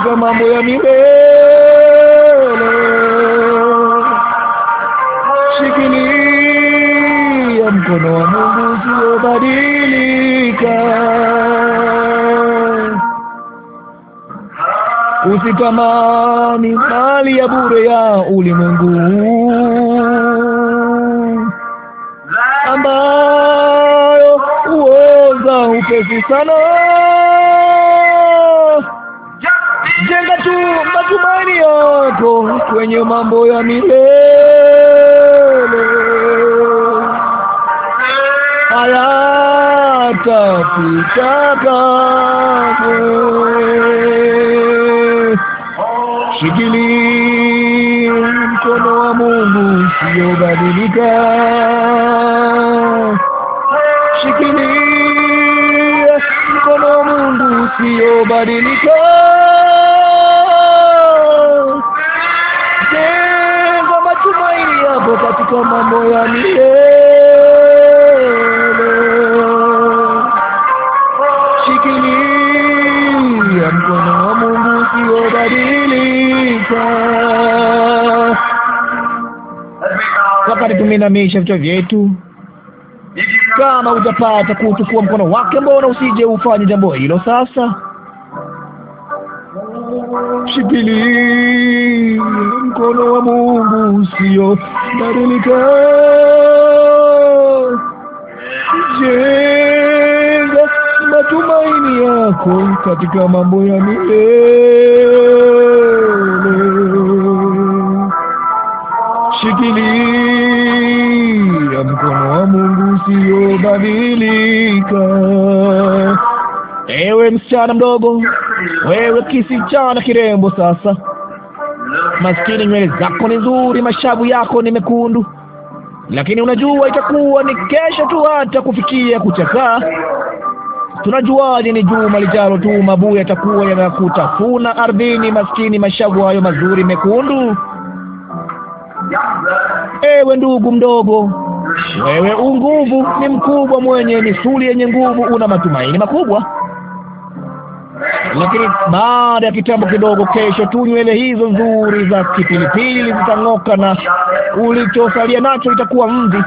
katika mambo ya milele. Shikilia mkono wa Mungu usiobadilika, usitamani mali ya bure ya ulimwengu ambayo huoza upesi sana yetu matumaini yako kwenye mambo ya milele hayatapita kamwe. Shikilia mkono wa Mungu usiyobadilika, shikilia mkono wa Mungu usiyobadilika. katika mambo ya milele. Shikilia mkono wa Mungu usiobadilika. Wakati tumeinamisha vichwa vyetu, kama hujapata kuuchukua mkono wake, mbona usije ufanye jambo hilo sasa? shikili mkono wa Mungu badilika Jenga matumaini yako katika mambo ya milele. Shikili mkono wa Mungu badilika Ewe msichana mdogo wewe kisichana kirembo. Sasa maskini, nywele zako ni nzuri, mashavu yako ni mekundu, lakini unajua itakuwa ni kesho tu hata kufikia kuchakaa. Tunajuaje? Ni juma lijalo tu mabuu yatakuwa yanakutafuna ardhini, maskini, mashavu hayo mazuri mekundu. Ewe ndugu mdogo, wewe unguvu, ni mkubwa, mwenye misuli yenye nguvu, una matumaini makubwa lakini baada ya kitambo kidogo, kesho tu nywele hizo nzuri za kipilipili zitang'oka na ulichosalia nacho itakuwa mvi.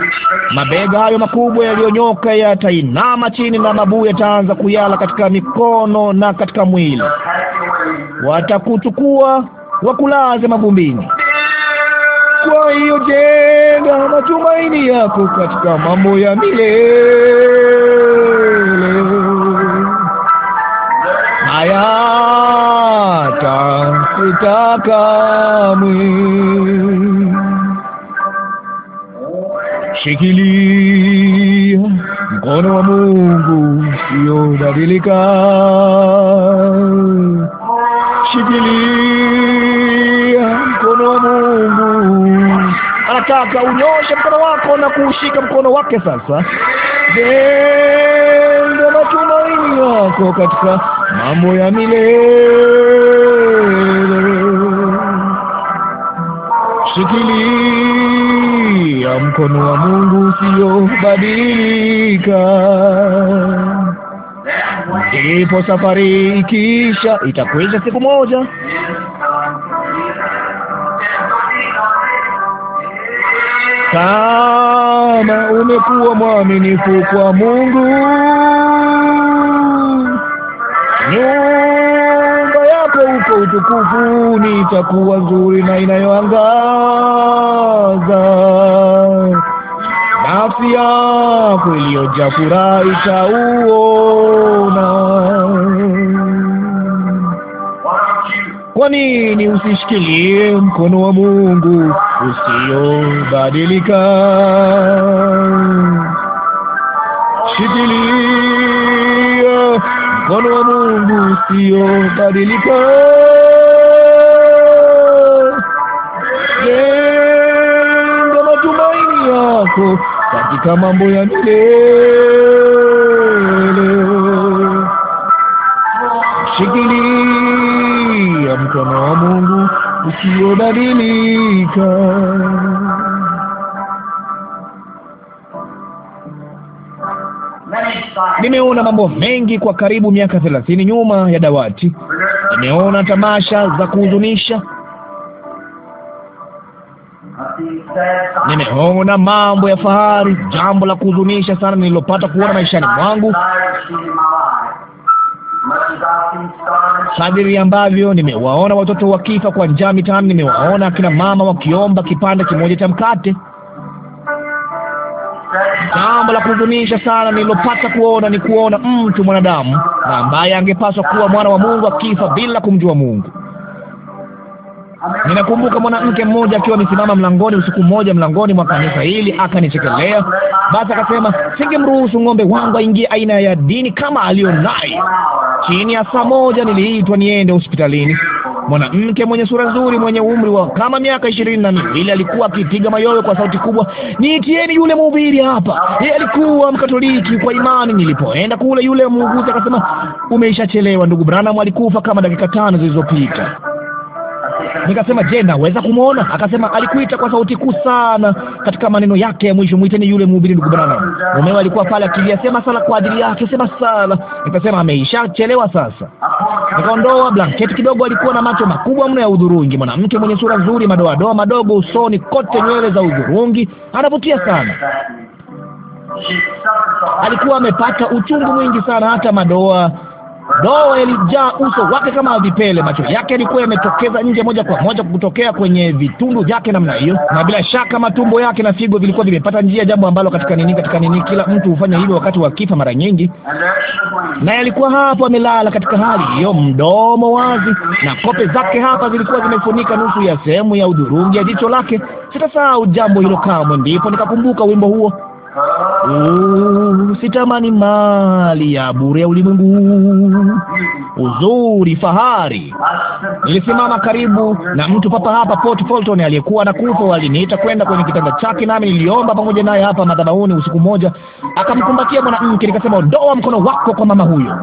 Mabega hayo makubwa yaliyonyoka yatainama chini na mabuu yataanza kuyala katika mikono na katika mwili. Watakuchukua wakulaze mavumbini. Kwa hiyo jenga matumaini yako katika mambo ya milele. kamwe. Shikilia mkono wa Mungu usiobadilika, shikilia mkono wa Mungu. Anataka unyoshe mkono wako na kuushika mkono wake. Sasa je ee matumaini yako katika mambo ya milele. Shikilia mkono wa Mungu usiyobadilika, ndipo safari ikiisha, itakuja siku moja kama umekuwa mwaminifu kwa Mungu, nyumba yako utukufu ni itakuwa nzuri na inayoangaza nafsi yako iliyojaa furaha itauona. Kwa nini usishikilie mkono wa Mungu usiobadilika? Shikilia mkono wa Mungu usiobadilika. Jenga matumaini yako katika mambo ya milele. Shikilia mkono wa Mungu usiobadilika. Nimeona mambo mengi kwa karibu miaka thelathini nyuma ya dawati. Nimeona tamasha za kuhuzunisha, nimeona mambo ya fahari. Jambo la kuhuzunisha sana nililopata kuona maishani mwangu kadiri ambavyo nimewaona watoto wakifa kwa njaa mitaani, nimewaona akina mama wakiomba kipande kimoja cha mkate. Jambo la kuhuzunisha sana nililopata kuona ni kuona mtu mwanadamu na ambaye angepaswa kuwa mwana wa Mungu akifa bila kumjua Mungu. Ninakumbuka mwanamke mmoja akiwa amesimama mlangoni usiku mmoja, mlangoni mwa kanisa hili, akanichekelea. Basi akasema singemruhusu ng'ombe wangu aingie aina ya dini kama alionayo. Chini ya saa moja niliitwa niende hospitalini. Mwanamke mwenye sura nzuri, mwenye umri wa kama miaka ishirini na miwili alikuwa akipiga mayowe kwa sauti kubwa, niitieni yule mhubiri hapa. Yeye alikuwa Mkatoliki kwa imani. Nilipoenda kule, yule muuguzi akasema, umeishachelewa ndugu Branham, alikufa kama dakika tano zilizopita. Nikasema, je, naweza kumwona? Akasema, alikuita kwa sauti kuu sana katika maneno yake ya mwisho, mwiteni yule mhubiri ndugu Branham. Mumewe alikuwa pale akilia, sema sala kwa ajili yake, sema sala. Nikasema, chelewa sasa. Nikaondoa blanketi kidogo. Alikuwa na macho makubwa mno ya udhurungi, mwanamke mwenye sura nzuri, madoadoa madogo usoni kote, nywele za udhurungi, anavutia sana alikuwa amepata uchungu mwingi sana, hata madoa doa ilijaa uso wake kama vipele, macho yake yalikuwa yametokeza nje moja kwa moja kutokea kwenye vitundu vyake namna hiyo, na bila shaka matumbo yake na figo vilikuwa vimepata njia, jambo ambalo katika nini, katika nini, kila mtu hufanya hivyo wakati wa kifa mara nyingi. Na alikuwa hapo amelala katika hali hiyo, mdomo wazi, na kope zake hapa zilikuwa zimefunika nusu ya sehemu ya udhurungi ya jicho lake. Sitasahau jambo hilo kamwe. Ndipo nikakumbuka wimbo huo Uh, sitamani mali ya bure ya ulimwengu, uzuri, fahari. Nilisimama karibu na mtu papa hapa Port Fulton aliyekuwa anakufa. Waliniita kwenda kwenye kitanda chake, nami niliomba pamoja naye hapa madhabahuni usiku mmoja. Akamkumbatia mwanamke, nikasema, ondoa mkono wako kwa mama huyo.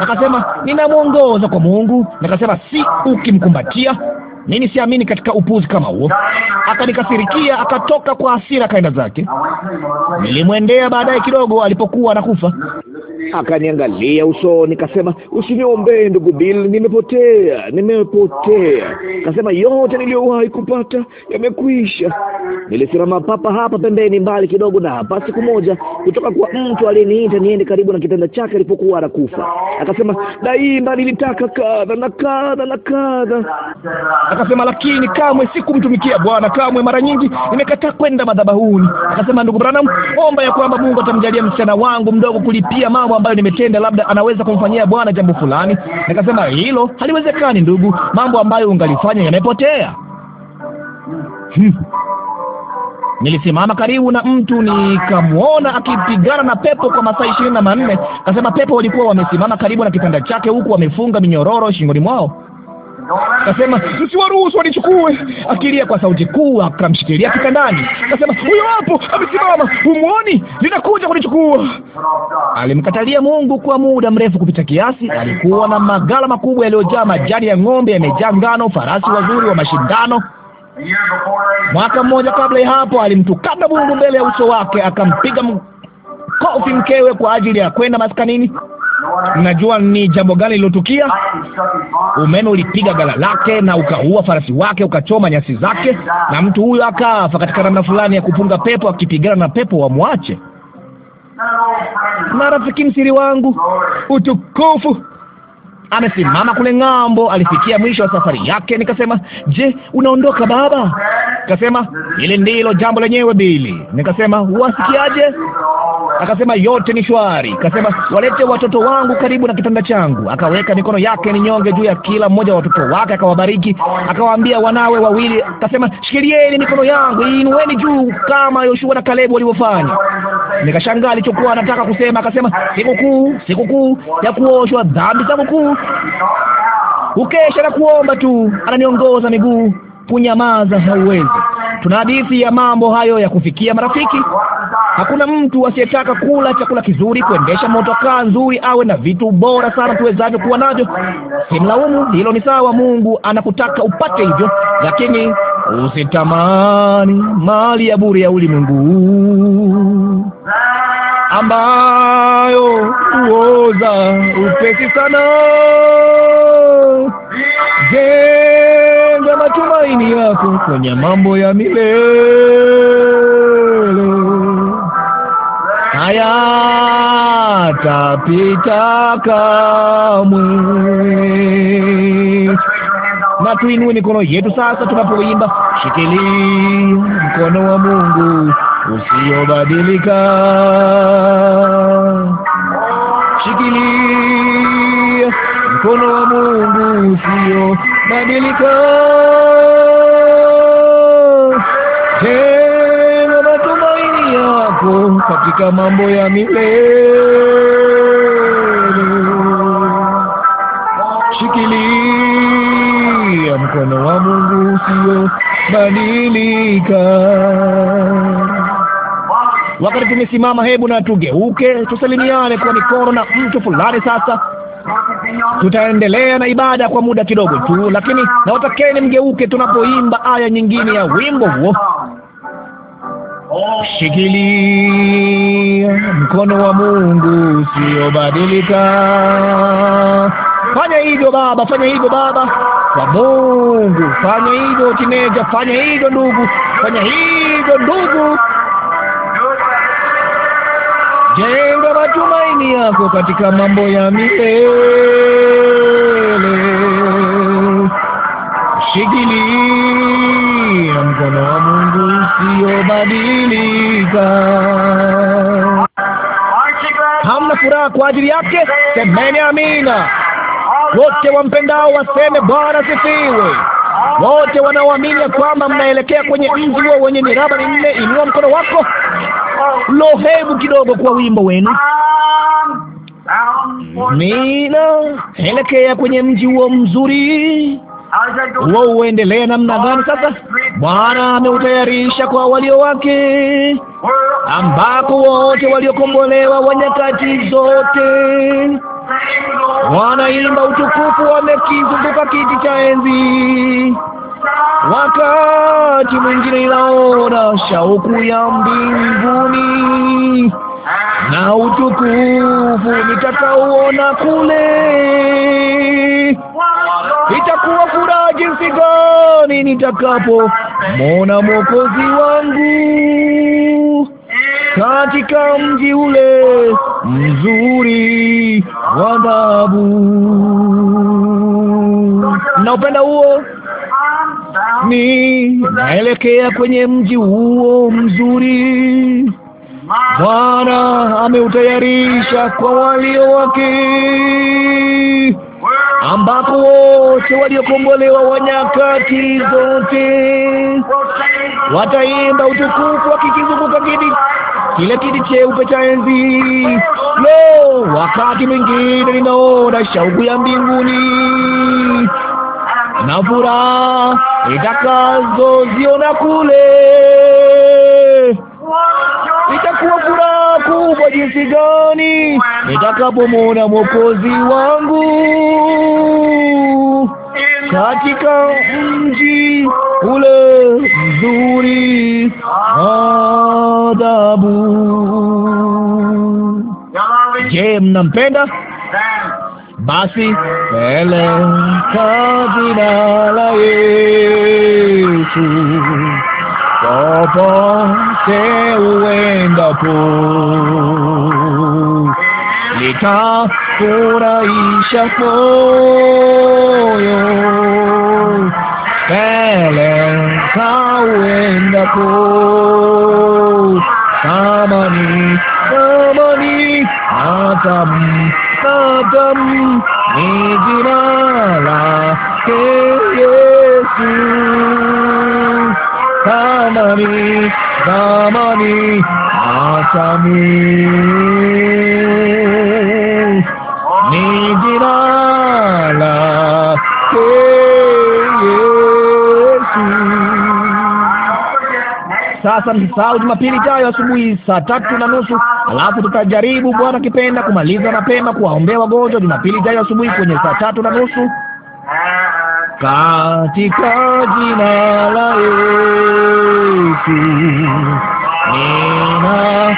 Akasema, ninamwongoza kwa Mungu. Nikasema, si ukimkumbatia mimi siamini katika upuzi kama huo. Akanikasirikia, akatoka kwa hasira, kaenda zake. Nilimwendea baadaye kidogo, alipokuwa anakufa, akaniangalia uso, nikasema, usiniombee ndugu Bill, nimepotea, nimepotea. Kasema yote niliyowahi kupata yamekwisha. Nilisimama papa hapa pembeni, mbali kidogo na hapa, siku moja kutoka kwa mtu aliyeniita niende karibu na kitanda chake alipokuwa anakufa. Akasema, daima nilitaka kadha na kadha na kadha Akasema, lakini kamwe sikumtumikia Bwana kamwe. Mara nyingi nimekataa kwenda madhabahuni. Akasema, ndugu Branham, omba ya kwamba Mungu atamjalia msichana wangu mdogo kulipia mambo ambayo nimetenda, labda anaweza kumfanyia Bwana jambo fulani. Nikasema, hilo haliwezekani ndugu, mambo ambayo ungalifanya yamepotea. Hmm. Nilisimama karibu na mtu nikamwona akipigana na pepo kwa masaa ishirini na manne. Akasema pepo walikuwa wamesimama karibu na kitanda chake, huku wamefunga minyororo shingoni mwao. Kasema tusiwaruhusu wanichukue. Akilia kwa sauti kuu, akamshikilia kitandani. Kasema huyo hapo amesimama, humwoni? Linakuja kunichukua. Alimkatalia Mungu kwa muda mrefu kupita kiasi. Alikuwa na magala makubwa yaliyojaa majani ya ng'ombe, yamejaa ngano, farasi wazuri wa mashindano Mwaka mmoja kabla ya hapo alimtukana Mungu mbele ya uso wake, akampiga mkofi mkewe kwa ajili ya kwenda maskanini. Mnajua ni jambo gani lilotukia? Umeme ulipiga gala lake na ukaua farasi wake, ukachoma nyasi zake, na mtu huyo akafa katika namna fulani ya kupunga pepo, akipigana na pepo wamwache. Na rafiki msiri wangu, utukufu amesimama kule ng'ambo, alifikia mwisho wa safari yake. Nikasema, je, unaondoka baba? Akasema, hili ndilo jambo lenyewe Bili. Nikasema, wasikiaje? Akasema, yote ni shwari. Akasema, walete watoto wangu karibu na kitanda changu. Akaweka mikono yake ninyonge juu ya kila mmoja wa watoto wake, akawabariki, akawaambia wanawe wawili, akasema, shikilieni mikono yangu, iinueni juu kama Yoshua na Kalebu walivyofanya. Nikashangaa alichokuwa anataka kusema. Akasema, sikukuu, sikukuu ya kuoshwa dhambi zangu Ukesha na kuomba tu, ananiongoza miguu. Kunyamaza hauwezi. Tuna hadithi ya mambo hayo ya kufikia marafiki. Hakuna mtu asiyetaka kula chakula kizuri, kuendesha motokaa nzuri, awe na vitu bora sana tuwezavyo kuwa navyo. Simlaumu, hilo ni sawa. Mungu anakutaka upate hivyo, lakini usitamani mali ya bure ya ulimwengu ambayo huoza upesi sana. Jenga matumaini yako kwenye mambo ya milele, tapita kamwe. Na tuinue mikono yetu sasa tunapoimba, shikilia mkono wa Mungu usiobadilika. Shikilia mkono wa Mungu usiobadilika. Jenga matumaini yako katika mambo ya milele. Shikilia mkono wa Mungu usiobadilika. Wakati tumesimama, hebu na tugeuke, tusalimiane kwa mikono na mtu fulani. Sasa tutaendelea na ibada kwa muda kidogo tu, lakini nawatakeni mgeuke tunapoimba aya nyingine ya wimbo huo. Shikilia mkono wa Mungu usiobadilika. Fanya hivyo baba, fanya hivyo baba kwa Mungu, fanya hivyo tineja, fanya hivyo ndugu, fanya hivyo ndugu. Jenga matumaini yako katika mambo ya milele. Shikilia mkono wa Mungu usiobadilika. Hamna furaha kwa ajili yake, semeni amina. Wote wampendao waseme Bwana sifiwe. Wote wanaoamini kwamba mnaelekea kwenye mji huo wenye miraba minne, inua mkono wako. Lo, hebu kidogo kwa wimbo wenu. Mina elekea kwenye mji huo mzuri huo, uendelee namna gani? Sasa Bwana ameutayarisha kwa walio wake, ambako wote waliokombolewa wa nyakati zote wanaimba utukufu, wamekizunguka kiti cha enzi Wakati mwingine inaona shauku ya mbinguni na utukufu nitakauona kule. Itakuwa furaha jinsi gani nitakapo mona Mwokozi wangu katika mji ule mzuri wa babu. Naupenda huo ni naelekea kwenye mji huo mzuri Bwana ameutayarisha kwa walio wake, ambapo wote waliokombolewa wa nyakati zote wataimba utukufu, wakikizunguka kiti kile kiti cheupe cha enzi. Lo, wakati mwingine ninaona shauku ya mbinguni na furaha nitakazoziona kule. Itakuwa furaha kubwa jinsi gani nitakapomwona mwokozi wangu katika mji ule mzuri adhabu. Je, mnampenda? Basi mbele kwa jina la Yesu, popote uendapo, litafurahisha moyo mbele kwa uendapo, kama ni kama ni Sadamu ni jina lake Yesu, tamani, tamani, acha mimi sasa msisahau Jumapili ijayo asubuhi saa tatu na nusu. Alafu tutajaribu Bwana akipenda kumaliza mapema kuwaombea wagonjwa Jumapili ijayo asubuhi kwenye saa tatu na nusu katika jina la Yesu nina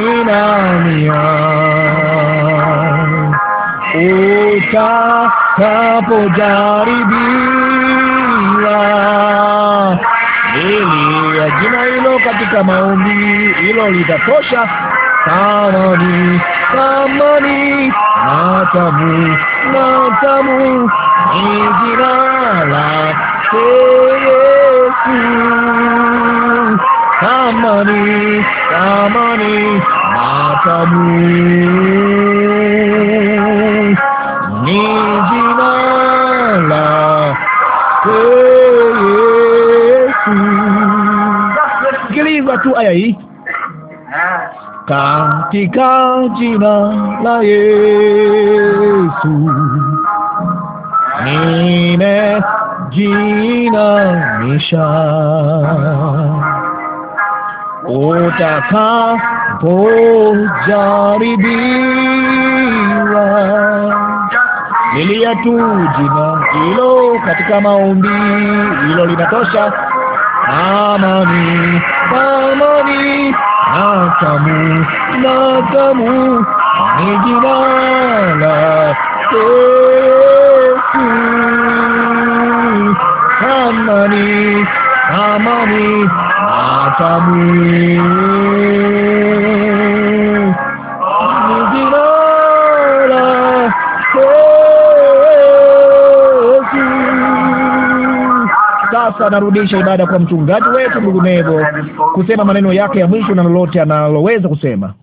nina nia utakapojaribiwa ya jina hilo katika maombi, hilo litatosha. Tamani, tamani, matamu, matamu ni jina lake Yesu. Tamani, tamani, matamu tu aya hii katika jina la Yesu jina nimejinamisha, utakapojaribiwa lilia tu jina hilo katika maombi, hilo linatosha amani, amani na tamu na tamu ni jina la Yesu. Amani, amani na tamu sasa anarudisha ibada kwa mchungaji wetu ndugu Nevo kusema maneno yake ya mwisho na lolote analoweza kusema.